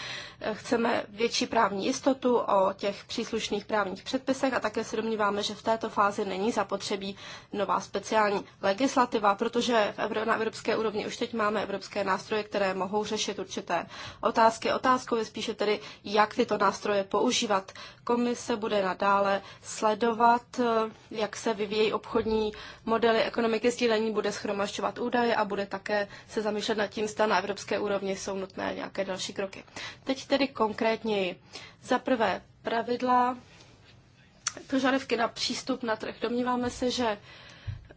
chceme větší právní jistotu o těch příslušných právních předpisech a také se domníváme, že v této fázi není zapotřebí nová speciální legislativa, protože na evropské úrovni už teď máme evropské nástroje, které mohou řešit určité otázky. Otázkou je spíše tedy, jak tyto nástroje používat. Komise bude nadále sledovat, eh, jak se vyvíjejí obchodní modely ekonomiky sdílení, bude schromažďovat údaje a bude také se zamýšlet nad tím, zda na evropské úrovni jsou nutné nějaké další kroky. Teď tedy konkrétněji. Za prvé pravidla požadavky na přístup na trh. Domníváme se, že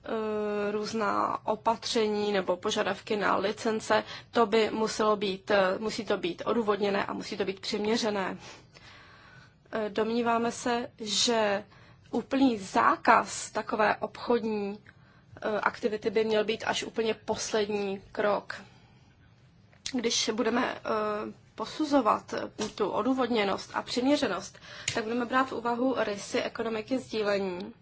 Eh, různá opatření nebo požadavky na licence, to by muselo být, eh, musí to být odůvodněné a musí to být přiměřené. Eh, domníváme se, že úplný zákaz takové obchodní aktivity by měl být až úplně poslední krok. Když budeme posuzovat tu odůvodněnost a přiměřenost, tak budeme brát v úvahu rysy ekonomiky sdílení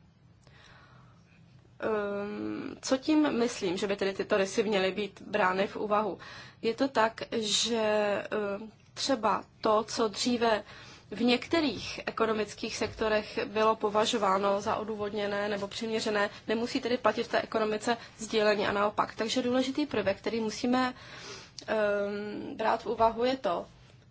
Ehm, co tím myslím, že by tedy tyto rysy měly být brány v úvahu? Je to tak, že ehm, třeba to, co dříve v některých ekonomických sektorech bylo považováno za odůvodněné nebo přiměřené, nemusí tedy platit v té ekonomice sdílení a naopak. Takže důležitý prvek, který musíme um, brát v úvahu, je to,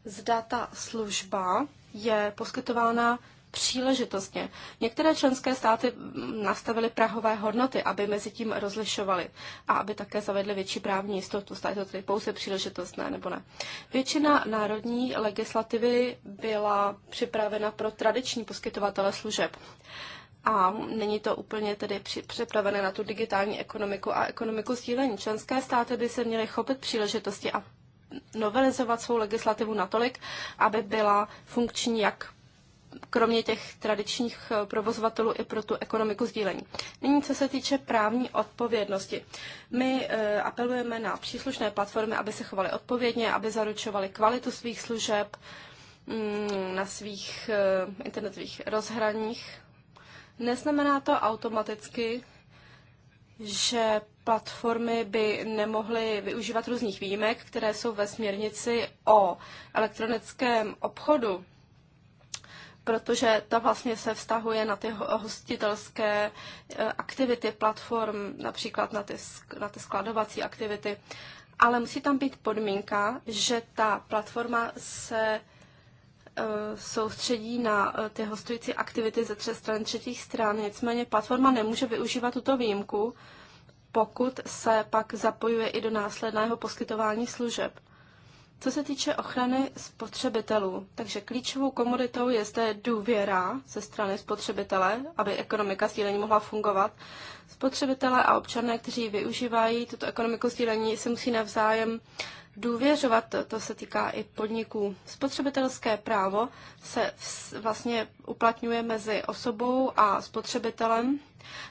zda ta služba je poskytována příležitostně. Některé členské státy nastavily prahové hodnoty, aby mezi tím rozlišovaly a aby také zavedly větší právní jistotu. Stále to tedy pouze příležitostné nebo ne. Většina národní legislativy byla připravena pro tradiční poskytovatele služeb a není to úplně tedy připravené na tu digitální ekonomiku a ekonomiku sdílení. Členské státy by se měly chopit příležitosti a novelizovat svou legislativu natolik, aby byla funkční jak kromě těch tradičních eh, provozovatelů i pro tu ekonomiku sdílení. Nyní, co se týče právní odpovědnosti. My eh, apelujeme na příslušné platformy, aby se chovaly odpovědně, aby zaručovaly kvalitu svých služeb mm, na svých eh, internetových rozhraních. Neznamená to automaticky, že platformy by nemohly využívat různých výjimek, které jsou ve směrnici o elektronickém obchodu protože ta vlastně se vztahuje na ty hostitelské e, aktivity platform, například na ty, na ty skladovací aktivity. Ale musí tam být podmínka, že ta platforma se e, soustředí na e, ty hostující aktivity ze třech stran třetích stran. Nicméně platforma nemůže využívat tuto výjimku, pokud se pak zapojuje i do následného poskytování služeb. Co se týče ochrany spotřebitelů, takže klíčovou komoditou je zde důvěra ze strany spotřebitele, aby ekonomika sdílení mohla fungovat. Spotřebitelé a občané, kteří využívají tuto ekonomiku sdílení, se musí navzájem důvěřovat, to se týká i podniků. Spotřebitelské právo se vlastně uplatňuje mezi osobou a spotřebitelem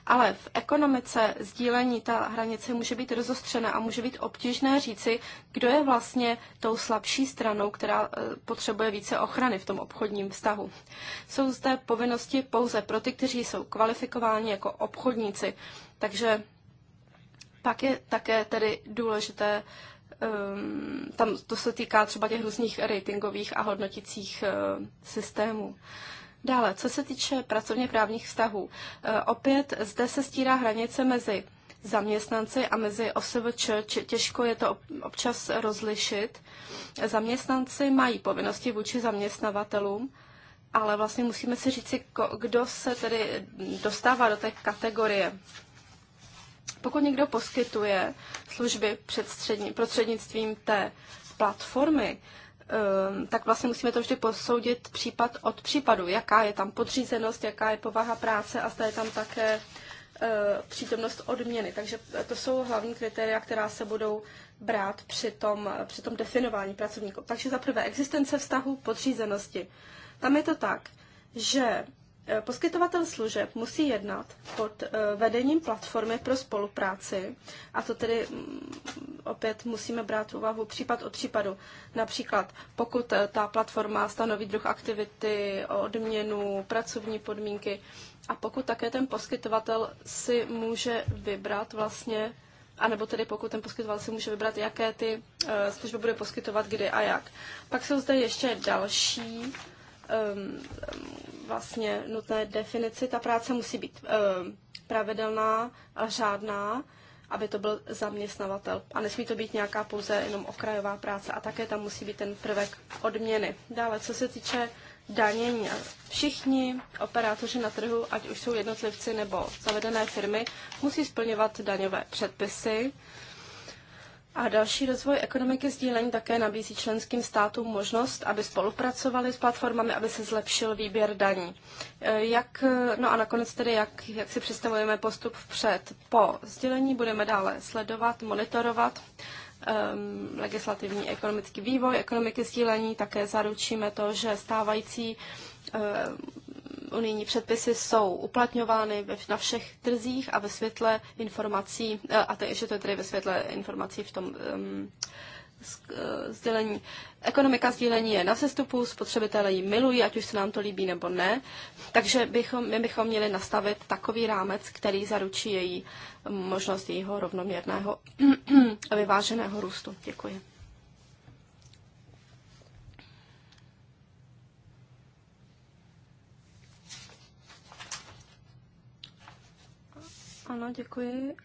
ale v ekonomice sdílení ta hranice může být rozostřena a může být obtížné říci, kdo je vlastně tou slabší stranou, která eh, potřebuje více ochrany v tom obchodním vztahu. Jsou zde povinnosti pouze pro ty, kteří jsou kvalifikováni jako obchodníci. Takže pak je také tedy důležité, ehm, tam to se týká třeba těch různých ratingových a hodnoticích eh, systémů. Dále, co se týče pracovně právních vztahů, e, opět zde se stírá hranice mezi zaměstnanci a mezi OSVČ těžko je to občas rozlišit. Zaměstnanci mají povinnosti vůči zaměstnavatelům, ale vlastně musíme si říct, kdo se tedy dostává do té kategorie. Pokud někdo poskytuje služby před střední, prostřednictvím té platformy, Ehm, tak vlastně musíme to vždy posoudit případ od případu, jaká je tam podřízenost, jaká je povaha práce a zda je tam také eh, přítomnost odměny. Takže to jsou hlavní kritéria, která se budou brát při tom, při tom definování pracovníků. Takže za prvé existence vztahu podřízenosti. Tam je to tak, že Eh, poskytovatel služeb musí jednat pod eh, vedením platformy pro spolupráci, a to tedy mm, opět musíme brát v úvahu případ od případu. Například pokud eh, ta platforma stanoví druh aktivity, odměnu, pracovní podmínky a pokud také ten poskytovatel si může vybrat vlastně, anebo tedy pokud ten poskytovatel si může vybrat, jaké ty služby bude poskytovat, kdy a jak. Pak jsou zde ještě další Ehm, vlastně nutné definici. Ta práce musí být ehm, pravidelná a řádná, aby to byl zaměstnavatel. A nesmí to být nějaká pouze jenom okrajová práce. A také tam musí být ten prvek odměny. Dále, co se týče danění. Všichni operátoři na trhu, ať už jsou jednotlivci nebo zavedené firmy, musí splňovat daňové předpisy. A další rozvoj ekonomiky sdílení také nabízí členským státům možnost, aby spolupracovali s platformami, aby se zlepšil výběr daní. E, jak, no a nakonec tedy, jak, jak si představujeme postup vpřed. Po sdělení budeme dále sledovat, monitorovat um, legislativní ekonomický vývoj, ekonomiky sdílení, také zaručíme to, že stávající ehm, unijní předpisy jsou uplatňovány na všech trzích a ve světle informací, eh, a to ještě to je tedy ve světle informací v tom um, sdělení. Ekonomika sdílení je na sestupu, spotřebitelé ji milují, ať už se nám to líbí nebo ne. Takže bychom, my bychom měli nastavit takový rámec, který zaručí její možnost jejího rovnoměrného a vyváženého růstu. Děkuji. Ano, děkuji.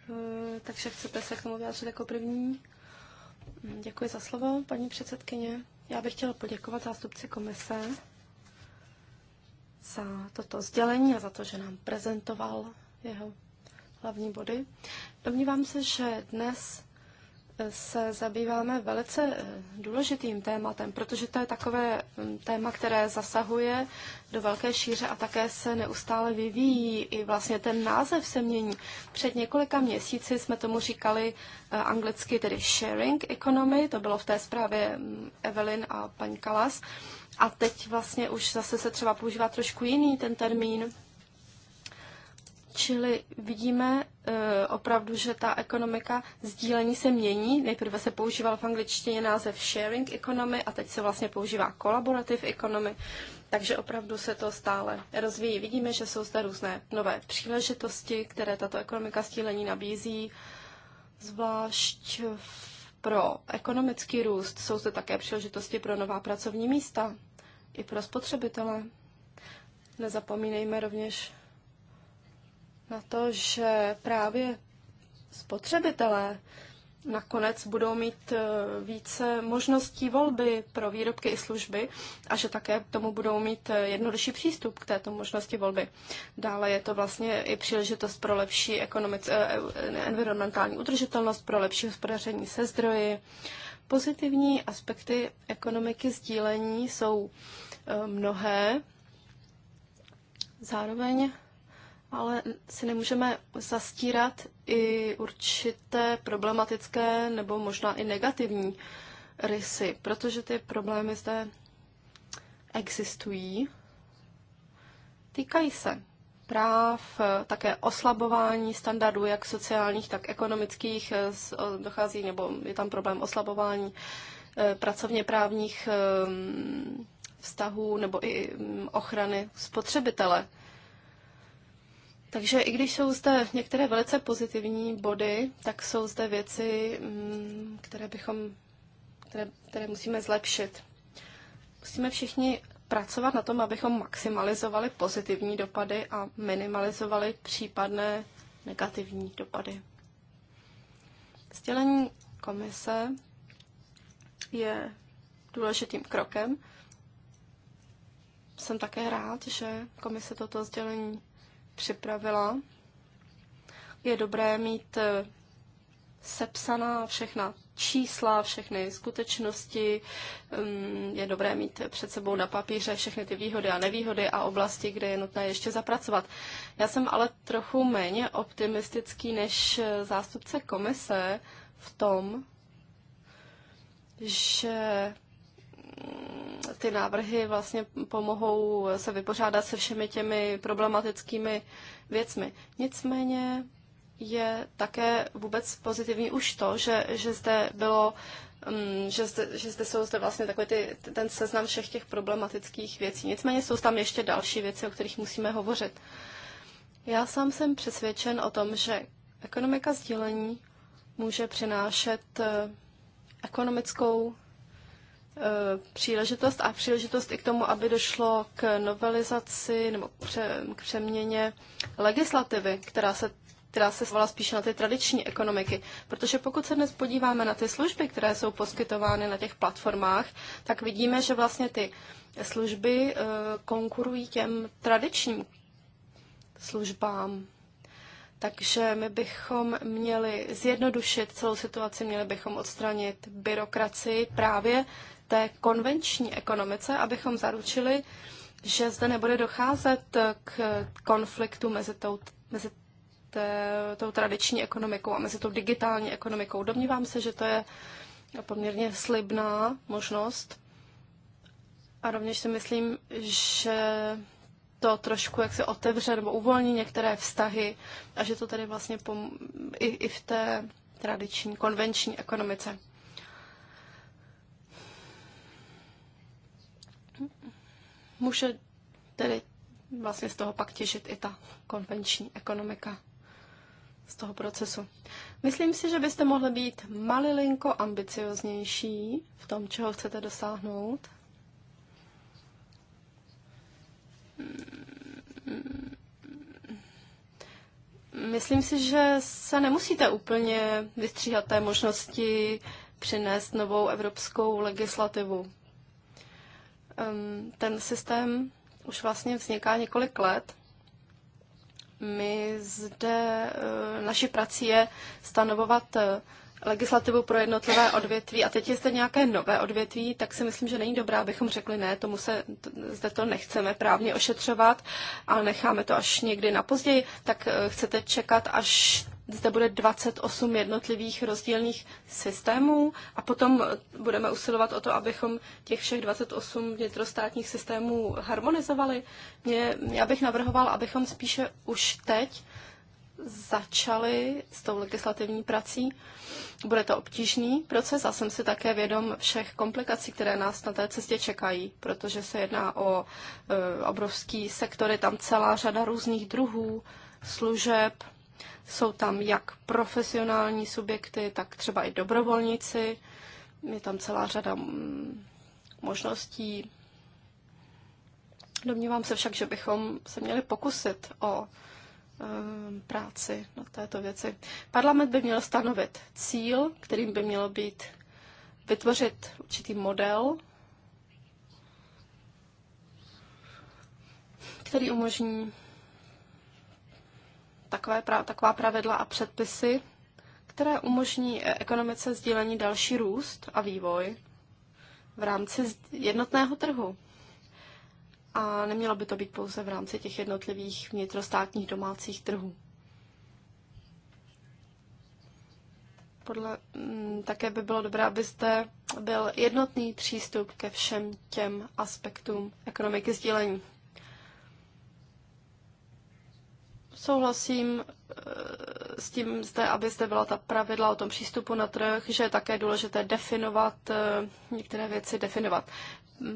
E, takže chcete se k tomu vyjádřit jako první? Mm, děkuji za slovo, paní předsedkyně. Já bych chtěla poděkovat zástupci komise za toto sdělení a za to, že nám prezentoval jeho hlavní body. Domnívám se, že dnes se zabýváme velice eh, důležitým tématem, protože to je takové hm, téma, které zasahuje do velké šíře a také se neustále vyvíjí. I vlastně ten název se mění. Před několika měsíci jsme tomu říkali eh, anglicky tedy sharing economy, to bylo v té zprávě hm, Evelyn a paní Kalas. A teď vlastně už zase se třeba používá trošku jiný ten termín. Čili vidíme uh, opravdu, že ta ekonomika sdílení se mění. Nejprve se používal v angličtině název sharing economy a teď se vlastně používá collaborative economy. Takže opravdu se to stále rozvíjí. Vidíme, že jsou zde různé nové příležitosti, které tato ekonomika sdílení nabízí, zvlášť pro ekonomický růst. Jsou zde také příležitosti pro nová pracovní místa i pro spotřebitele. Nezapomínejme rovněž na to, že právě spotřebitelé nakonec budou mít e, více možností volby pro výrobky i služby a že také k tomu budou mít e, jednodušší přístup k této možnosti volby. Dále je to vlastně i příležitost pro lepší ekonomic, e, environmentální udržitelnost, pro lepší hospodaření se zdroji. Pozitivní aspekty ekonomiky sdílení jsou mnohé. Zároveň ale si nemůžeme zastírat i určité problematické nebo možná i negativní rysy, protože ty problémy zde existují. Týkají se práv, také oslabování standardů, jak sociálních, tak ekonomických, eh, dochází, nebo je tam problém oslabování eh, pracovně právních ehm, vztahů nebo i mm, ochrany spotřebitele. Takže i když jsou zde některé velice pozitivní body, tak jsou zde věci, mm, které bychom, které, které musíme zlepšit. Musíme všichni pracovat na tom, abychom maximalizovali pozitivní dopady a minimalizovali případné negativní dopady. Sdělení komise je důležitým krokem. Jsem také rád, že komise toto sdělení připravila. Je dobré mít eh, sepsaná všechna čísla, všechny skutečnosti. Mm, je dobré mít před sebou na papíře všechny ty výhody a nevýhody a oblasti, kde je nutné ještě zapracovat. Já jsem ale trochu méně optimistický než eh, zástupce komise v tom, že ty návrhy vlastně pomohou se vypořádat se všemi těmi problematickými věcmi. Nicméně je také vůbec pozitivní už to, že, že zde bylo mm, že zde, že zde jsou zde vlastně takový ty, ten seznam všech těch problematických věcí. Nicméně jsou tam ještě další věci, o kterých musíme hovořit. Já sám jsem přesvědčen o tom, že ekonomika sdílení může přinášet eh, ekonomickou Eh, příležitost a příležitost i k tomu, aby došlo k novelizaci nebo k přeměně legislativy, která se která se zvala spíše na ty tradiční ekonomiky. Protože pokud se dnes podíváme na ty služby, které jsou poskytovány na těch platformách, tak vidíme, že vlastně ty služby eh, konkurují těm tradičním službám. Takže my bychom měli zjednodušit celou situaci, měli bychom odstranit byrokracii právě té konvenční ekonomice, abychom zaručili, že zde nebude docházet k konfliktu mezi tou, mezi té, tou tradiční ekonomikou a mezi tou digitální ekonomikou. Domnívám se, že to je poměrně slibná možnost. A rovněž si myslím, že to trošku jak se otevře nebo uvolní některé vztahy a že to tady vlastně pom- i, i v té tradiční, konvenční ekonomice. může tedy vlastně z toho pak těžit i ta konvenční ekonomika z toho procesu. Myslím si, že byste mohli být malilinko ambicioznější v tom, čeho chcete dosáhnout. Myslím si, že se nemusíte úplně vystříhat té možnosti přinést novou evropskou legislativu ten systém už vlastně vzniká několik let. My zde, eh, naší prací je stanovovat eh, legislativu pro jednotlivé odvětví a teď je zde nějaké nové odvětví, tak si myslím, že není dobré, abychom řekli ne, tomu se zde to nechceme právně ošetřovat, ale necháme to až někdy na později, tak eh, chcete čekat, až zde bude 28 jednotlivých rozdílných systémů a potom budeme usilovat o to, abychom těch všech 28 vnitrostátních systémů harmonizovali. Mě, já bych navrhoval, abychom spíše už teď začali s tou legislativní prací. Bude to obtížný proces a jsem si také vědom všech komplikací, které nás na té cestě čekají, protože se jedná o e, obrovský sektory, tam celá řada různých druhů, služeb, jsou tam jak profesionální subjekty, tak třeba i dobrovolníci. Je tam celá řada mm, možností. Domnívám se však, že bychom se měli pokusit o eh, práci na této věci. Parlament by měl stanovit cíl, kterým by mělo být vytvořit určitý model, který umožní takové, taková pravidla a předpisy, které umožní eh, ekonomice sdílení další růst a vývoj v rámci jednotného trhu. A nemělo by to být pouze v rámci těch jednotlivých vnitrostátních domácích trhů. Podle, mm, také by bylo dobré, abyste byl jednotný přístup ke všem těm aspektům ekonomiky sdílení. Souhlasím eh, s tím, zde, aby zde byla ta pravidla o tom přístupu na trh, že je také důležité definovat eh, některé věci, definovat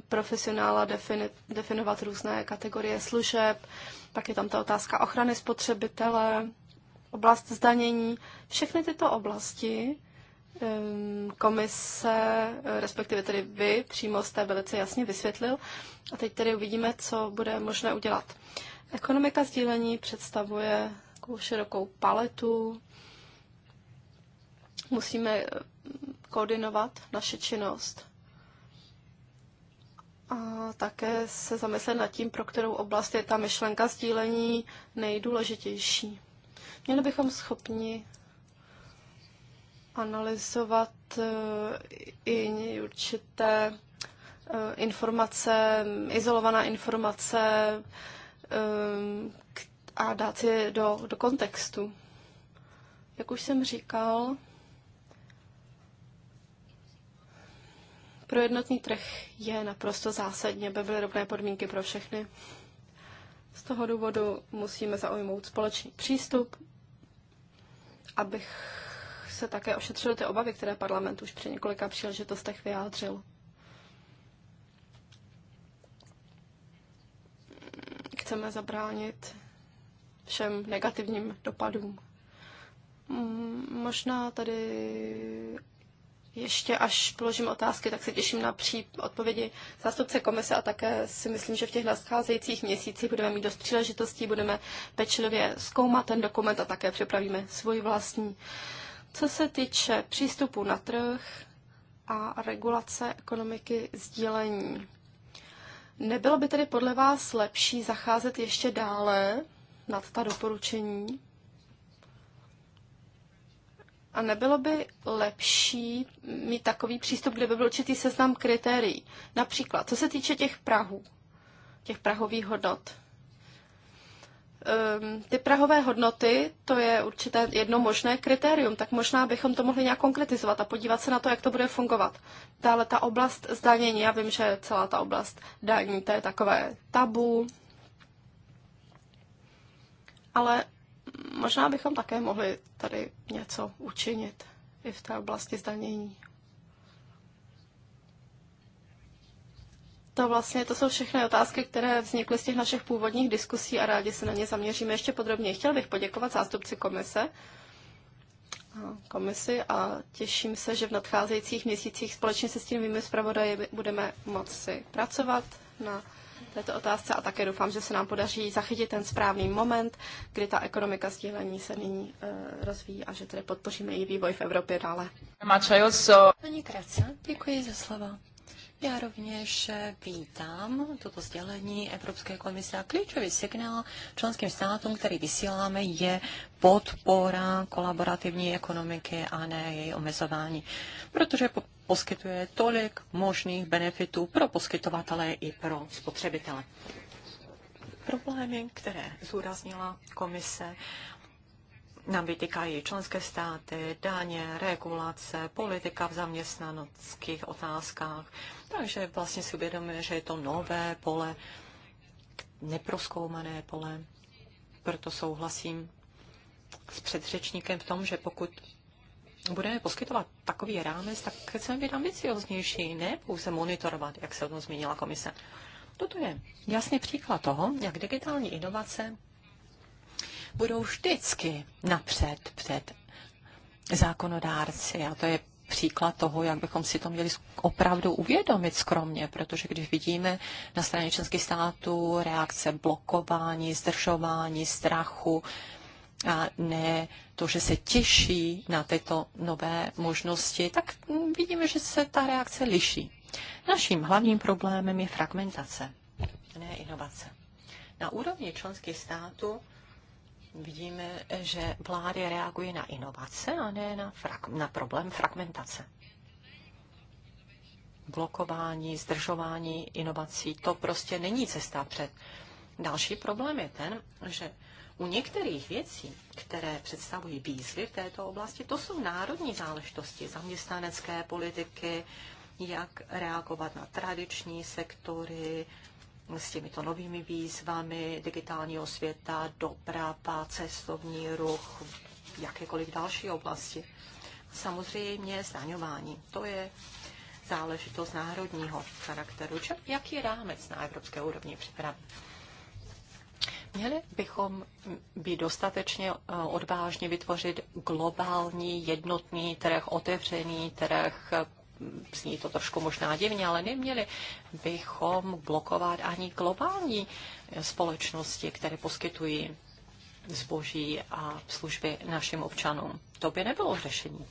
profesionála, defini, definovat různé kategorie služeb, pak je tam ta otázka ochrany spotřebitele, oblast zdanění. Všechny tyto oblasti ehm, komise, eh, respektive tedy vy, přímo jste velice jasně vysvětlil. A teď tedy uvidíme, co bude možné udělat. Ekonomika sdílení představuje takovou širokou paletu. Musíme eh, koordinovat naše činnost a také se zamyslet nad tím, pro kterou oblast je ta myšlenka sdílení nejdůležitější. Měli bychom schopni analyzovat eh, i určité eh, informace, izolovaná informace, Ehm, a dát je do, do kontextu. Jak už jsem říkal, pro jednotný trh je naprosto zásadně, aby byly rovné podmínky pro všechny. Z toho důvodu musíme zaujmout společný přístup, abych se také ošetřil ty obavy, které parlament už při několika příležitostech vyjádřil. chceme zabránit všem negativním dopadům. Mm, možná tady ještě až položím otázky, tak se těším na pří odpovědi zástupce komise a také si myslím, že v těch nadcházejících měsících budeme mít dost příležitostí, budeme pečlivě zkoumat ten dokument a také připravíme svůj vlastní. Co se týče přístupu na trh a regulace ekonomiky sdílení. Nebylo by tedy podle vás lepší zacházet ještě dále nad ta doporučení? A nebylo by lepší mít takový přístup, kde by byl určitý seznam kritérií? Například, co se týče těch Prahů, těch prahových hodnot, Ehm, ty prahové hodnoty, to je určité jedno možné kritérium, tak možná bychom to mohli nějak konkretizovat a podívat se na to, jak to bude fungovat. Dále ta oblast zdanění, já vím, že celá ta oblast daní, to je takové tabu, ale možná bychom také mohli tady něco učinit i v té oblasti zdanění. No vlastně to jsou všechny otázky, které vznikly z těch našich původních diskusí a rádi se na ně zaměříme ještě podrobně. Chtěl bych poděkovat zástupci komise, komisi a těším se, že v nadcházejících měsících společně se s tím zpravodaji budeme moci pracovat na této otázce a také doufám, že se nám podaří zachytit ten správný moment, kdy ta ekonomika sdílení se nyní uh, rozvíjí a že tedy podpoříme její vývoj v Evropě dále. Paní děkuji za slovo. Já rovněž vítám toto sdělení Evropské komise a klíčový signál členským státům, který vysíláme, je podpora kolaborativní ekonomiky a ne její omezování, protože poskytuje tolik možných benefitů pro poskytovatele i pro spotřebitele problémy, které zúraznila komise, nám vytýkají členské státy, daně, regulace, politika v zaměstnaneckých otázkách. Takže vlastně si uvědomuje, že je to nové pole, neproskoumané pole. Proto souhlasím s předřečníkem v tom, že pokud budeme poskytovat takový rámec, tak chceme být ambicioznější, ne pouze monitorovat, jak se o tom zmínila komise. Toto je jasný příklad toho, jak digitální inovace budou vždycky napřed před zákonodárci. A to je příklad toho, jak bychom si to měli opravdu uvědomit skromně, protože když vidíme na straně členských států reakce blokování, zdržování, strachu, a ne to, že se těší na tyto nové možnosti, tak vidíme, že se ta reakce liší. Naším hlavním problémem je fragmentace, ne inovace. Na úrovni členských států vidíme, že vlády reagují na inovace a ne na, frak- na problém fragmentace. Blokování, zdržování inovací, to prostě není cesta před. Další problém je ten, že u některých věcí, které představují výzvy v této oblasti, to jsou národní záležitosti zaměstnanecké politiky, jak reagovat na tradiční sektory, s těmito novými výzvami digitálního světa, doprava, cestovní ruch, jakékoliv další oblasti. Samozřejmě zdaňování. To je záležitost národního charakteru. Čer, jaký rámec na evropské úrovni připraven? Měli bychom být dostatečně eh, odvážně vytvořit globální jednotný trh, otevřený trh zní to trošku možná divně, ale neměli bychom blokovat ani globální společnosti, které poskytují zboží a služby našim občanům. To by nebylo řešení.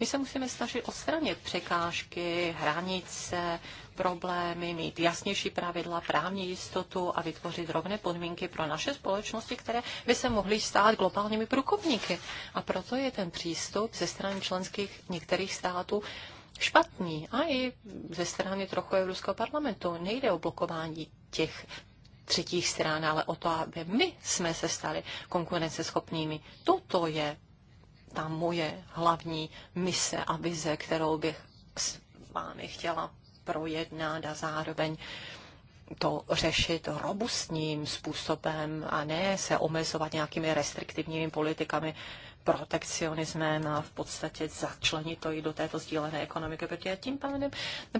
My se musíme snažit odstranit překážky, hranice, problémy, mít jasnější pravidla, právní jistotu a vytvořit rovné podmínky pro naše společnosti, které by se mohly stát globálními průkopníky. A proto je ten přístup ze strany členských některých států špatný. A i ze strany trochu Evropského parlamentu nejde o blokování těch třetích stran, ale o to, aby my jsme se stali konkurenceschopnými. Toto je ta moje hlavní mise a vize, kterou bych s vámi chtěla projednat a zároveň to řešit robustním způsobem a ne se omezovat nějakými restriktivními politikami, protekcionismem a v podstatě začlenit to i do této sdílené ekonomiky, protože tím pádem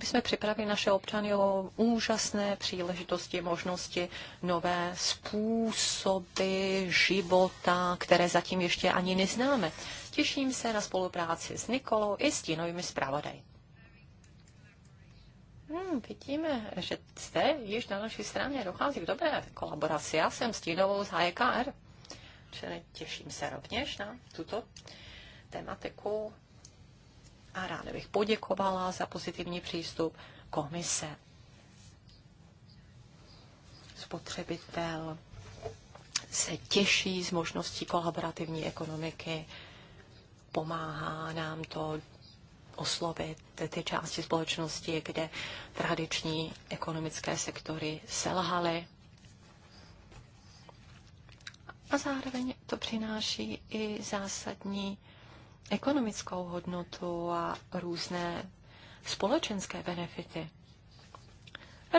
jsme připravili naše občany o úžasné příležitosti, možnosti, nové způsoby života, které zatím ještě ani neznáme. Těším se na spolupráci s Nikolou i s tínovými zpravodaji. Hmm, vidíme, že jste již na naší straně dochází k dobré kolaboraci. Já jsem Tínovou z HKR. E čili těším se rovněž na tuto tematiku a ráda bych poděkovala za pozitivní přístup komise. Spotřebitel se těší z možností kolaborativní ekonomiky, pomáhá nám to oslovit ty části společnosti, kde tradiční ekonomické sektory selhaly. A zároveň to přináší i zásadní ekonomickou hodnotu a různé společenské benefity.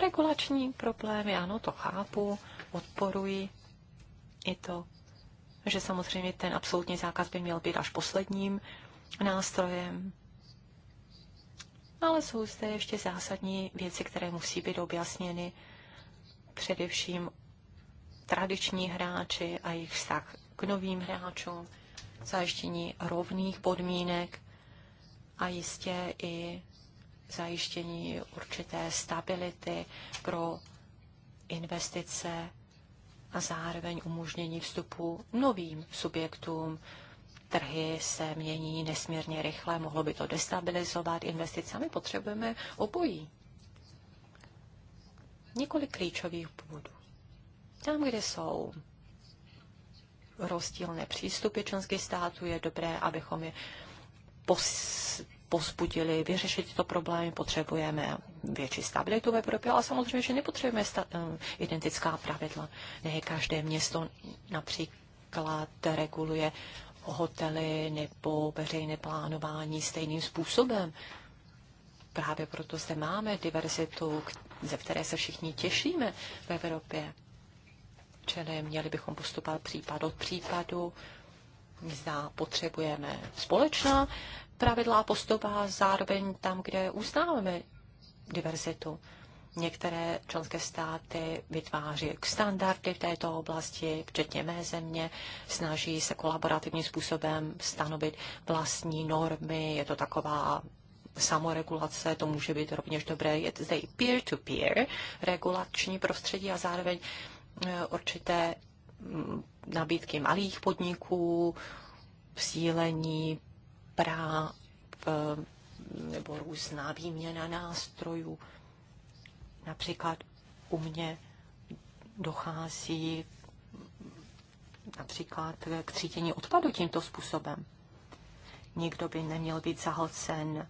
Regulační problémy, ano, to chápu, odporuji i to, že samozřejmě ten absolutní zákaz by měl být až posledním nástrojem. Ale jsou zde ještě zásadní věci, které musí být objasněny, především tradiční hráči a jejich vztah k novým hráčům, zajištění rovných podmínek a jistě i zajištění určité stability pro investice a zároveň umožnění vstupu novým subjektům. Trhy se mění nesmírně rychle, mohlo by to destabilizovat investice. My potřebujeme obojí. Několik klíčových bodů. Tam, kde jsou rozdílné přístupy členských států, je dobré, abychom je pos, pospudili, vyřešit tyto problémy, potřebujeme větší stabilitu v Evropě, ale samozřejmě, že nepotřebujeme sta- eh, identická pravidla. Ne každé město například reguluje hotely nebo veřejné plánování stejným způsobem. Právě proto zde máme diverzitu, ze které se všichni těšíme v Evropě čili měli bychom postupovat případ od případu. Zda potřebujeme společná pravidla postupa zároveň tam, kde uznáváme diverzitu. Některé členské státy vytváří standardy v této oblasti, včetně mé země, snaží se kolaborativním způsobem stanovit vlastní normy, je to taková samoregulace, to může být rovněž dobré. Je zde i peer-to-peer regulační prostředí a zároveň Eh, určité mm, nabídky malých podniků, sílení práv eh, nebo různá výměna nástrojů. Například u mě dochází například k třídění odpadu tímto způsobem. Nikdo by neměl být zahlcen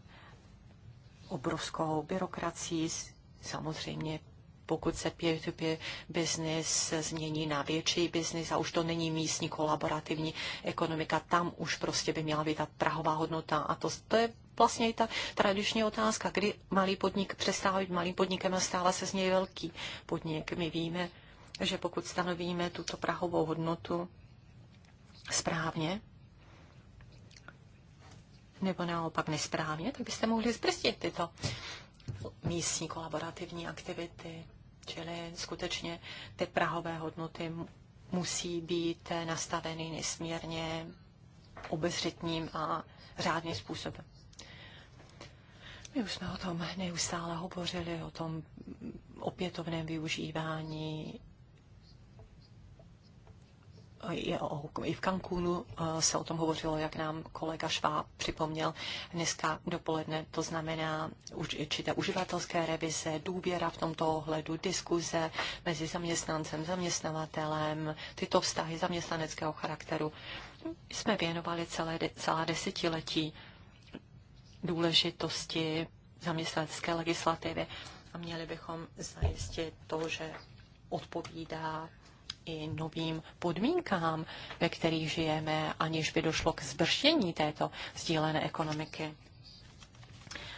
obrovskou byrokracií. Samozřejmě pokud se peer-to-peer business změní na větší business a už to není místní kolaborativní ekonomika, tam už prostě by měla být ta prahová hodnota a to, to je vlastně i ta tradiční otázka, kdy malý podnik přestává být malým podnikem a stává se z něj velký podnik. My víme, že pokud stanovíme tuto prahovou hodnotu správně, nebo naopak nesprávně, tak byste mohli zbrzdit tyto místní kolaborativní aktivity. Čili skutečně ty prahové hodnoty musí být nastaveny nesmírně obezřetním a řádným způsobem. My už jsme o tom neustále hovořili, o tom opětovném využívání je o, i v Cancúnu eh, se o tom hovořilo, jak nám kolega Šváb připomněl dneska dopoledne. To znamená určité uživatelské revize, důvěra v tomto ohledu, diskuze mezi zaměstnancem, zaměstnavatelem, tyto vztahy zaměstnaneckého charakteru. Jsme věnovali celé, celá desetiletí důležitosti zaměstnanecké legislativy a měli bychom zajistit to, že odpovídá i novým podmínkám, ve kterých žijeme, aniž by došlo k zbršení této sdílené ekonomiky.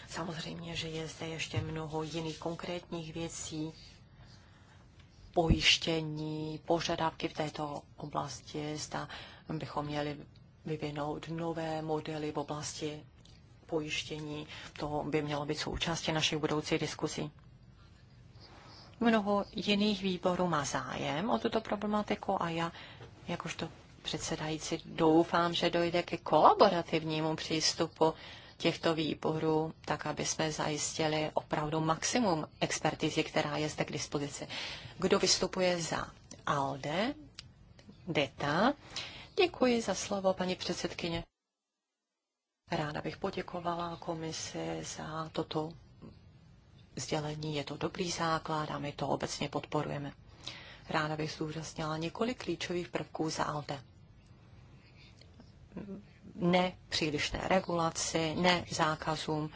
Samozřejmě, že je zde ještě mnoho jiných konkrétních věcí, pojištění, požadavky v této oblasti, zda bychom měli vyvinout nové modely v oblasti pojištění. To by mělo být součástí našich budoucích diskusí. Mnoho jiných výborů má zájem o tuto problematiku a já, jakožto předsedající, doufám, že dojde ke kolaborativnímu přístupu těchto výborů, tak aby jsme zajistili opravdu maximum expertizy, která je zde k dispozici. Kdo vystupuje za ALDE? Deta. Děkuji za slovo, paní předsedkyně. Ráda bych poděkovala komisi za toto sdělení. Je to dobrý základ a my to obecně podporujeme. Ráda bych zúčastnila několik klíčových prvků za ALDE. Ne přílišné regulaci, ne zákazům,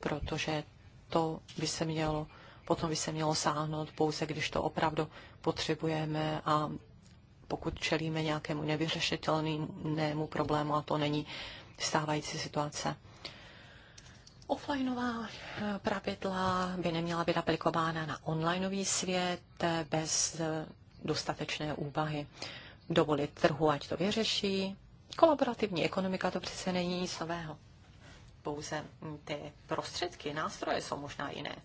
protože to by se mělo, potom by se mělo sáhnout pouze, když to opravdu potřebujeme a pokud čelíme nějakému nevyřešitelnému problému a to není stávající situace. Offlineová eh, pravidla by neměla být aplikována na onlineový svět eh, bez eh, dostatečné úvahy. Dovolit trhu, ať to vyřeší. Kolaborativní ekonomika to přece není nic nového. Pouze hm, ty prostředky, nástroje jsou možná jiné.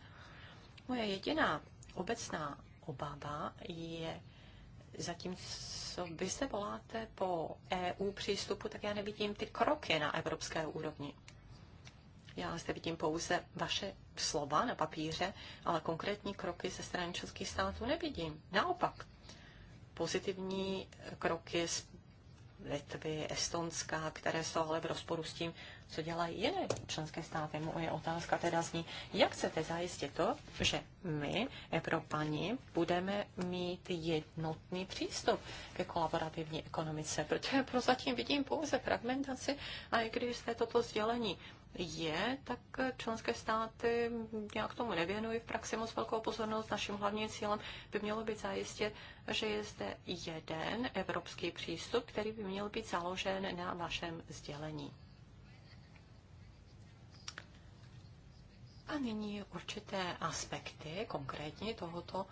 Moje jediná obecná obava je, zatímco vy se voláte po EU přístupu, tak já nevidím ty kroky na evropské úrovni. Já zde vidím pouze vaše slova na papíře, ale konkrétní kroky ze strany členských států nevidím. Naopak, pozitivní kroky z Litvy, Estonska, které jsou ale v rozporu s tím, co dělají jiné členské státy. Moje otázka teda zní, jak chcete zajistit to, že my, Evropani, budeme mít jednotný přístup ke kolaborativní ekonomice, protože prozatím vidím pouze fragmentaci a i když jste toto sdělení je, tak členské státy nějak tomu nevěnují v praxi moc velkou pozornost. Naším hlavním cílem by mělo být zajistit, že je zde jeden evropský přístup, který by měl být založen na vašem sdělení. A nyní určité aspekty konkrétně tohoto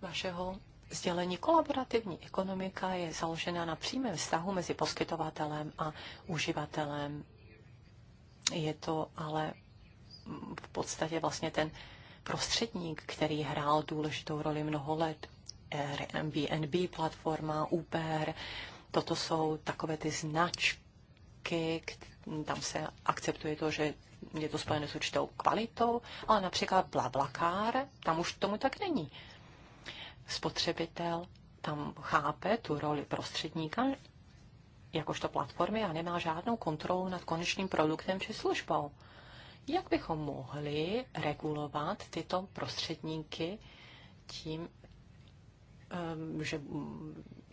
vašeho sdělení. Kolaborativní ekonomika je založena na přímém vztahu mezi poskytovatelem a uživatelem je to ale v podstatě vlastně ten prostředník, který hrál důležitou roli mnoho let. Airbnb platforma, Uber, toto jsou takové ty značky, tam se akceptuje to, že je to spojené s určitou kvalitou, ale například Blablacar, tam už tomu tak není. Spotřebitel tam chápe tu roli prostředníka jakožto platformy a nemá žádnou kontrolu nad konečným produktem či službou. Jak bychom mohli regulovat tyto prostředníky tím, ehm, že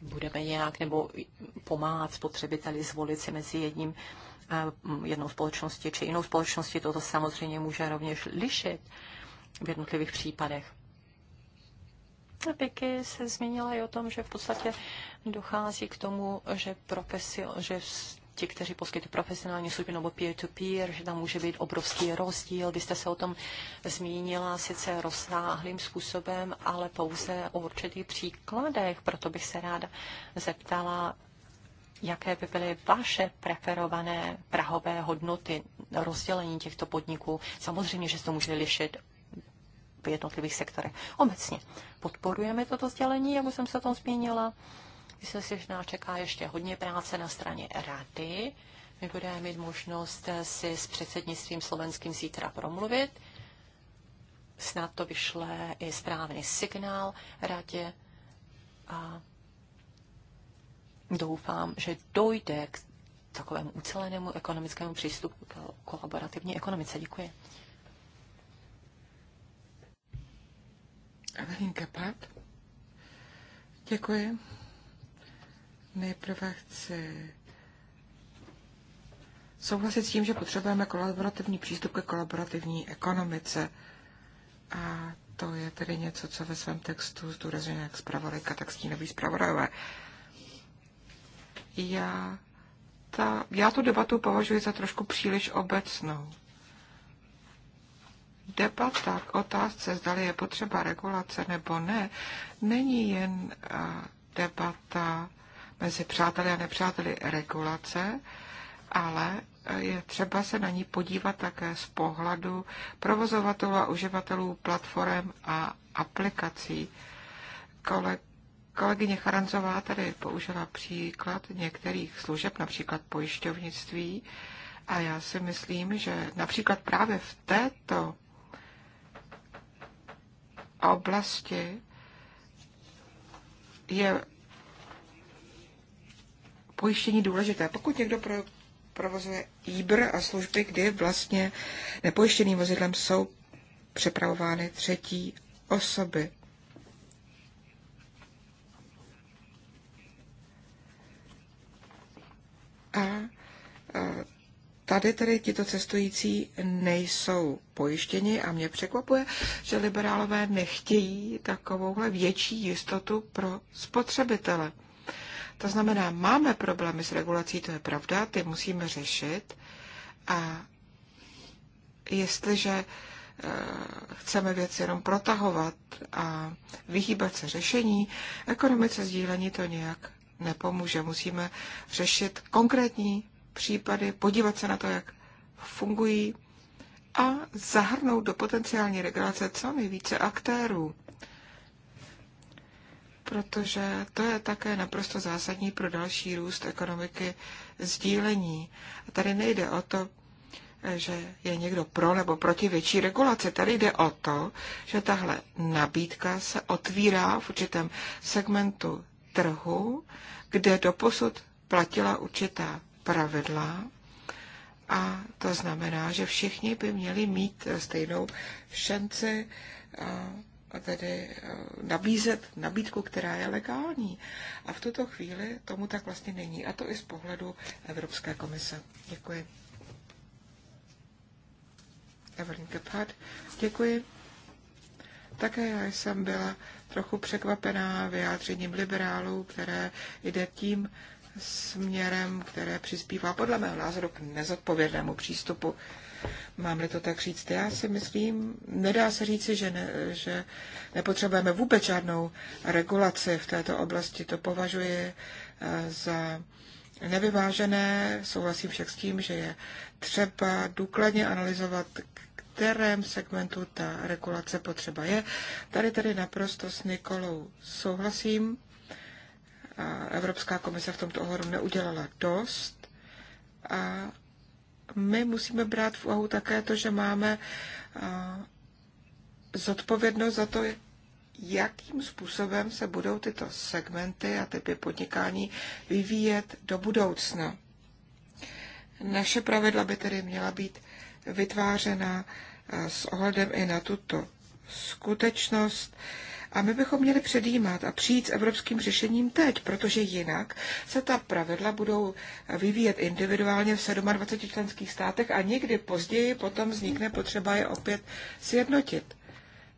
budeme nějak nebo pomáhat spotřebiteli zvolit si mezi jedním, ehm, jednou společností či jinou společností. Toto samozřejmě může rovněž lišit v jednotlivých případech. Piky se zmínila i o tom, že v podstatě dochází k tomu, že, profesi, že ti, kteří poskytují profesionální služby nebo peer-to-peer, že tam může být obrovský rozdíl. Vy jste se o tom zmínila sice rozsáhlým způsobem, ale pouze o určitých příkladech. Proto bych se ráda zeptala, jaké by byly vaše preferované prahové hodnoty rozdělení těchto podniků. Samozřejmě, že se to může lišit v jednotlivých sektorech. Obecně podporujeme toto sdělení, jak už jsem se o tom zmínila. Myslím si, že nás čeká ještě hodně práce na straně rady. My budeme mít možnost si s předsednictvím slovenským zítra promluvit. Snad to vyšle i správný signál radě a doufám, že dojde k takovému ucelenému ekonomickému přístupu k kolaborativní ekonomice. Děkuji. Evelinka Pat. Děkuji. Nejprve chci souhlasit s tím, že potřebujeme kolaborativní přístup ke kolaborativní ekonomice. A to je tedy něco, co ve svém textu zdůrazňuje jak zpravodajka, tak stínový zpravodajové. Já, ta, já tu debatu považuji za trošku příliš obecnou. Debata k otázce, zda je potřeba regulace nebo ne, není jen debata mezi přáteli a nepřáteli regulace, ale je třeba se na ní podívat také z pohledu provozovatelů a uživatelů platform a aplikací. Kole, kolegyně Charanzová tady použila příklad některých služeb, například pojišťovnictví, a já si myslím, že například právě v této oblasti je pojištění důležité. Pokud někdo pro, provozuje IBR a služby, kdy vlastně nepojištěným vozidlem jsou přepravovány třetí osoby. A tady tedy tito cestující nejsou pojištěni a mě překvapuje, že liberálové nechtějí takovouhle větší jistotu pro spotřebitele. To znamená, máme problémy s regulací, to je pravda, ty musíme řešit a jestliže eh, chceme věci jenom protahovat a vyhýbat se řešení, ekonomice sdílení to nějak nepomůže. Musíme řešit konkrétní případy, podívat se na to, jak fungují a zahrnout do potenciální regulace co nejvíce aktérů protože to je také naprosto zásadní pro další růst ekonomiky sdílení. A tady nejde o to, že je někdo pro nebo proti větší regulaci. Tady jde o to, že tahle nabídka se otvírá v určitém segmentu trhu, kde doposud platila určitá pravidla a to znamená, že všichni by měli mít stejnou šanci tedy eh, nabízet nabídku, která je legální. A v tuto chvíli tomu tak vlastně není. A to i z pohledu Evropské komise. Děkuji. Evelyn Gebhardt, děkuji. Také já jsem byla trochu překvapená vyjádřením liberálů, které jde tím směrem, které přispívá podle mého názoru k nezodpovědnému přístupu mám-li to tak říct. Já si myslím, nedá se říci, že, ne, že nepotřebujeme vůbec žádnou regulaci v této oblasti. To považuji eh, za nevyvážené. Souhlasím však s tím, že je třeba důkladně analyzovat, kterém segmentu ta regulace potřeba je. Tady tedy naprosto s Nikolou souhlasím. Evropská komise v tomto ohledu neudělala dost a my musíme brát v úvahu také to, že máme zodpovědnost za to, jakým způsobem se budou tyto segmenty a typy podnikání vyvíjet do budoucna. Naše pravidla by tedy měla být vytvářena s ohledem i na tuto skutečnost. A my bychom měli předjímat a přijít s evropským řešením teď, protože jinak se ta pravidla budou vyvíjet individuálně v 27 členských státech a někdy později potom vznikne potřeba je opět sjednotit.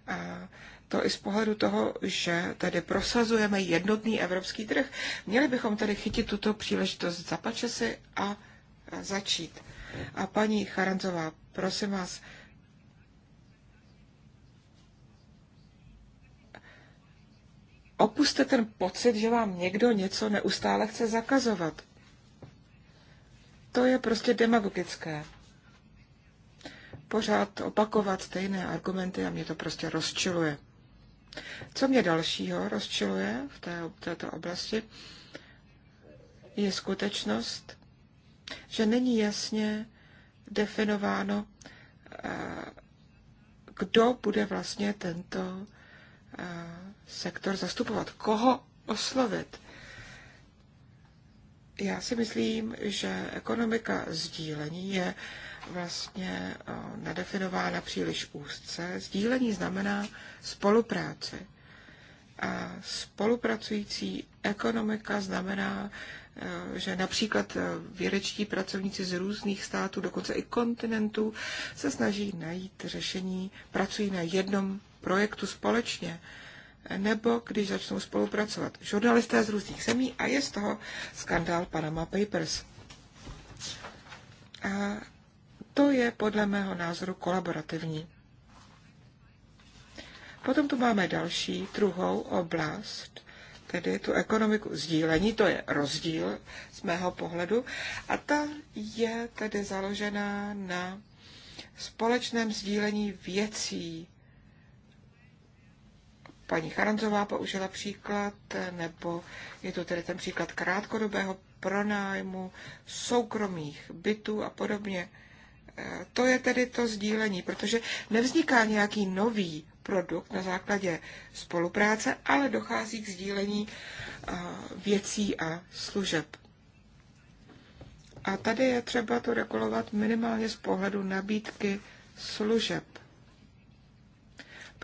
A to i z pohledu toho, že tady prosazujeme jednotný evropský trh. Měli bychom tady chytit tuto příležitost za si a začít. A paní Charanzová, prosím vás, opuste ten pocit, že vám někdo něco neustále chce zakazovat. To je prostě demagogické. Pořád opakovat stejné argumenty a mě to prostě rozčiluje. Co mě dalšího rozčiluje v té, této oblasti, je skutečnost, že není jasně definováno, eh, kdo bude vlastně tento eh, sektor zastupovat, koho oslovit. Já si myslím, že ekonomika sdílení je vlastně eh, nadefinována příliš úzce. Sdílení znamená spolupráci. A spolupracující ekonomika znamená, eh, že například eh, vědečtí pracovníci z různých států, dokonce i kontinentů, se snaží najít řešení, pracují na jednom projektu společně nebo když začnou spolupracovat žurnalisté z různých zemí a je z toho skandál Panama Papers. A to je podle mého názoru kolaborativní. Potom tu máme další, druhou oblast, tedy tu ekonomiku sdílení, to je rozdíl z mého pohledu, a ta je tedy založená na společném sdílení věcí, paní Charanzová použila příklad, nebo je to tedy ten příklad krátkodobého pronájmu soukromých bytů a podobně. Eh, to je tedy to sdílení, protože nevzniká nějaký nový produkt na základě spolupráce, ale dochází k sdílení eh, věcí a služeb. A tady je třeba to regulovat minimálně z pohledu nabídky služeb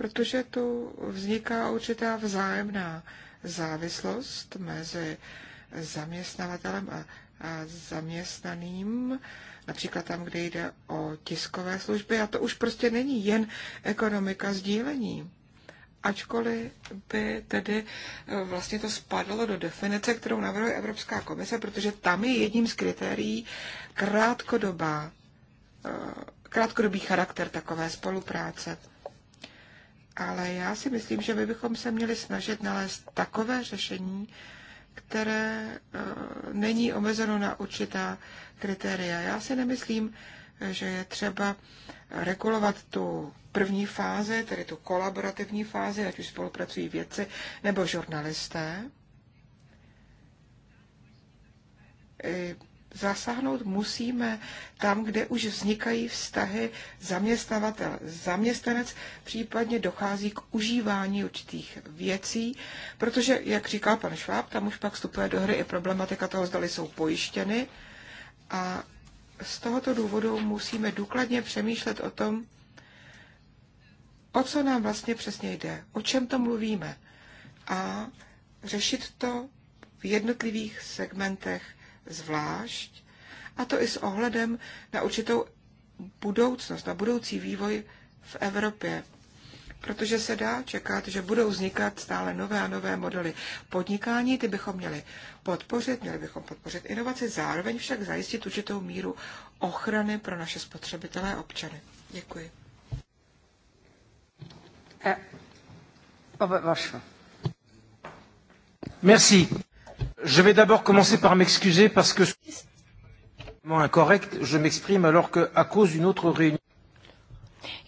protože tu vzniká určitá vzájemná závislost mezi zaměstnavatelem a, a zaměstnaným, například tam, kde jde o tiskové služby. A to už prostě není jen ekonomika sdílení. Ačkoliv by tedy e, vlastně to spadlo do definice, kterou navrhuje Evropská komise, protože tam je jedním z kritérií krátkodobá, e, krátkodobý charakter takové spolupráce. Ale já si myslím, že my bychom se měli snažit nalézt takové řešení, které eh, není omezeno na určitá kritéria. Já si nemyslím, že je třeba regulovat tu první fázi, tedy tu kolaborativní fázi, ať už spolupracují vědci nebo žurnalisté zasáhnout musíme tam, kde už vznikají vztahy zaměstnavatel, zaměstnanec, případně dochází k užívání určitých věcí, protože, jak říkal pan Šváb, tam už pak vstupuje do hry i problematika toho, zdali jsou pojištěny a z tohoto důvodu musíme důkladně přemýšlet o tom, o co nám vlastně přesně jde, o čem to mluvíme a řešit to v jednotlivých segmentech zvlášť, a to i s ohledem na určitou budoucnost, na budoucí vývoj v Evropě. Protože se dá čekat, že budou vznikat stále nové a nové modely podnikání, ty bychom měli podpořit, měli bychom podpořit inovaci, zároveň však zajistit určitou míru ochrany pro naše spotřebitelé občany. Děkuji. Eh, oh, Merci. Je vais d'abord commencer par m'excuser parce que incorrect, je m'exprime alors qu'à cause d'une autre réunion.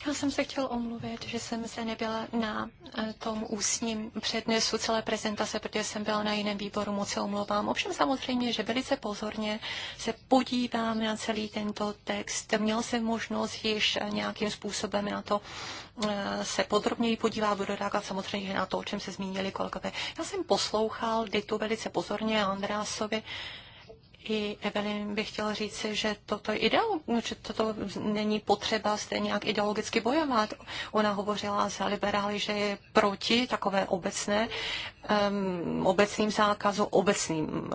Já jsem se chtěl omluvit, že jsem se nebyla na eh, tom ústním přednesu celé prezentace, protože jsem byla na jiném výboru, moc se omlouvám. Ovšem samozřejmě, že velice pozorně se podívám na celý tento text. Měl jsem možnost již eh, nějakým způsobem na to eh, se podrobněji podívá, budu reagovat samozřejmě že na to, o čem se zmínili kolegové. Já jsem poslouchal Ditu velice pozorně a Andrásovi i Evelyn bych chtěla říci, že toto, ideolo, že toto není potřeba stejně jak ideologicky bojovat. Ona hovořila za liberály, že je proti takové obecné um, obecným zákazu, obecným um,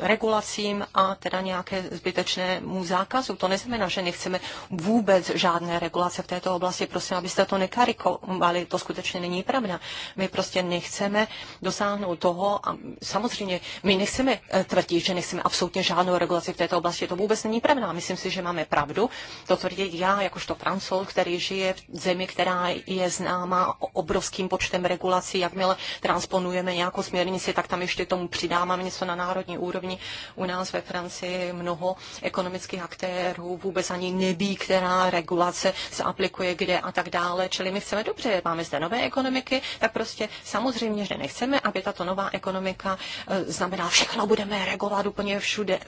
regulacím a teda nějaké zbytečnému zákazu. To neznamená, že nechceme vůbec žádné regulace v této oblasti. Prosím, abyste to nekarikovali, to skutečně není pravda. My prostě nechceme dosáhnout toho a samozřejmě my nechceme eh, tvrdit, že nechceme absolutně žádnou regulaci v této oblasti. To vůbec není pravda. Myslím si, že máme pravdu. To tvrdit já, jakožto francouz, který žije v zemi, která je známá obrovským počtem regulací, jakmile transponuje plánujeme nějakou směrnici, tak tam ještě tomu přidáváme něco na národní úrovni. U nás ve Francii mnoho ekonomických aktérů vůbec ani neví, která regulace se aplikuje kde a tak dále. Čili my chceme dobře, máme zde nové ekonomiky, tak prostě samozřejmě, že nechceme, aby tato nová ekonomika e, znamená, všechno budeme regulovat úplně všude.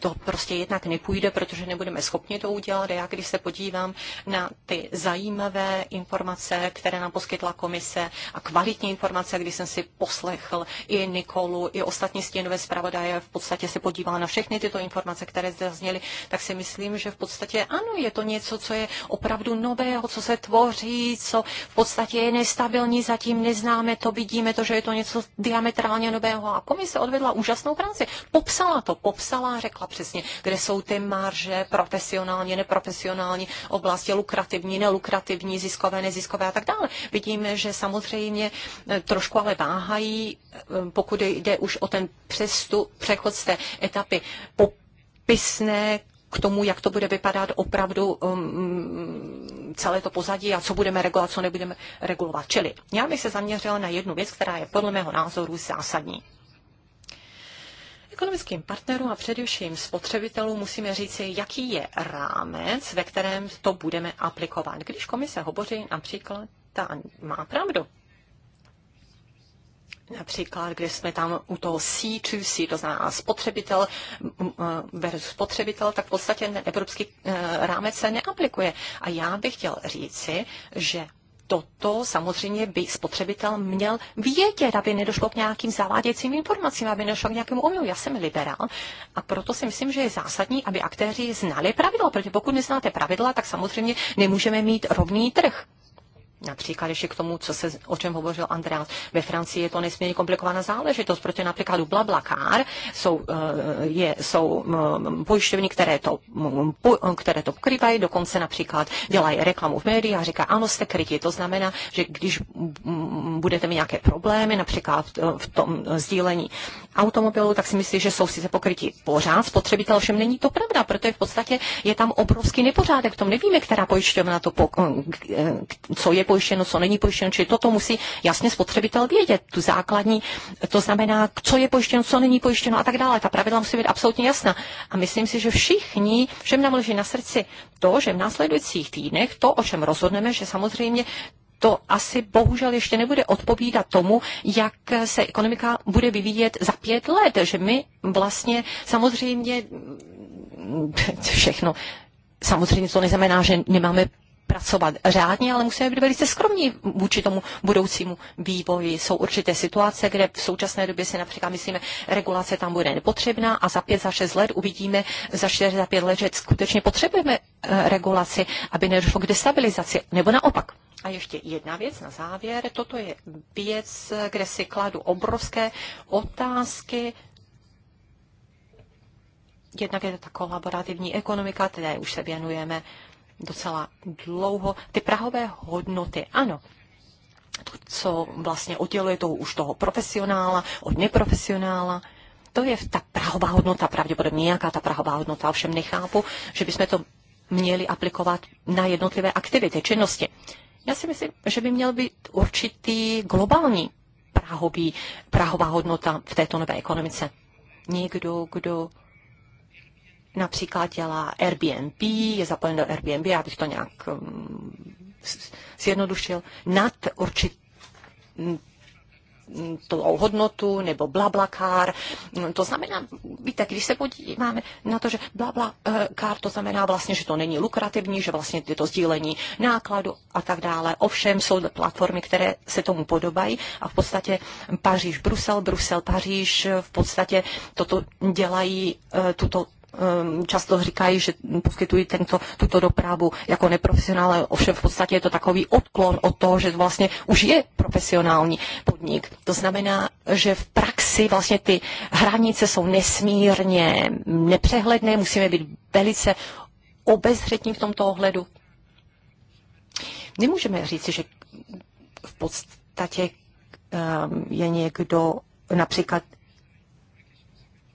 To prostě jednak nepůjde, protože nebudeme schopni to udělat. já, když se podívám na ty zajímavé informace, které nám poskytla komise a kvalitní informace, když jsem si poslechl i Nikolu, i ostatní stěnové zpravodaje, v podstatě se podíval na všechny tyto informace, které zde zazněly, tak si myslím, že v podstatě ano, je to něco, co je opravdu nového, co se tvoří, co v podstatě je nestabilní, zatím neznáme to, vidíme to, že je to něco diametrálně nového. A komise odvedla úžasnou práci. Popsala to, popsala, řekla přesně, kde jsou ty marže, profesionální neprofesionální oblasti, lukrativní, nelukrativní, ziskové, neziskové a tak dále. Vidíme, že samozřejmě eh, trošku ale váha pomáhají, eh, pokud jde už o ten přestup, přechod z té etapy popisné k tomu, jak to bude vypadat opravdu um, celé to pozadí a co budeme regulovat, co nebudeme regulovat. Čili já bych se zaměřila na jednu věc, která je podle mého názoru zásadní. Ekonomickým partnerům a především spotřebitelům musíme říci, jaký je rámec, ve kterém to budeme aplikovat. Když komise hovoří například, ta má pravdu, Například, kde jsme tam u toho C2C, to znamená spotřebitel versus spotřebitel, tak v podstatě evropský eh, rámec se neaplikuje. A já bych chtěl říci, že toto samozřejmě by spotřebitel měl vědět, aby nedošlo k nějakým zaváděcím informacím, aby nedošlo k nějakému omylu. Já jsem liberál a proto si myslím, že je zásadní, aby aktéři znali pravidla, protože pokud neznáte pravidla, tak samozřejmě nemůžeme mít rovný trh. Například ještě k tomu, co se, o čem hovořil Andreas. Ve Francii je to nesmírně komplikovaná záležitost, protože například u Blablacar jsou, eh, je, jsou eh, pojišťovny, které to, mm, eh, které to pokrývají, dokonce například dělají reklamu v médiích a říká, ano, jste krytí. To znamená, že když mm, budete mít nějaké problémy, například v tom sdílení automobilu, tak si myslí, že jsou sice pokrytí pořád spotřebitel, ovšem není to pravda, protože v podstatě je tam obrovský nepořádek. V tom nevíme, která pojišťovna to, po, co je pojištěno, co není pojištěno, čili toto musí jasně spotřebitel vědět, tu základní, to znamená, co je pojištěno, co není pojištěno a tak dále. Ta pravidla musí být absolutně jasná. A myslím si, že všichni, všem nám leží na srdci to, že v následujících týdnech to, o čem rozhodneme, že samozřejmě to asi bohužel ještě nebude odpovídat tomu, jak se ekonomika bude vyvíjet za pět let, že my vlastně samozřejmě všechno Samozřejmě to neznamená, že nemáme pracovat řádně, ale musíme být velice skromní vůči tomu budoucímu vývoji. Jsou určité situace, kde v současné době si například myslíme, regulace tam bude nepotřebná a za pět, za šest let uvidíme, za čtyři, za pět let, že skutečně potřebujeme eh, regulaci, aby nedošlo k destabilizaci, nebo naopak. A ještě jedna věc na závěr. Toto je věc, kde si kladu obrovské otázky, Jednak je to ta kolaborativní ekonomika, které už se věnujeme docela dlouho. Ty prahové hodnoty, ano, to, co vlastně odděluje toho už toho profesionála od neprofesionála, to je ta prahová hodnota, pravděpodobně nějaká ta prahová hodnota, ovšem nechápu, že bychom to měli aplikovat na jednotlivé aktivity, činnosti. Já si myslím, že by měl být určitý globální prahový, prahová hodnota v této nové ekonomice. Někdo, kdo například dělá Airbnb, je zapojen do Airbnb, já bych to nějak um, zjednodušil, nad určitou mm, mm, hodnotu nebo blablakár. Mm, to znamená, víte, když se podíváme na to, že blablakár, eh, to znamená vlastně, že to není lukrativní, že vlastně je to sdílení nákladu a tak dále. Ovšem jsou platformy, které se tomu podobají a v podstatě Paříž, Brusel, Brusel, Paříž, v podstatě toto dělají eh, tuto Ehm, často říkají, že poskytují tento, tuto dopravu jako neprofesionál, ovšem v podstatě je to takový odklon od toho, že vlastně už je profesionální podnik. To znamená, že v praxi vlastně ty hranice jsou nesmírně nepřehledné, musíme být velice obezřetní v tomto ohledu. Nemůžeme říci, že v podstatě um, je někdo například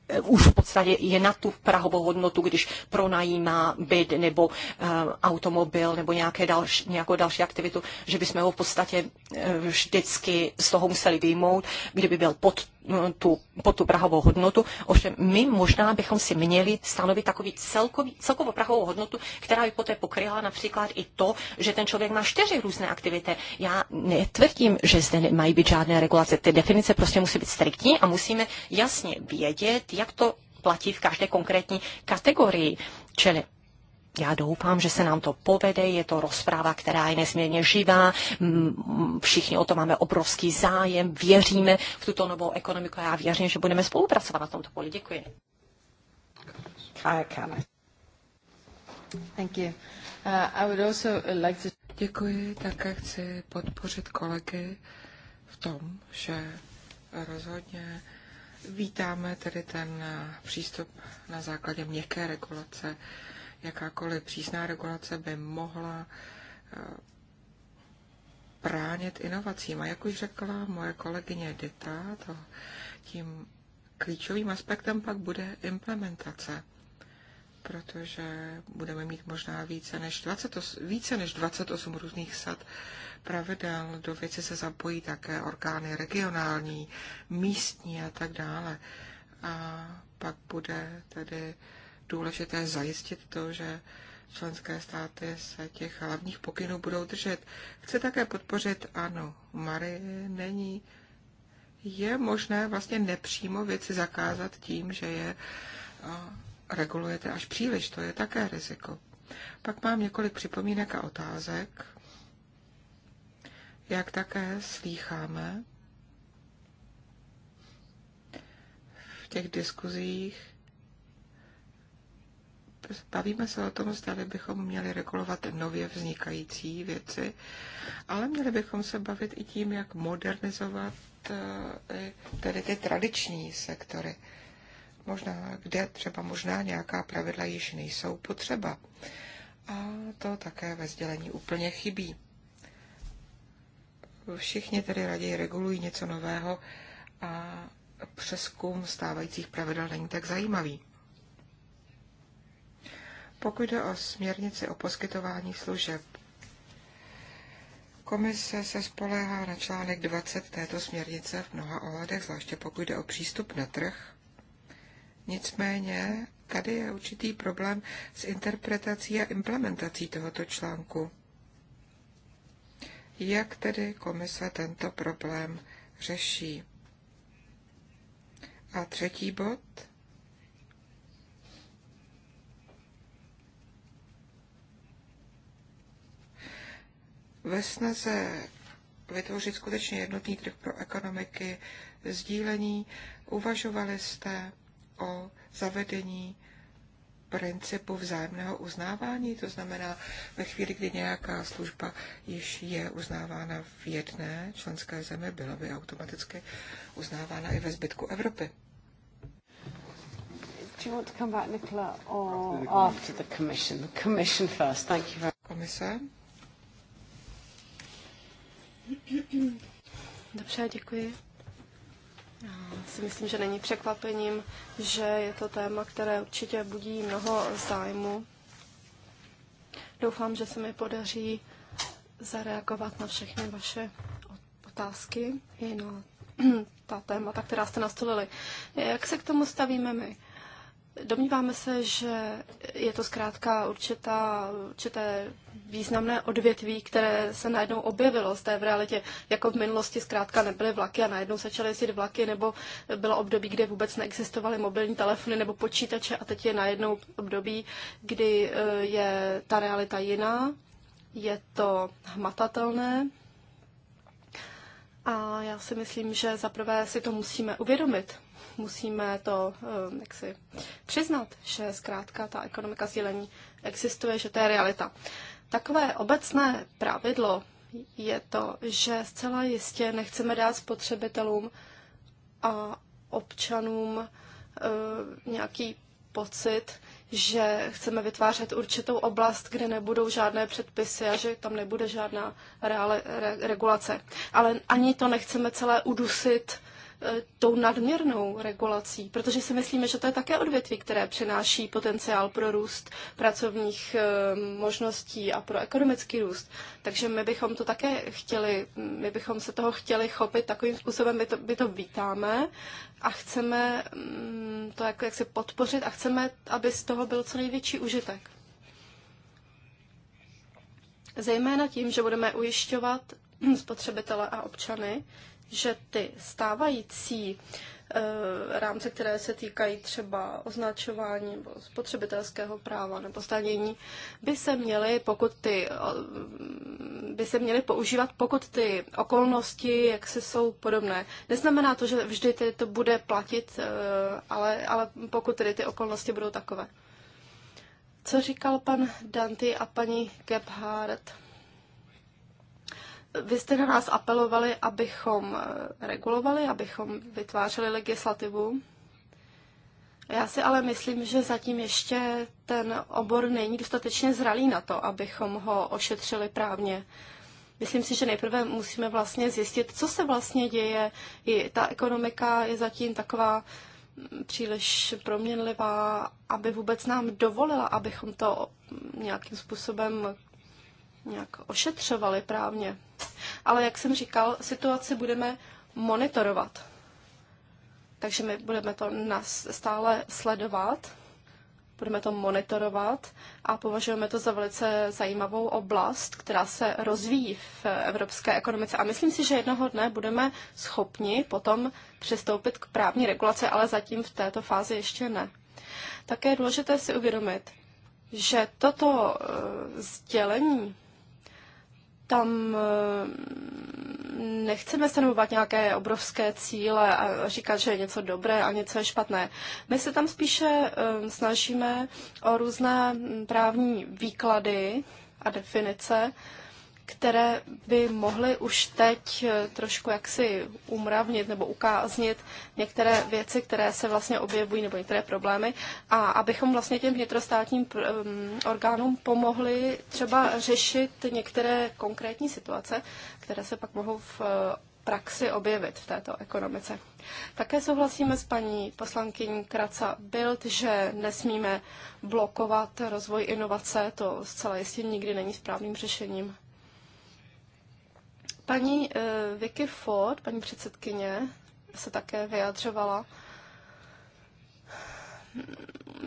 Eh, už v podstatě je na tu prahovou hodnotu, když pronajímá byt nebo e, automobil nebo nějaké další, nějakou další aktivitu, že bychom ho v podstatě eh, vždycky z toho museli vyjmout, kdyby byl pod tu, po tu prahovou hodnotu, ovšem my možná bychom si měli stanovit takový celkový, celkovou prahovou hodnotu, která by poté pokryla například i to, že ten člověk má čtyři různé aktivity. Já netvrdím, že zde nemají být žádné regulace. Ty definice prostě musí být striktní a musíme jasně vědět, jak to platí v každé konkrétní kategorii. Čili já doufám, že se nám to povede, je to rozpráva, která je nesmírně živá, všichni o to máme obrovský zájem, věříme v tuto novou ekonomiku a já věřím, že budeme spolupracovat na tomto poli. Děkuji. Thank you. Uh, I would also like to... Děkuji, také chci podpořit kolegy v tom, že rozhodně vítáme tedy ten eh, přístup na základě měkké regulace Jakákoliv přísná regulace by mohla eh, bránit inovacím. A jak už řekla moje kolegyně Dita, to tím klíčovým aspektem pak bude implementace, protože budeme mít možná více než 28, více než 28 různých sad pravidel. Do věci se zapojí také orgány regionální, místní a tak dále. A pak bude tedy důležité zajistit to, že členské státy se těch hlavních pokynů budou držet. Chce také podpořit, ano, Mary není. Je možné vlastně nepřímo věci zakázat tím, že je regulujete až příliš, to je také riziko. Pak mám několik připomínek a otázek. Jak také slýcháme v těch diskuzích, bavíme se o tom, zda bychom měli regulovat nově vznikající věci, ale měli bychom se bavit i tím, jak modernizovat eh, tedy ty tradiční sektory. Možná, kde třeba možná nějaká pravidla již nejsou potřeba. A to také ve sdělení úplně chybí. Všichni tedy raději regulují něco nového a přeskum stávajících pravidel není tak zajímavý. Pokud jde o směrnici o poskytování služeb, Komise se spoléhá na článek 20 této směrnice v mnoha ohledech, zvláště pokud jde o přístup na trh. Nicméně tady je určitý problém s interpretací a implementací tohoto článku. Jak tedy komise tento problém řeší? A třetí bod ve snaze vytvořit skutečně jednotný trh pro ekonomiky, sdílení, uvažovali jste o zavedení principu vzájemného uznávání, to znamená ve chvíli, kdy nějaká služba již je uznávána v jedné členské zemi, byla by automaticky uznávána i ve zbytku Evropy. Do Komise? Dobře, děkuji. Já si myslím, že není překvapením, že je to téma, které určitě budí mnoho zájmu. Doufám, že se mi podaří zareagovat na všechny vaše otázky i na ta témata, která jste nastolili. Jak se k tomu stavíme my? Domníváme se, že je to zkrátka určitá, určité významné odvětví, které se najednou objevilo z té v realitě, jako v minulosti zkrátka nebyly vlaky a najednou začaly jezdit vlaky, nebo bylo období, kde vůbec neexistovaly mobilní telefony nebo počítače a teď je najednou období, kdy eh, je ta realita jiná, je to hmatatelné, a já si myslím, že zaprvé si to musíme uvědomit musíme to eh, jak si, přiznat, že zkrátka ta ekonomika sdílení existuje, že to je realita. Takové obecné pravidlo je to, že zcela jistě nechceme dát spotřebitelům a občanům eh, nějaký pocit, že chceme vytvářet určitou oblast, kde nebudou žádné předpisy a že tam nebude žádná reale, re, regulace. Ale ani to nechceme celé udusit E, tou nadměrnou regulací, protože si myslíme, že to je také odvětví, které přináší potenciál pro růst pracovních e, možností a pro ekonomický růst. Takže my bychom to také chtěli, my bychom se toho chtěli chopit takovým způsobem, my to, my to vítáme a chceme mm, to jako jak se podpořit a chceme, aby z toho byl co největší užitek zejména tím, že budeme ujišťovat spotřebitele a občany, že ty stávající eh, rámce, které se týkají třeba označování nebo spotřebitelského práva nebo stanění, by se měly, pokud ty, eh, by se měly používat, pokud ty okolnosti, jak se jsou podobné. Neznamená to, že vždy tedy to bude platit, eh, ale, ale pokud tedy ty okolnosti budou takové. Co říkal pan Danty a paní Gebhardt? Vy jste na nás apelovali, abychom eh, regulovali, abychom vytvářeli legislativu. Já si ale myslím, že zatím ještě ten obor není dostatečně zralý na to, abychom ho ošetřili právně. Myslím si, že nejprve musíme vlastně zjistit, co se vlastně děje. I ta ekonomika je zatím taková mm, příliš proměnlivá, aby vůbec nám dovolila, abychom to nějakým způsobem nějak ošetřovali právně. Ale jak jsem říkal, situaci budeme monitorovat. Takže my budeme to stále sledovat, budeme to monitorovat a považujeme to za velice zajímavou oblast, která se rozvíjí v evropské ekonomice. A myslím si, že jednoho dne budeme schopni potom přistoupit k právní regulaci, ale zatím v této fázi ještě ne. Také je důležité si uvědomit, že toto eh, sdělení tam eh, nechceme stanovovat nějaké obrovské cíle a říkat, že je něco dobré a něco je špatné. My se tam spíše eh, snažíme o různé mm, právní výklady a definice, které by mohly už teď eh, trošku jaksi umravnit nebo ukáznit některé věci, které se vlastně objevují nebo některé problémy a abychom vlastně těm vnitrostátním mm, orgánům pomohli třeba řešit některé konkrétní situace, které se pak mohou v eh, praxi objevit v této ekonomice. Také souhlasíme s paní poslankyní Kraca Bild, že nesmíme blokovat rozvoj inovace, to zcela jistě nikdy není správným řešením. Paní uh, Vicky Ford, paní předsedkyně, se také vyjadřovala.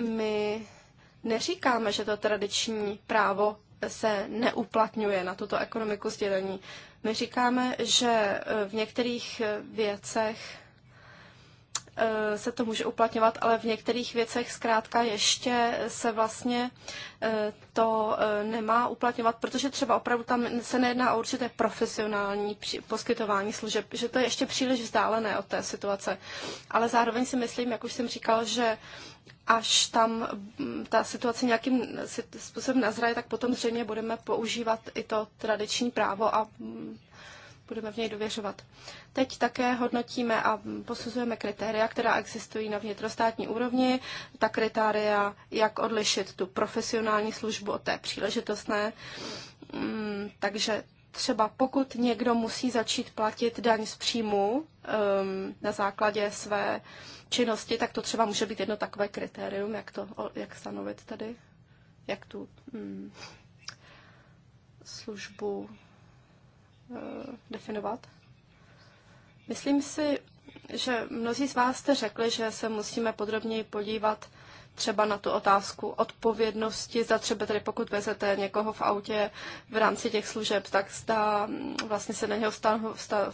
My neříkáme, že to tradiční právo se neuplatňuje na tuto ekonomiku sdělení. My říkáme, že eh, v některých eh, věcech Eh, se to může uplatňovat, ale v některých věcech zkrátka ještě se vlastně eh, to eh, nemá uplatňovat, protože třeba opravdu tam se nejedná o určité profesionální poskytování služeb, že to je ještě příliš vzdálené od té situace. Ale zároveň si myslím, jak už jsem říkal, že až tam mm, ta situace nějakým způsobem nazraje, tak potom zřejmě budeme používat i to tradiční právo a mm, budeme v něj dověřovat. Teď také hodnotíme a posuzujeme kritéria, která existují na vnitrostátní úrovni. Ta kritéria, jak odlišit tu profesionální službu od té příležitostné. Mm, takže třeba pokud někdo musí začít platit daň z příjmu um, na základě své činnosti, tak to třeba může být jedno takové kritérium, jak to jak stanovit tady, jak tu mm, službu Eh, definovat. Myslím si, že mnozí z vás jste řekli, že se musíme podrobněji podívat třeba na tu otázku odpovědnosti, za třeba tedy pokud vezete někoho v autě v rámci těch služeb, tak zda vlastně se na něho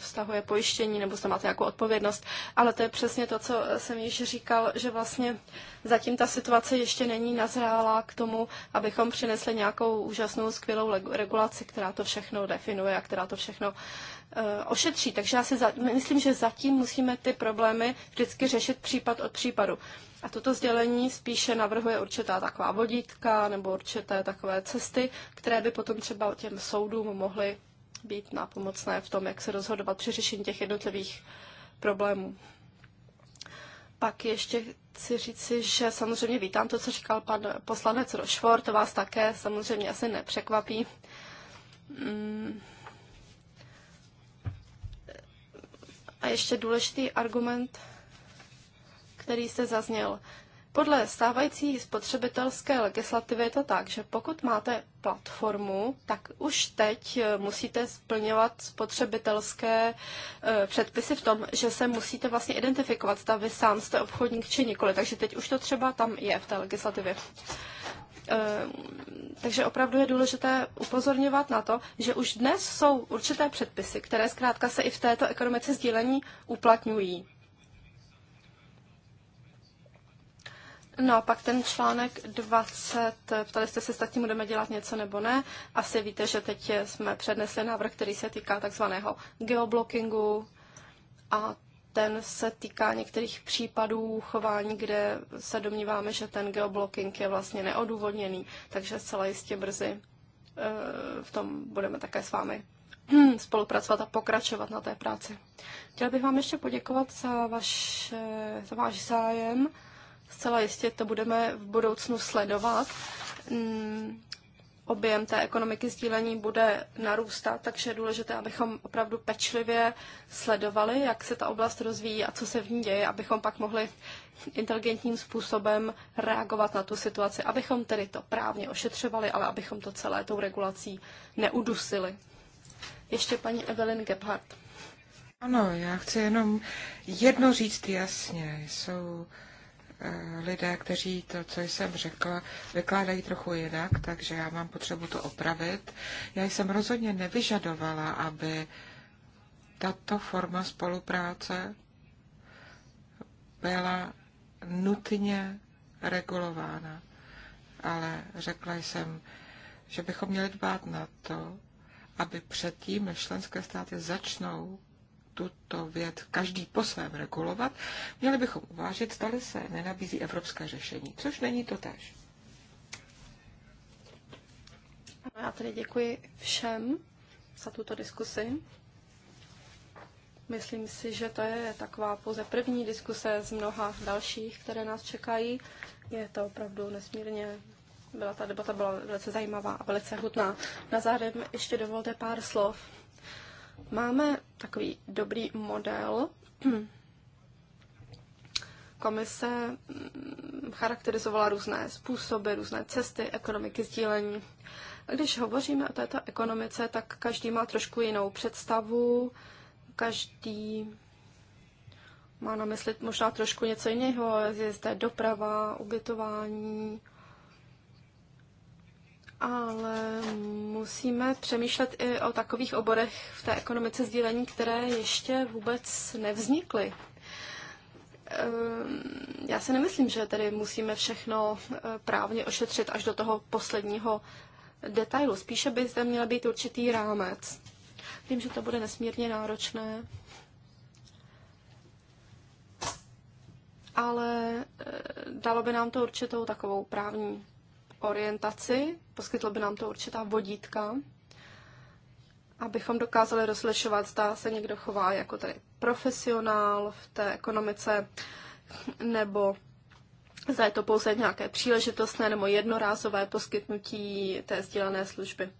vztahuje pojištění nebo zda máte nějakou odpovědnost. Ale to je přesně to, co jsem již říkal, že vlastně zatím ta situace ještě není nazrála k tomu, abychom přinesli nějakou úžasnou, skvělou regulaci, která to všechno definuje a která to všechno eh, ošetří. Takže já si za, myslím, že zatím musíme ty problémy vždycky řešit případ od případu. A toto sdělení spíše navrhuje určitá taková vodítka nebo určité takové cesty, které by potom třeba těm soudům mohly být nápomocné v tom, jak se rozhodovat při řešení těch jednotlivých problémů. Pak ještě chci říci, že samozřejmě vítám to, co říkal pan poslanec Rošvor, to vás také samozřejmě asi nepřekvapí. Mm. A ještě důležitý argument který se zazněl. Podle stávající spotřebitelské legislativy je to tak, že pokud máte platformu, tak už teď eh, musíte splňovat spotřebitelské eh, předpisy v tom, že se musíte vlastně identifikovat, zda vy sám jste obchodník či nikoli. Takže teď už to třeba tam je v té legislativě. Eh, takže opravdu je důležité upozorňovat na to, že už dnes jsou určité předpisy, které zkrátka se i v této ekonomice sdílení uplatňují. No, pak ten článek 20, ptali jste se, s tím budeme dělat něco nebo ne. Asi víte, že teď jsme přednesli návrh, který se týká takzvaného geoblockingu a ten se týká některých případů chování, kde se domníváme, že ten geoblocking je vlastně neodůvodněný, takže zcela jistě brzy eh, v tom budeme také s vámi spolupracovat a pokračovat na té práci. Chtěl bych vám ještě poděkovat za, vaš, za váš zájem. Zcela jistě to budeme v budoucnu sledovat. Mm, objem té ekonomiky sdílení bude narůstat, takže je důležité, abychom opravdu pečlivě sledovali, jak se ta oblast rozvíjí a co se v ní děje, abychom pak mohli inteligentním způsobem reagovat na tu situaci, abychom tedy to právně ošetřovali, ale abychom to celé tou regulací neudusili. Ještě paní Evelyn Gebhardt. Ano, já chci jenom jedno říct jasně. Jsou Eh, lidé, kteří to, co jsem řekla, vykládají trochu jinak, takže já mám potřebu to opravit. Já jsem rozhodně nevyžadovala, aby tato forma spolupráce byla nutně regulována. Ale řekla jsem, že bychom měli dbát na to, aby předtím, než členské státy začnou tuto věc každý po svém regulovat, měli bychom uvážit, stále se nenabízí evropské řešení, což není to tež. Já tedy děkuji všem za tuto diskusi. Myslím si, že to je taková pouze první diskuse z mnoha dalších, které nás čekají. Je to opravdu nesmírně, byla ta debata byla velice zajímavá a velice hutná. Na závěr ještě dovolte pár slov. Máme takový dobrý model. Komise mm, charakterizovala různé způsoby, různé cesty ekonomiky sdílení. Když hovoříme o této ekonomice, tak každý má trošku jinou představu, každý má na mysli možná trošku něco jiného, je zde doprava, ubytování, ale musíme přemýšlet i o takových oborech v té ekonomice sdílení, které ještě vůbec nevznikly. Ehm, já si nemyslím, že tedy musíme všechno e, právně ošetřit až do toho posledního detailu. Spíše by zde měl být určitý rámec. Vím, že to bude nesmírně náročné, ale e, dalo by nám to určitou takovou právní orientaci, poskytlo by nám to určitá vodítka, abychom dokázali rozlišovat, zda se někdo chová jako tady profesionál v té ekonomice, nebo zda je to pouze nějaké příležitostné nebo jednorázové poskytnutí té sdílené služby.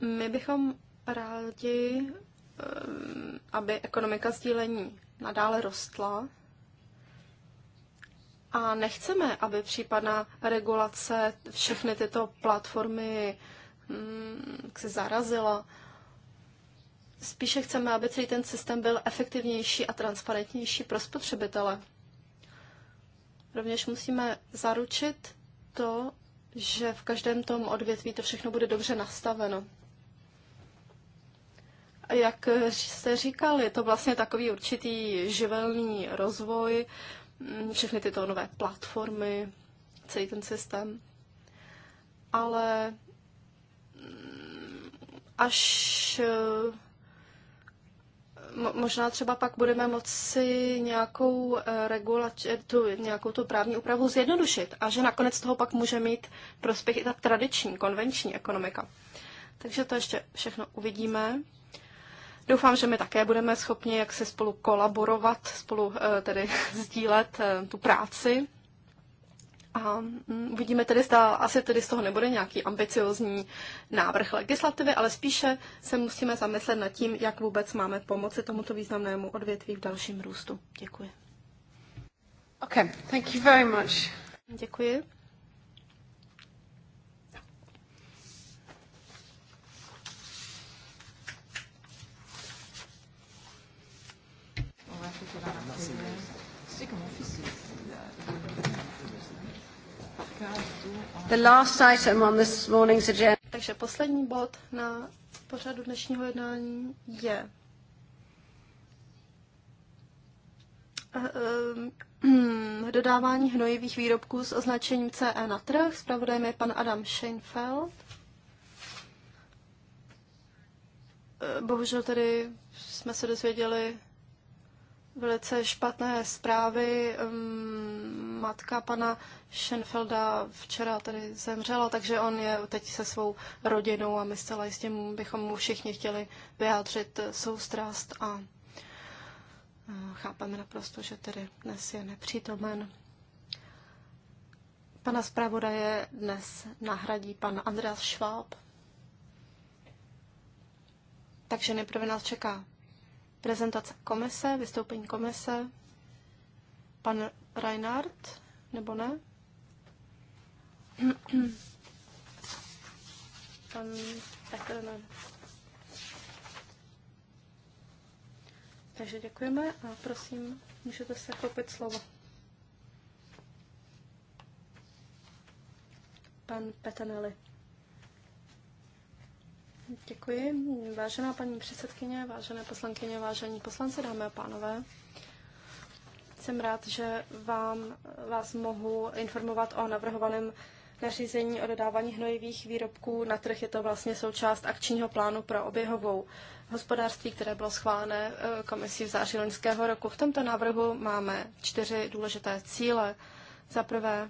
My bychom rádi, ehm, aby ekonomika sdílení nadále rostla, a nechceme, aby případná regulace všechny tyto platformy hmm, se zarazila. Spíše chceme, aby celý ten systém byl efektivnější a transparentnější pro spotřebitele. Rovněž musíme zaručit to, že v každém tom odvětví to všechno bude dobře nastaveno. Jak jste říkali, je to vlastně takový určitý živelný rozvoj, všechny tyto nové platformy, celý ten systém. Ale mm, až eh, možná třeba pak budeme moci nějakou eh, regulač, eh, tu, nějakou tu právní úpravu zjednodušit a že nakonec toho pak může mít prospěch i ta tradiční, konvenční ekonomika. Takže to ještě všechno uvidíme. Doufám, že my také budeme schopni jak se spolu kolaborovat, spolu eh, tedy sdílet eh, tu práci. A mm, uvidíme tedy, zda asi tedy z toho nebude nějaký ambiciozní návrh legislativy, ale spíše se musíme zamyslet nad tím, jak vůbec máme pomoci tomuto významnému odvětví v dalším růstu. Děkuji. Okay, thank you very much. Děkuji. The last item on this morning's agenda. Takže poslední bod na pořadu dnešního jednání je eh, ehm, dodávání hnojivých výrobků s označením CE na trh. Spravodajem je pan Adam Scheinfeld. Eh, bohužel tady jsme se dozvěděli velice špatné zprávy. Ehm, matka pana Schenfelda včera tady zemřela, takže on je teď se svou rodinou a my zcela jistě bychom mu všichni chtěli vyjádřit soustrast a chápeme naprosto, že tedy dnes je nepřítomen. Pana zpravodaje dnes nahradí pan Andreas Schwab. Takže nejprve nás čeká prezentace komise, vystoupení komise, pan Reinhardt, nebo ne? Pan Petr ne. Takže děkujeme a prosím, můžete se chopit slovo. Pan Petanelli. Děkuji. Vážená paní předsedkyně, vážené poslankyně, vážení poslanci, dámy a pánové. Jsem rád, že vám, vás mohu informovat o navrhovaném nařízení o dodávání hnojivých výrobků na trh. Je to vlastně součást akčního plánu pro oběhovou hospodářství, které bylo schválené eh, komisí v září loňského roku. V tomto návrhu máme čtyři důležité cíle. Za prvé,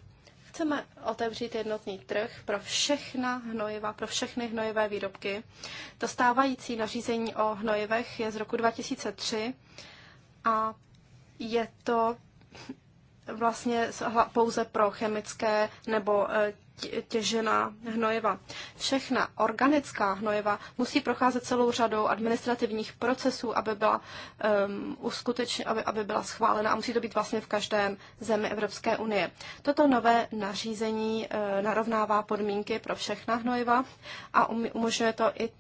chceme otevřít jednotný trh pro všechna hnojiva, pro všechny hnojivé výrobky. To stávající nařízení o hnojivech je z roku 2003 a je to vlastně pouze pro chemické nebo e, těžená hnojiva. Všechna organická hnojiva musí procházet celou řadou administrativních procesů, aby byla, um, uskutečně, aby, aby byla schválena a musí to být vlastně v každém zemi Evropské unie. Toto nové nařízení uh, narovnává podmínky pro všechna hnojiva a umožňuje to i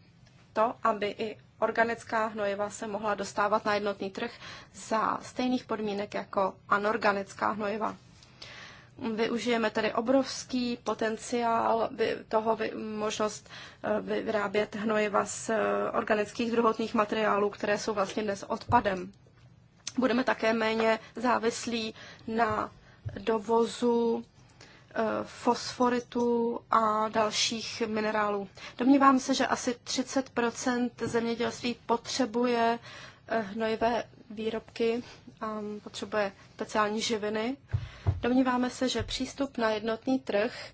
to, aby i organická hnojiva se mohla dostávat na jednotný trh za stejných podmínek jako anorganická hnojiva. Využijeme tedy obrovský potenciál toho možnost eh, vyrábět hnojiva z eh, organických druhotných materiálů, které jsou vlastně dnes odpadem. Budeme také méně závislí na dovozu Eh, fosforitu a dalších minerálů. Domnívám se, že asi 30 zemědělství potřebuje eh, hnojivé výrobky, a potřebuje speciální živiny. Domníváme se, že přístup na jednotný trh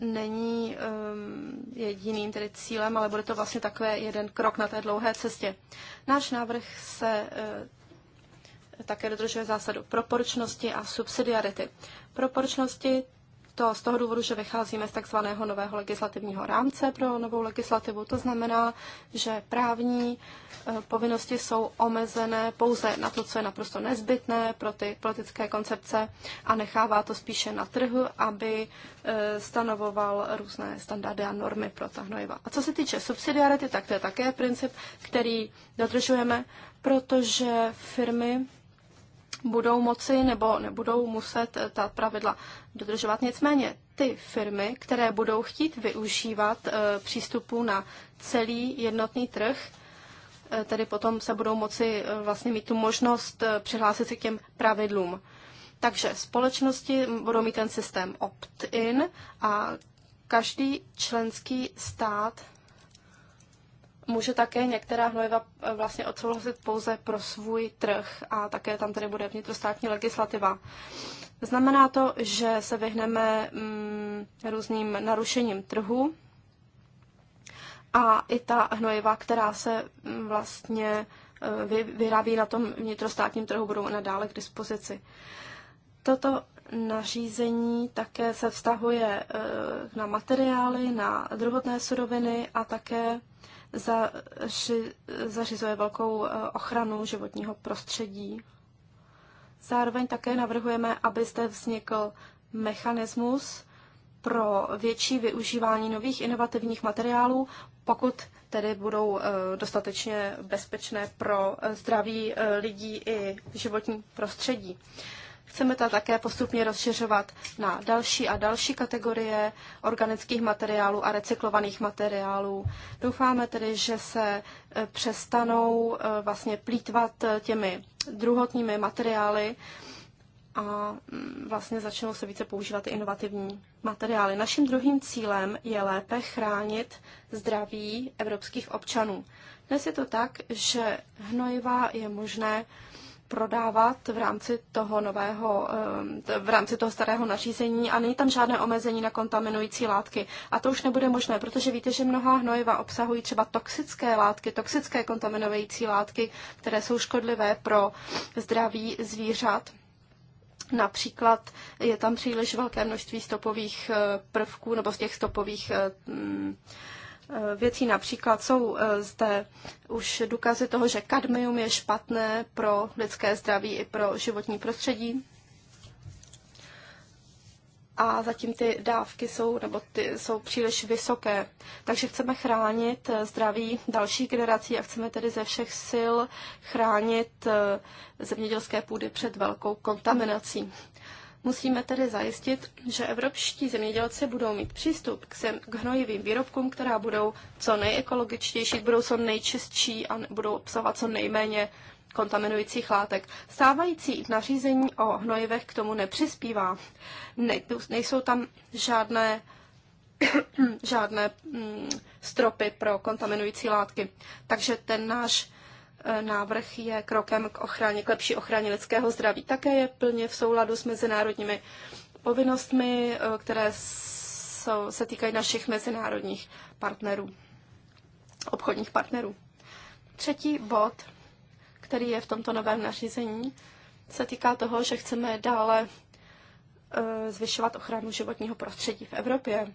není um, jediným tedy cílem, ale bude to vlastně takové jeden krok na té dlouhé cestě. Náš návrh se uh, také dodržuje zásadu proporčnosti a subsidiarity. Proporčnosti to z toho důvodu, že vycházíme z takzvaného nového legislativního rámce pro novou legislativu. To znamená, že právní eh, povinnosti jsou omezené pouze na to, co je naprosto nezbytné pro ty politické koncepce a nechává to spíše na trhu, aby eh, stanovoval různé standardy a normy pro ta hnojiva. A co se týče subsidiarity, tak to je také princip, který dodržujeme, protože firmy budou moci nebo nebudou muset eh, ta pravidla dodržovat. Nicméně ty firmy, které budou chtít využívat eh, přístupu na celý jednotný trh, eh, tedy potom se budou moci vlastně mít tu možnost přihlásit se k těm pravidlům. Takže společnosti budou mít ten systém opt-in a každý členský stát může také některá hnojiva eh, vlastně odsouhlasit pouze pro svůj trh a také tam tedy bude vnitrostátní legislativa. Znamená to, že se vyhneme mm, různým narušením trhu a i ta hnojiva, která se mm, vlastně eh, vy, vyrábí na tom vnitrostátním trhu, budou nadále k dispozici. Toto nařízení také se vztahuje eh, na materiály, na druhotné suroviny a také zaři, zařizuje velkou eh, ochranu životního prostředí. Zároveň také navrhujeme, aby zde vznikl mechanismus pro větší využívání nových inovativních materiálů, pokud tedy budou eh, dostatečně bezpečné pro eh, zdraví lidí i životní prostředí. Chceme ta také postupně rozšiřovat na další a další kategorie organických materiálů a recyklovaných materiálů. Doufáme tedy, že se e, přestanou e, vlastně plítvat e, těmi druhotními materiály a mm, vlastně začnou se více používat inovativní materiály. Naším druhým cílem je lépe chránit zdraví evropských občanů. Dnes je to tak, že hnojiva je možné prodávat v rámci toho nového, eh, v rámci toho starého nařízení a není tam žádné omezení na kontaminující látky. A to už nebude možné, protože víte, že mnohá hnojiva obsahují třeba toxické látky, toxické kontaminující látky, které jsou škodlivé pro zdraví zvířat. Například je tam příliš velké množství stopových eh, prvků nebo z těch stopových eh, mm, Eh, věcí. Například jsou eh, zde už důkazy toho, že kadmium je špatné pro lidské zdraví i pro životní prostředí. A zatím ty dávky jsou, nebo ty jsou příliš vysoké. Takže chceme chránit eh, zdraví dalších generací a chceme tedy ze všech sil chránit zemědělské půdy před velkou kontaminací. Musíme tedy zajistit, že evropští zemědělci budou mít přístup k, zem, k hnojivým výrobkům, která budou co nejekologičtější, budou co nejčistší a budou obsahovat co nejméně kontaminujících látek. Stávající nařízení o hnojivech k tomu nepřispívá. Ne, nejsou tam žádné žádné mm, stropy pro kontaminující látky. Takže ten náš návrh je krokem k ochraně, k lepší ochraně lidského zdraví. Také je plně v souladu s mezinárodními povinnostmi, eh, které jsou, se týkají našich mezinárodních partnerů, obchodních partnerů. Třetí bod, který je v tomto novém nařízení, se týká toho, že chceme dále eh, zvyšovat ochranu životního prostředí v Evropě.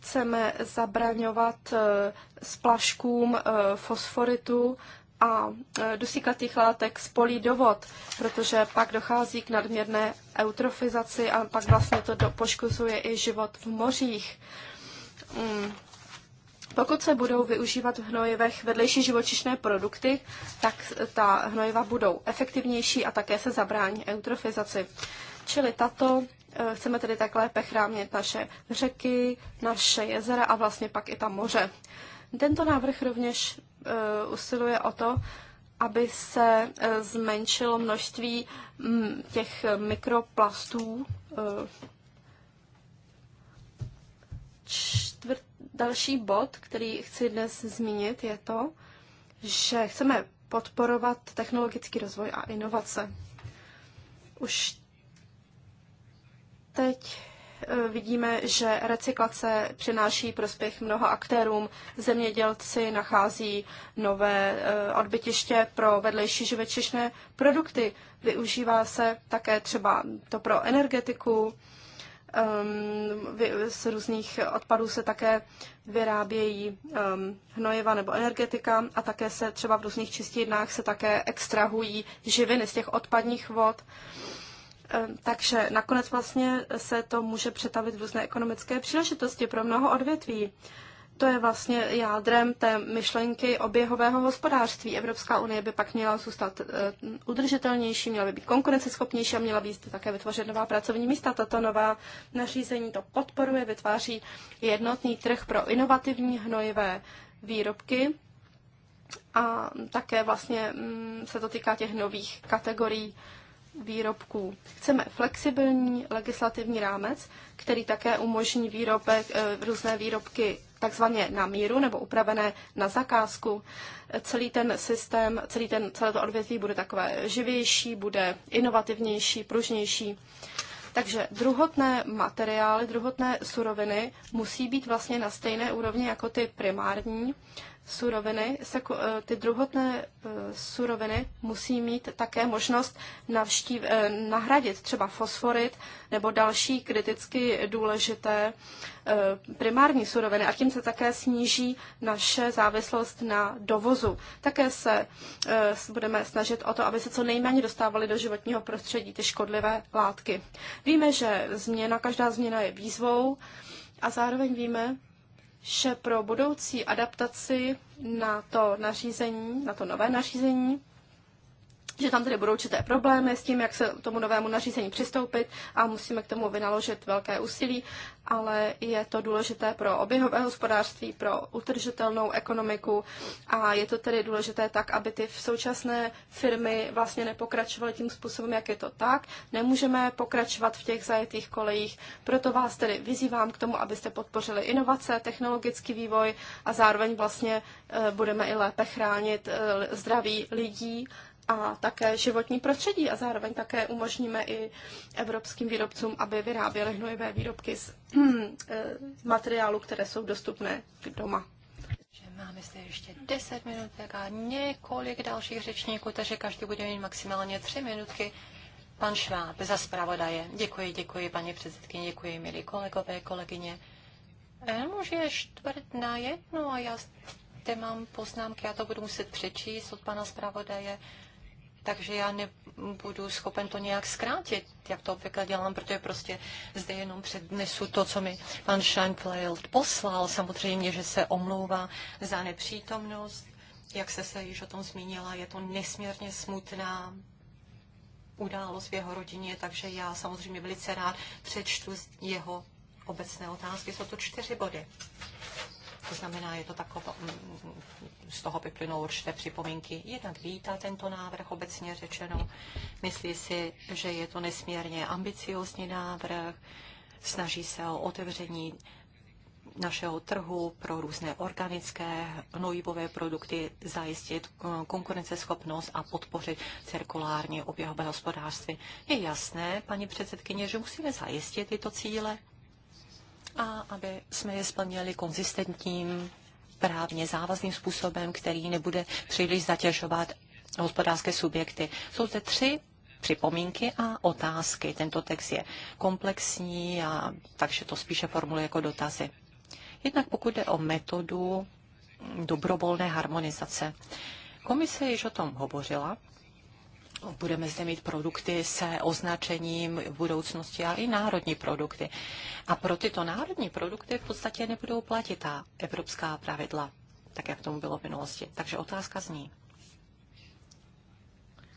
Chceme zabraňovat eh, splaškům eh, fosforitu a eh, dusíkatých látek z polí do vod, protože pak dochází k nadměrné eutrofizaci a pak vlastně to poškozuje i život v mořích. Mm. Pokud se budou využívat v hnojivech vedlejší živočišné produkty, tak ta hnojiva budou efektivnější a také se zabrání eutrofizaci. Čili tato Eh, chceme tedy tak lépe chránit naše řeky, naše jezera a vlastně pak i ta moře. Tento návrh rovněž eh, usiluje o to, aby se eh, zmenšilo množství mm, těch mikroplastů. Čtvrt, další bod, který chci dnes zmínit, je to, že chceme podporovat technologický rozvoj a inovace. Už Teď eh, vidíme, že recyklace přináší prospěch mnoha aktérům. Zemědělci nachází nové eh, odbytiště pro vedlejší živočišné produkty. Využívá se také třeba to pro energetiku. Ehm, z různých odpadů se také vyrábějí ehm, hnojiva nebo energetika a také se třeba v různých čistírnách se také extrahují živiny z těch odpadních vod takže nakonec vlastně se to může přetavit v různé ekonomické příležitosti pro mnoho odvětví. To je vlastně jádrem té myšlenky oběhového hospodářství. Evropská unie by pak měla zůstat eh, udržitelnější, měla by být konkurenceschopnější a měla by také vytvořit nová pracovní místa. Tato nová nařízení to podporuje, vytváří jednotný trh pro inovativní hnojivé výrobky a také vlastně mm, se to týká těch nových kategorií výrobků. Chceme flexibilní legislativní rámec, který také umožní výrobek, eh, různé výrobky takzvaně na míru nebo upravené na zakázku. Celý ten systém, celý ten, celé to odvětví bude takové živější, bude inovativnější, pružnější. Takže druhotné materiály, druhotné suroviny musí být vlastně na stejné úrovni jako ty primární suroviny, se, eh, ty druhotné eh, suroviny musí mít také možnost navštív, eh, nahradit třeba fosforit nebo další kriticky důležité primární suroviny a tím se také sníží naše závislost na dovozu. Také se budeme snažit o to, aby se co nejméně dostávaly do životního prostředí ty škodlivé látky. Víme, že změna, každá změna je výzvou a zároveň víme, že pro budoucí adaptaci na to nařízení, na to nové nařízení, že tam tedy budou určité problémy s tím, jak se tomu novému nařízení přistoupit a musíme k tomu vynaložit velké úsilí, ale je to důležité pro oběhové hospodářství, pro utržitelnou ekonomiku a je to tedy důležité tak, aby ty současné firmy vlastně nepokračovaly tím způsobem, jak je to tak. Nemůžeme pokračovat v těch zajetých kolejích, proto vás tedy vyzývám k tomu, abyste podpořili inovace, technologický vývoj a zároveň vlastně eh, budeme i lépe chránit eh, zdraví lidí, a také životní prostředí a zároveň také umožníme i evropským výrobcům, aby vyráběli hnojivé výrobky z eh, materiálu, které jsou dostupné doma. Máme zde ještě 10 minut a několik dalších řečníků, takže každý bude mít maximálně 3 minutky. Pan Šváb za zpravodaje. Děkuji, děkuji, paní předsedkyně, děkuji, milí kolegové, kolegyně. Už eh, je čtvrt na jednu a já zde mám poznámky, já to budu muset přečíst od pana zpravodaje takže já nebudu schopen to nějak zkrátit, jak to obvykle dělám, protože prostě zde jenom přednesu to, co mi pan Scheinfeld poslal. Samozřejmě, že se omlouvá za nepřítomnost. Jak se se již o tom zmínila, je to nesmírně smutná událost v jeho rodině, takže já samozřejmě velice rád přečtu jeho obecné otázky. Jsou to čtyři body. To znamená, je to takové, mm, mm, z toho plynou určité připomínky. Jednak vítá tento návrh obecně řečeno. Myslí si, že je to nesmírně ambiciózní návrh. Snaží se o otevření našeho trhu pro různé organické hnojivové produkty, zajistit eh, konkurenceschopnost a podpořit cirkulární oběhové hospodářství. Je jasné, paní předsedkyně, že musíme zajistit tyto cíle a aby jsme je splnili konzistentním, právně závazným způsobem, který nebude příliš zatěžovat hospodářské subjekty. Jsou zde tři připomínky a otázky. Tento text je komplexní, a takže to spíše formuluje jako dotazy. Jednak pokud jde o metodu dobrovolné harmonizace. Komise již o tom hovořila budeme zde mít produkty se označením v budoucnosti, ale i národní produkty. A pro tyto národní produkty v podstatě nebudou platit ta evropská pravidla, tak jak tomu bylo v minulosti. Takže otázka zní.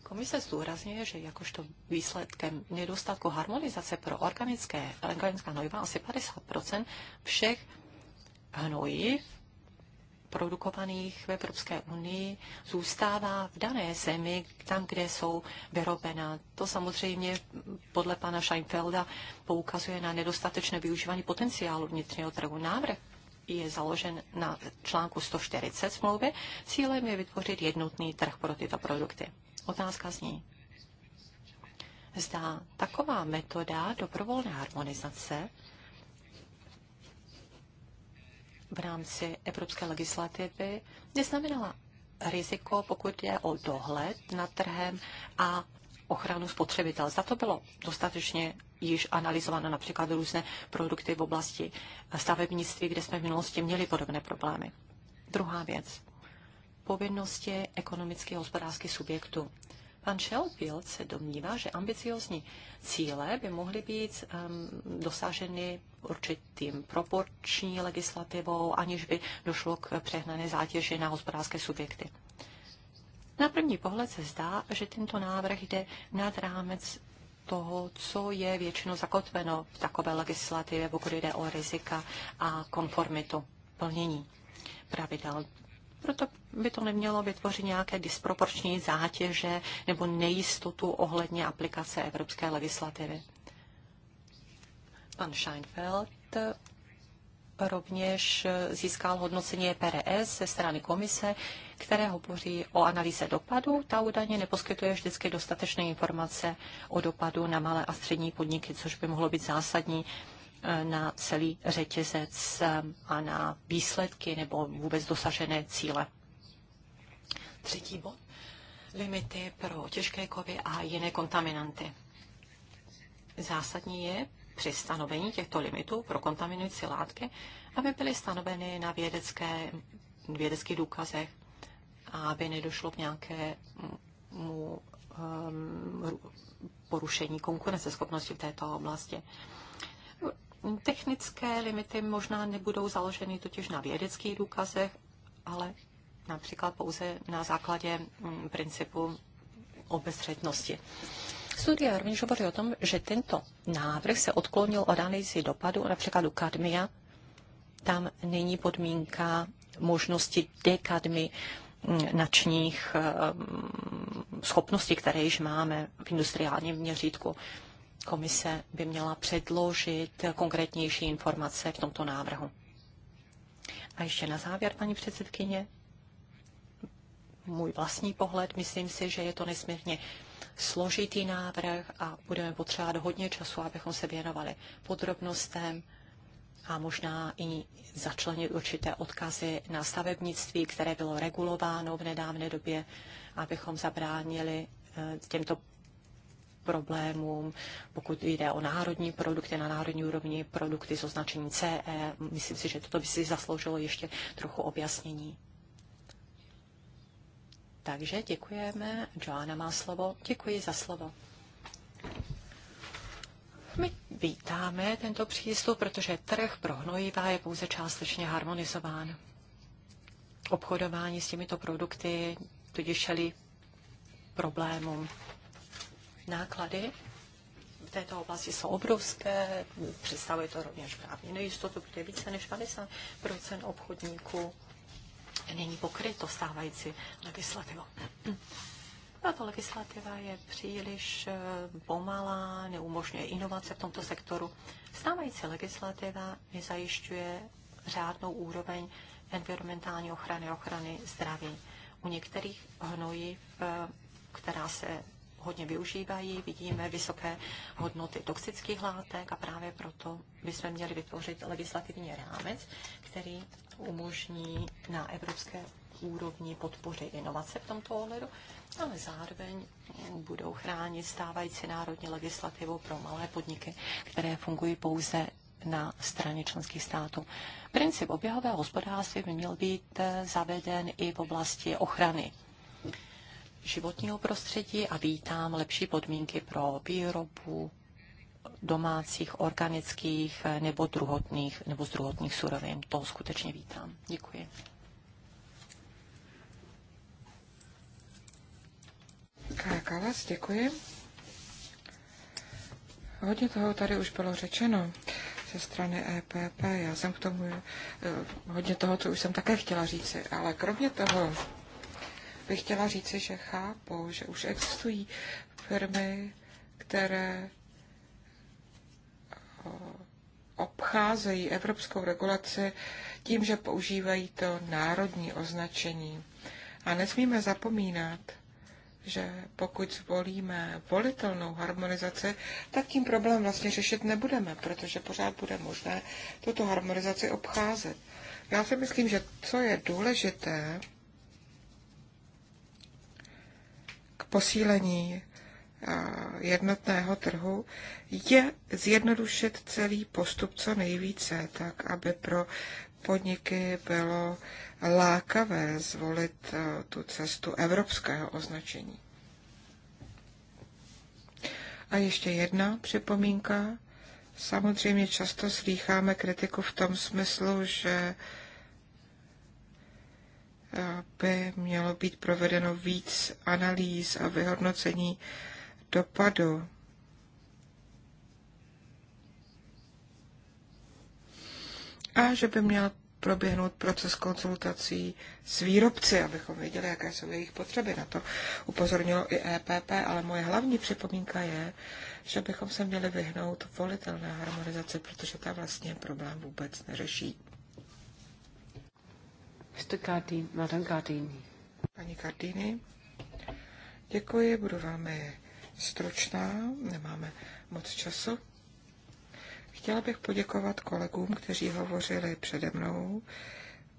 Komise zdůrazňuje, že jakožto výsledkem nedostatku harmonizace pro organické, organická hnojiva asi 50 všech hnojiv produkovaných v Evropské unii zůstává v dané zemi, tam, kde jsou vyrobena. To samozřejmě podle pana Scheinfelda poukazuje na nedostatečné využívání potenciálu vnitřního trhu. Návrh je založen na článku 140 smlouvy. Cílem je vytvořit jednotný trh pro tyto produkty. Otázka zní. Zda taková metoda dobrovolné harmonizace v rámci evropské legislativy neznamenala riziko, pokud je o dohled nad trhem a ochranu spotřebitel. Za to bylo dostatečně již analyzováno například různé produkty v oblasti stavebnictví, kde jsme v minulosti měli podobné problémy. Druhá věc. Povinnosti ekonomických a hospodářských subjektů. Pan Schellfield se domnívá, že ambiciozní cíle by mohly být um, dosaženy určitým proporční legislativou, aniž by došlo k přehnané zátěži na hospodářské subjekty. Na první pohled se zdá, že tento návrh jde nad rámec toho, co je většinou zakotveno v takové legislativě, pokud jde o rizika a konformitu plnění pravidel. Proto by to nemělo vytvořit nějaké disproporční zátěže nebo nejistotu ohledně aplikace evropské legislativy. Pan Scheinfeld rovněž získal hodnocení EPRS ze strany komise, které hovoří o analýze dopadu. Ta údajně neposkytuje vždycky dostatečné informace o dopadu na malé a střední podniky, což by mohlo být zásadní na celý řetězec eh, a na výsledky nebo vůbec dosažené cíle. Třetí bod. Limity pro těžké kovy a jiné kontaminanty. Zásadní je při stanovení těchto limitů pro kontaminující látky, aby byly stanoveny na vědecké, vědeckých důkazech a aby nedošlo k nějakému um, porušení konkurenceschopnosti v této oblasti. Technické limity možná nebudou založeny totiž na vědeckých důkazech, ale například pouze na základě mm, principu obezřetnosti. Studie rovněž hovoří o tom, že tento návrh se odklonil od analýzy dopadu, například u kadmia. Tam není podmínka možnosti dekadmy mm, načních eh, mm, schopností, které již máme v industriálním měřítku komise by měla předložit konkrétnější informace v tomto návrhu. A ještě na závěr, paní předsedkyně, můj vlastní pohled, myslím si, že je to nesmírně složitý návrh a budeme potřebovat hodně času, abychom se věnovali podrobnostem a možná i začlenit určité odkazy na stavebnictví, které bylo regulováno v nedávné době, abychom zabránili eh, těmto problémům, pokud jde o národní produkty, na národní úrovni produkty s označením CE. Myslím si, že toto by si zasloužilo ještě trochu objasnění. Takže děkujeme. Joana má slovo. Děkuji za slovo. My vítáme tento přístup, protože trh pro hnojiva je pouze částečně harmonizován. Obchodování s těmito produkty tudíž čelí problémům náklady v této oblasti jsou obrovské, představuje to rovněž právní nejistotu, protože více než 50 obchodníků není pokryto stávající legislativou. Tato legislativa je příliš eh, pomalá, neumožňuje inovace v tomto sektoru. Stávající legislativa nezajišťuje řádnou úroveň environmentální ochrany, ochrany zdraví. U některých hnojiv, eh, která se hodně využívají, vidíme vysoké hodnoty toxických látek a právě proto bychom měli vytvořit legislativní rámec, který umožní na evropské úrovni podpořit inovace v tomto ohledu, ale zároveň budou chránit stávající národní legislativu pro malé podniky, které fungují pouze na straně členských států. Princip oběhového hospodářství by měl být eh, zaveden i v oblasti ochrany životního prostředí a vítám lepší podmínky pro výrobu domácích, organických nebo, druhotných, nebo zdruhotných surovin. To skutečně vítám. Děkuji. Káka vás, děkuji. Hodně toho tady už bylo řečeno ze strany EPP. Já jsem k tomu eh, hodně toho, co už jsem také chtěla říci. Ale kromě toho, bych chtěla říci, že chápu, že už existují firmy, které eh, obcházejí evropskou regulaci tím, že používají to národní označení. A nesmíme zapomínat, že pokud zvolíme volitelnou harmonizaci, tak tím problém vlastně řešit nebudeme, protože pořád bude možné tuto harmonizaci obcházet. Já si myslím, že co je důležité, posílení eh, jednotného trhu je zjednodušit celý postup co nejvíce, tak aby pro podniky bylo lákavé zvolit eh, tu cestu evropského označení. A ještě jedna připomínka. Samozřejmě často slýcháme kritiku v tom smyslu, že by mělo být provedeno víc analýz a vyhodnocení dopadu. A že by měl proběhnout proces konzultací s výrobci, abychom věděli, jaké jsou jejich potřeby. Na to upozornilo i EPP, ale moje hlavní připomínka je, že bychom se měli vyhnout volitelné harmonizaci, protože ta vlastně problém vůbec neřeší. Mr. Gardini, Madame Paní Gardini, děkuji, budu velmi stručná, nemáme moc času. Chtěla bych poděkovat kolegům, kteří hovořili přede mnou,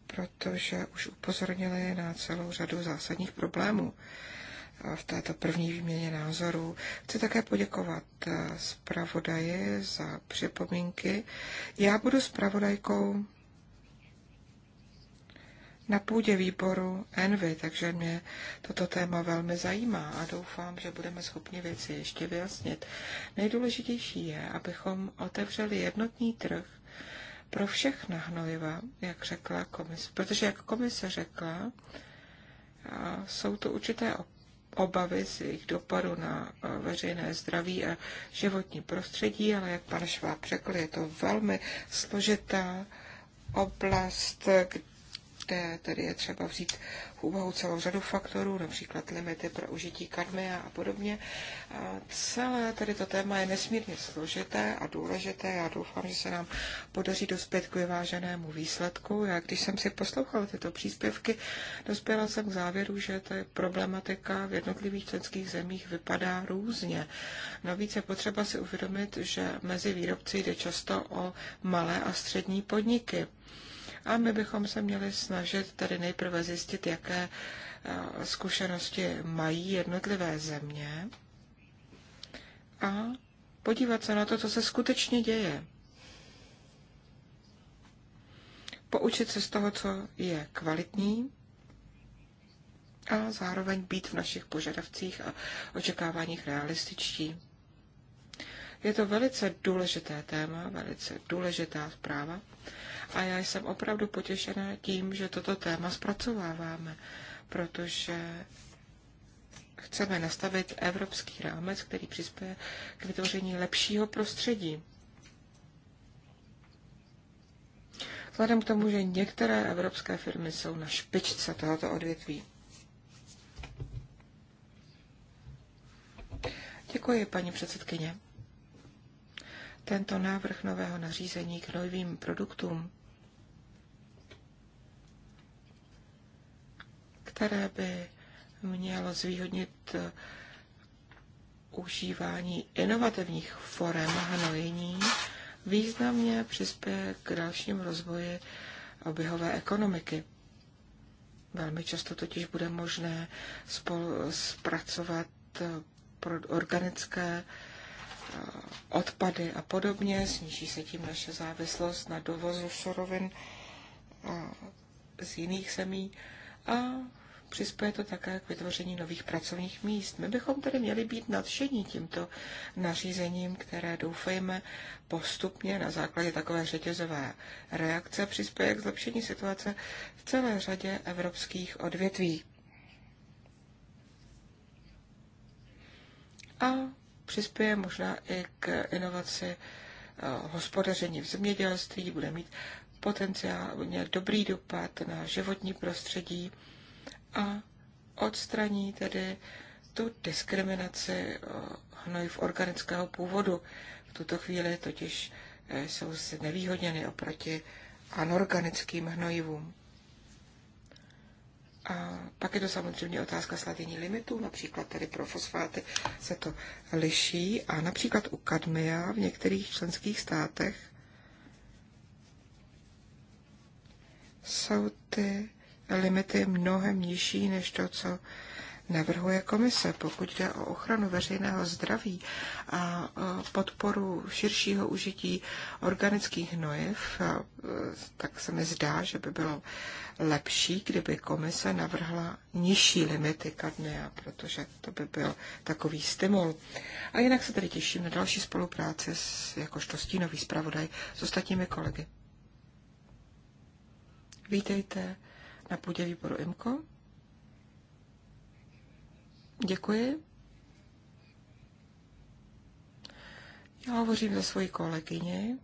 protože už upozornili na celou řadu zásadních problémů v této první výměně názorů. Chci také poděkovat eh, zpravodaji za připomínky. Já budu zpravodajkou na půdě výboru Envy, takže mě toto téma velmi zajímá a doufám, že budeme schopni věci ještě vyjasnit. Nejdůležitější je, abychom otevřeli jednotný trh pro všechna hnojiva, jak řekla komise. Protože, jak komise řekla, jsou to určité obavy z jejich dopadu na e, veřejné zdraví a životní prostředí, ale jak pan Šváb řekl, je to velmi složitá oblast, kde té, tedy je třeba vzít v úvahu celou řadu faktorů, například limity pro užití kadmia a podobně. A celé tedy to téma je nesmírně složité a důležité. Já doufám, že se nám podaří dospět k vyváženému výsledku. Já když jsem si poslouchal tyto příspěvky, dospěla jsem k závěru, že ta problematika v jednotlivých členských zemích vypadá různě. Navíc je potřeba si uvědomit, že mezi výrobci jde často o malé a střední podniky. A my bychom se měli snažit tady nejprve zjistit, jaké eh, zkušenosti mají jednotlivé země a podívat se na to, co se skutečně děje. Poučit se z toho, co je kvalitní a zároveň být v našich požadavcích a očekáváních realističtí. Je to velice důležité téma, velice důležitá zpráva a já jsem opravdu potěšená tím, že toto téma zpracováváme, protože chceme nastavit evropský rámec, který přispěje k vytvoření lepšího prostředí. Vzhledem k tomu, že některé evropské firmy jsou na špičce tohoto odvětví. Děkuji, paní předsedkyně. Tento návrh nového nařízení k novým produktům které by mělo zvýhodnit eh, užívání inovativních forem hnojení, významně přispěje k dalším rozvoji oběhové ekonomiky. Velmi často totiž bude možné spol- zpracovat eh, organické eh, odpady a podobně. Sníží se tím naše závislost na dovozu surovin z jiných zemí a přispěje to také k vytvoření nových pracovních míst. My bychom tedy měli být nadšení tímto nařízením, které doufejme postupně na základě takové řetězové reakce přispěje k zlepšení situace v celé řadě evropských odvětví. A přispěje možná i k inovaci eh, hospodaření v zemědělství, bude mít potenciálně dobrý dopad na životní prostředí a odstraní tedy tu diskriminaci eh, hnojiv organického původu. V tuto chvíli totiž eh, jsou si nevýhodněny oproti anorganickým hnojivům. A pak je to samozřejmě otázka sladění limitů, například tedy pro fosfáty se to liší a například u kadmia v některých členských státech jsou ty limity mnohem nižší než to, co navrhuje komise, pokud jde o ochranu veřejného zdraví a e, podporu širšího užití organických hnojiv, e, tak se mi zdá, že by bylo lepší, kdyby komise navrhla nižší limity kadmia, protože to by byl takový stimul. A jinak se tedy těším na další spolupráci s jakožto stínový zpravodaj s ostatními kolegy. Vítejte na půdě výboru IMKO. Děkuji. Já hovořím za svoji kolegyni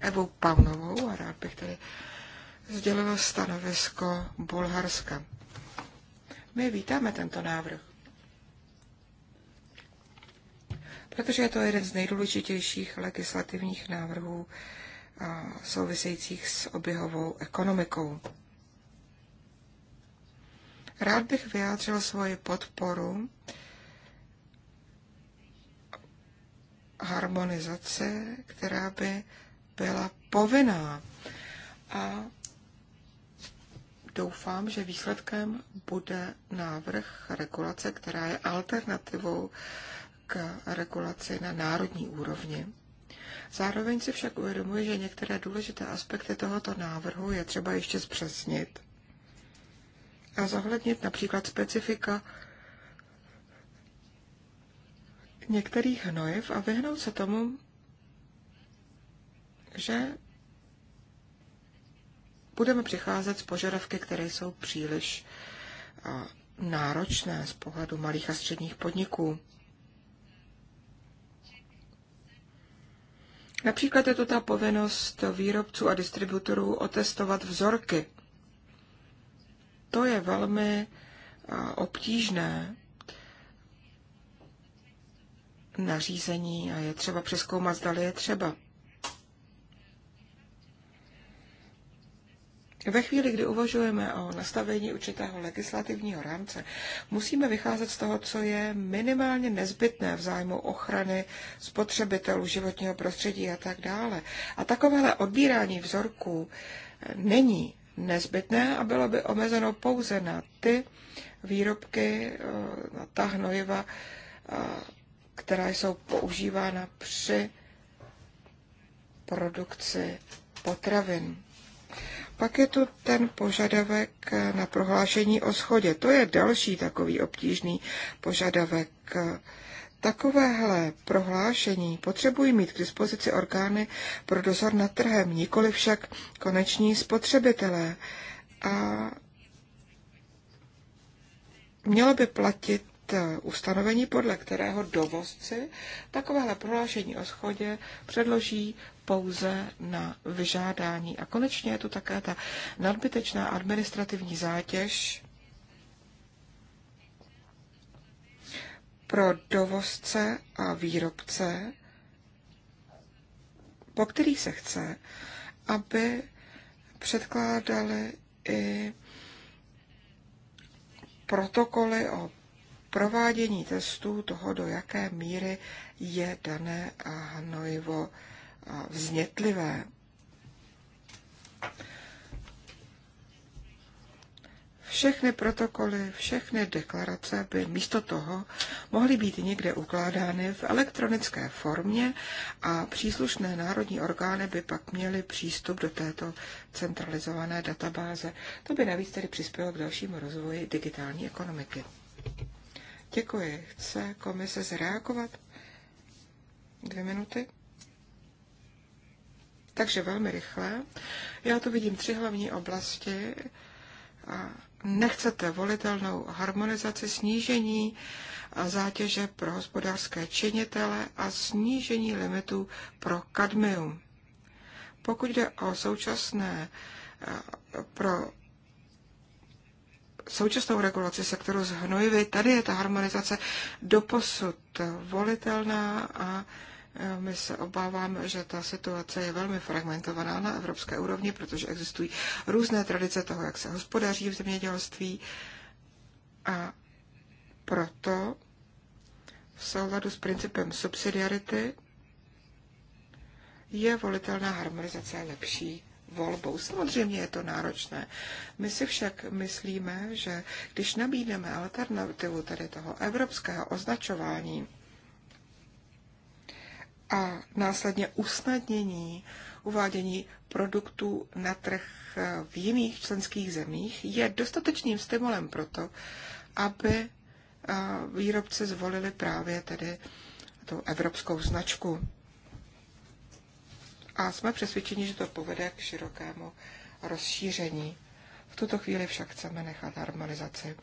Evu Paunovou a rád bych tady sdělila stanovisko Bulharska. My vítáme tento návrh, protože je to jeden z nejdůležitějších legislativních návrhů, souvisejících s oběhovou ekonomikou. Rád bych vyjádřil svoji podporu harmonizace, která by byla povinná. A doufám, že výsledkem bude návrh regulace, která je alternativou k regulaci na národní úrovni. Zároveň si však uvědomuji, že některé důležité aspekty tohoto návrhu je třeba ještě zpřesnit a zohlednit například specifika některých hnojiv a vyhnout se tomu, že budeme přicházet z požadavky, které jsou příliš náročné z pohledu malých a středních podniků. Například je to ta povinnost výrobců a distributorů otestovat vzorky. To je velmi obtížné nařízení a je třeba přeskoumat, zda je třeba. Ve chvíli, kdy uvažujeme o nastavení určitého legislativního rámce, musíme vycházet z toho, co je minimálně nezbytné v zájmu ochrany spotřebitelů, životního prostředí a tak dále. A takovéhle odbírání vzorků eh, není nezbytné a bylo by omezeno pouze na ty výrobky, eh, na ta hnojiva, eh, která jsou používána při produkci potravin. Pak je tu ten požadavek na prohlášení o schodě. To je další takový obtížný požadavek. Takovéhle prohlášení potřebují mít k dispozici orgány pro dozor nad trhem, nikoli však koneční spotřebitelé. A mělo by platit Eh, ustanovení, podle kterého dovozci takovéhle prohlášení o schodě předloží pouze na vyžádání. A konečně je tu také ta nadbytečná administrativní zátěž pro dovozce a výrobce, po kterých se chce, aby předkládali i protokoly o provádění testů toho, do jaké míry je dané hnojivo vznětlivé. Všechny protokoly, všechny deklarace by místo toho mohly být někde ukládány v elektronické formě a příslušné národní orgány by pak měly přístup do této centralizované databáze. To by navíc tedy přispělo k dalšímu rozvoji digitální ekonomiky. Děkuji. Chce komise zreagovat? Dvě minuty. Takže velmi rychle. Já tu vidím tři hlavní oblasti. Nechcete volitelnou harmonizaci, snížení zátěže pro hospodářské činitele a snížení limitů pro kadmium. Pokud jde o současné eh, pro současnou regulaci sektoru s hnojivy, tady je ta harmonizace doposud volitelná a e, my se obáváme, že ta situace je velmi fragmentovaná na evropské úrovni, protože existují různé tradice toho, jak se hospodaří v zemědělství a proto v souladu s principem subsidiarity je volitelná harmonizace lepší volbou. Samozřejmě je to náročné. My si však myslíme, že když nabídneme alternativu tedy toho evropského označování a následně usnadnění uvádění produktů na trh v jiných členských zemích, je dostatečným stimulem pro to, aby eh, výrobci zvolili právě tedy tu evropskou značku a jsme přesvědčeni, že to povede k širokému rozšíření. V tuto chvíli však chceme nechat harmonizaci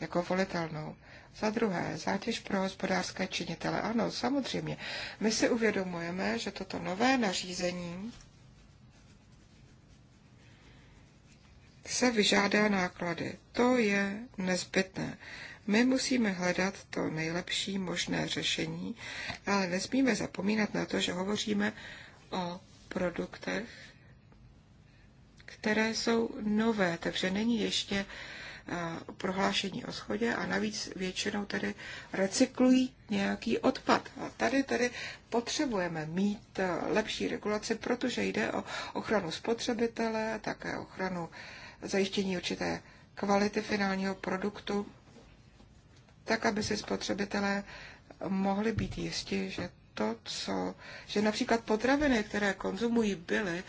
jako volitelnou. Za druhé, zátěž pro hospodářské činitele. Ano, samozřejmě. My si uvědomujeme, že toto nové nařízení se vyžádá náklady. To je nezbytné. My musíme hledat to nejlepší možné řešení, ale nesmíme zapomínat na to, že hovoříme o produktech, které jsou nové, takže není ještě eh, prohlášení o schodě a navíc většinou tedy recyklují nějaký odpad. A tady tedy potřebujeme mít eh, lepší regulaci, protože jde o ochranu spotřebitele, také ochranu zajištění určité kvality finálního produktu, tak aby si spotřebitelé mohli být jisti, že to, co, že například potraviny, které konzumují, byly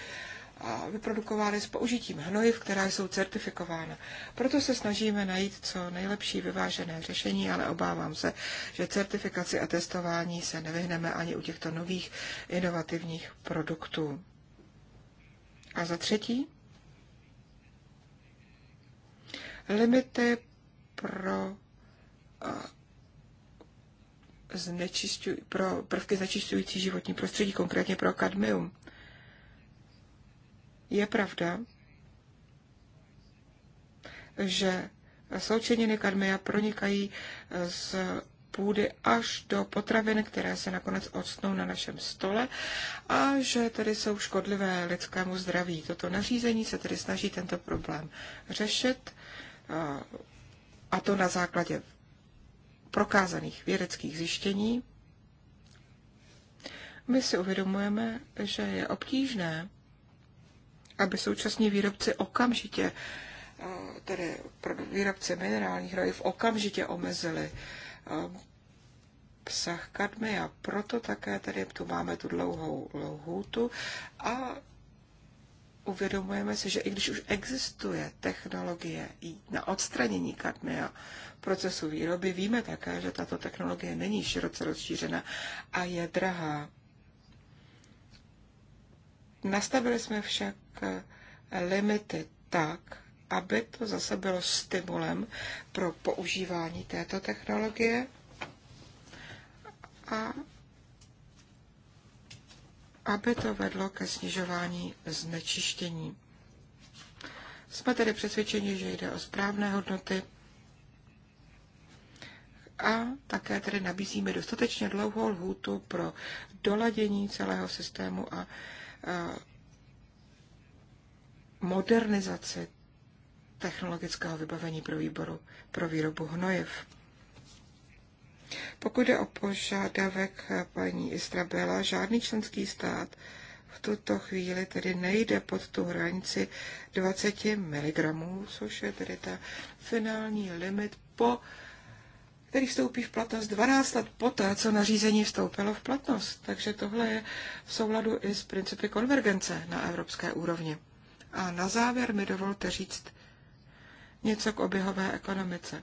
vyprodukovány s použitím hnojiv, která jsou certifikována. Proto se snažíme najít co nejlepší vyvážené řešení, ale obávám se, že certifikaci a testování se nevyhneme ani u těchto nových inovativních produktů. A za třetí, limity pro znečišťuj, pro prvky znečišťující životní prostředí, konkrétně pro kadmium. Je pravda, že sloučeniny kadmia pronikají z půdy až do potravin, které se nakonec odstnou na našem stole a že tedy jsou škodlivé lidskému zdraví. Toto nařízení se tedy snaží tento problém řešit a to na základě prokázaných vědeckých zjištění, my si uvědomujeme, že je obtížné, aby současní výrobci okamžitě, eh, tedy výrobci minerálních hnojiv, okamžitě omezili obsah eh, kadmia. Proto také tady tu máme tu dlouhou lhůtu a uvědomujeme si, že i když už existuje technologie na odstranění kadmia procesu výroby, víme také, že tato technologie není široce rozšířena a je drahá. Nastavili jsme však eh, limity tak, aby to zase bylo stimulem pro používání této technologie a aby to vedlo ke snižování znečištění. Jsme tedy přesvědčeni, že jde o správné hodnoty a také tedy nabízíme dostatečně dlouhou lhůtu pro doladění celého systému a modernizaci technologického vybavení pro, výboru, pro výrobu hnojiv. Pokud je o požadavek eh, paní Istrabela, žádný členský stát v tuto chvíli tedy nejde pod tu hranici 20 mg, což je tedy ta finální limit, po, který vstoupí v platnost 12 let poté, co nařízení vstoupilo v platnost. Takže tohle je v souladu i s principy konvergence na evropské úrovni. A na závěr mi dovolte říct něco k oběhové ekonomice.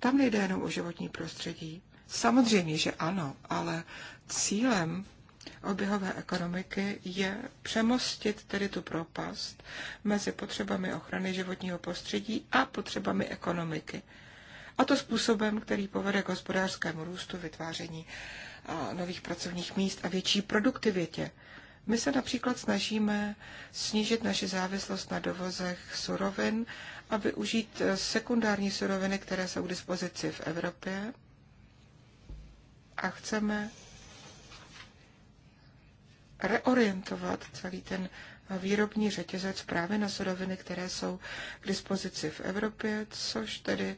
Tam nejde jenom o životní prostředí. Samozřejmě, že ano, ale cílem oběhové ekonomiky je přemostit tedy tu propast mezi potřebami ochrany životního prostředí a potřebami ekonomiky. A to způsobem, který povede k hospodářskému růstu, vytváření nových pracovních míst a větší produktivitě. My se například snažíme snížit naši závislost na dovozech surovin a využít eh, sekundární suroviny, které jsou k dispozici v Evropě. A chceme reorientovat celý ten výrobní řetězec právě na suroviny, které jsou k dispozici v Evropě, což tedy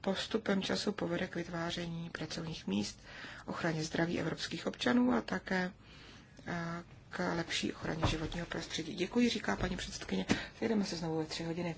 postupem času povede k vytváření pracovních míst, ochraně zdraví evropských občanů a také eh, k lepší ochraně životního prostředí. Děkuji, říká paní předsedkyně. Jdeme se znovu ve tři hodiny.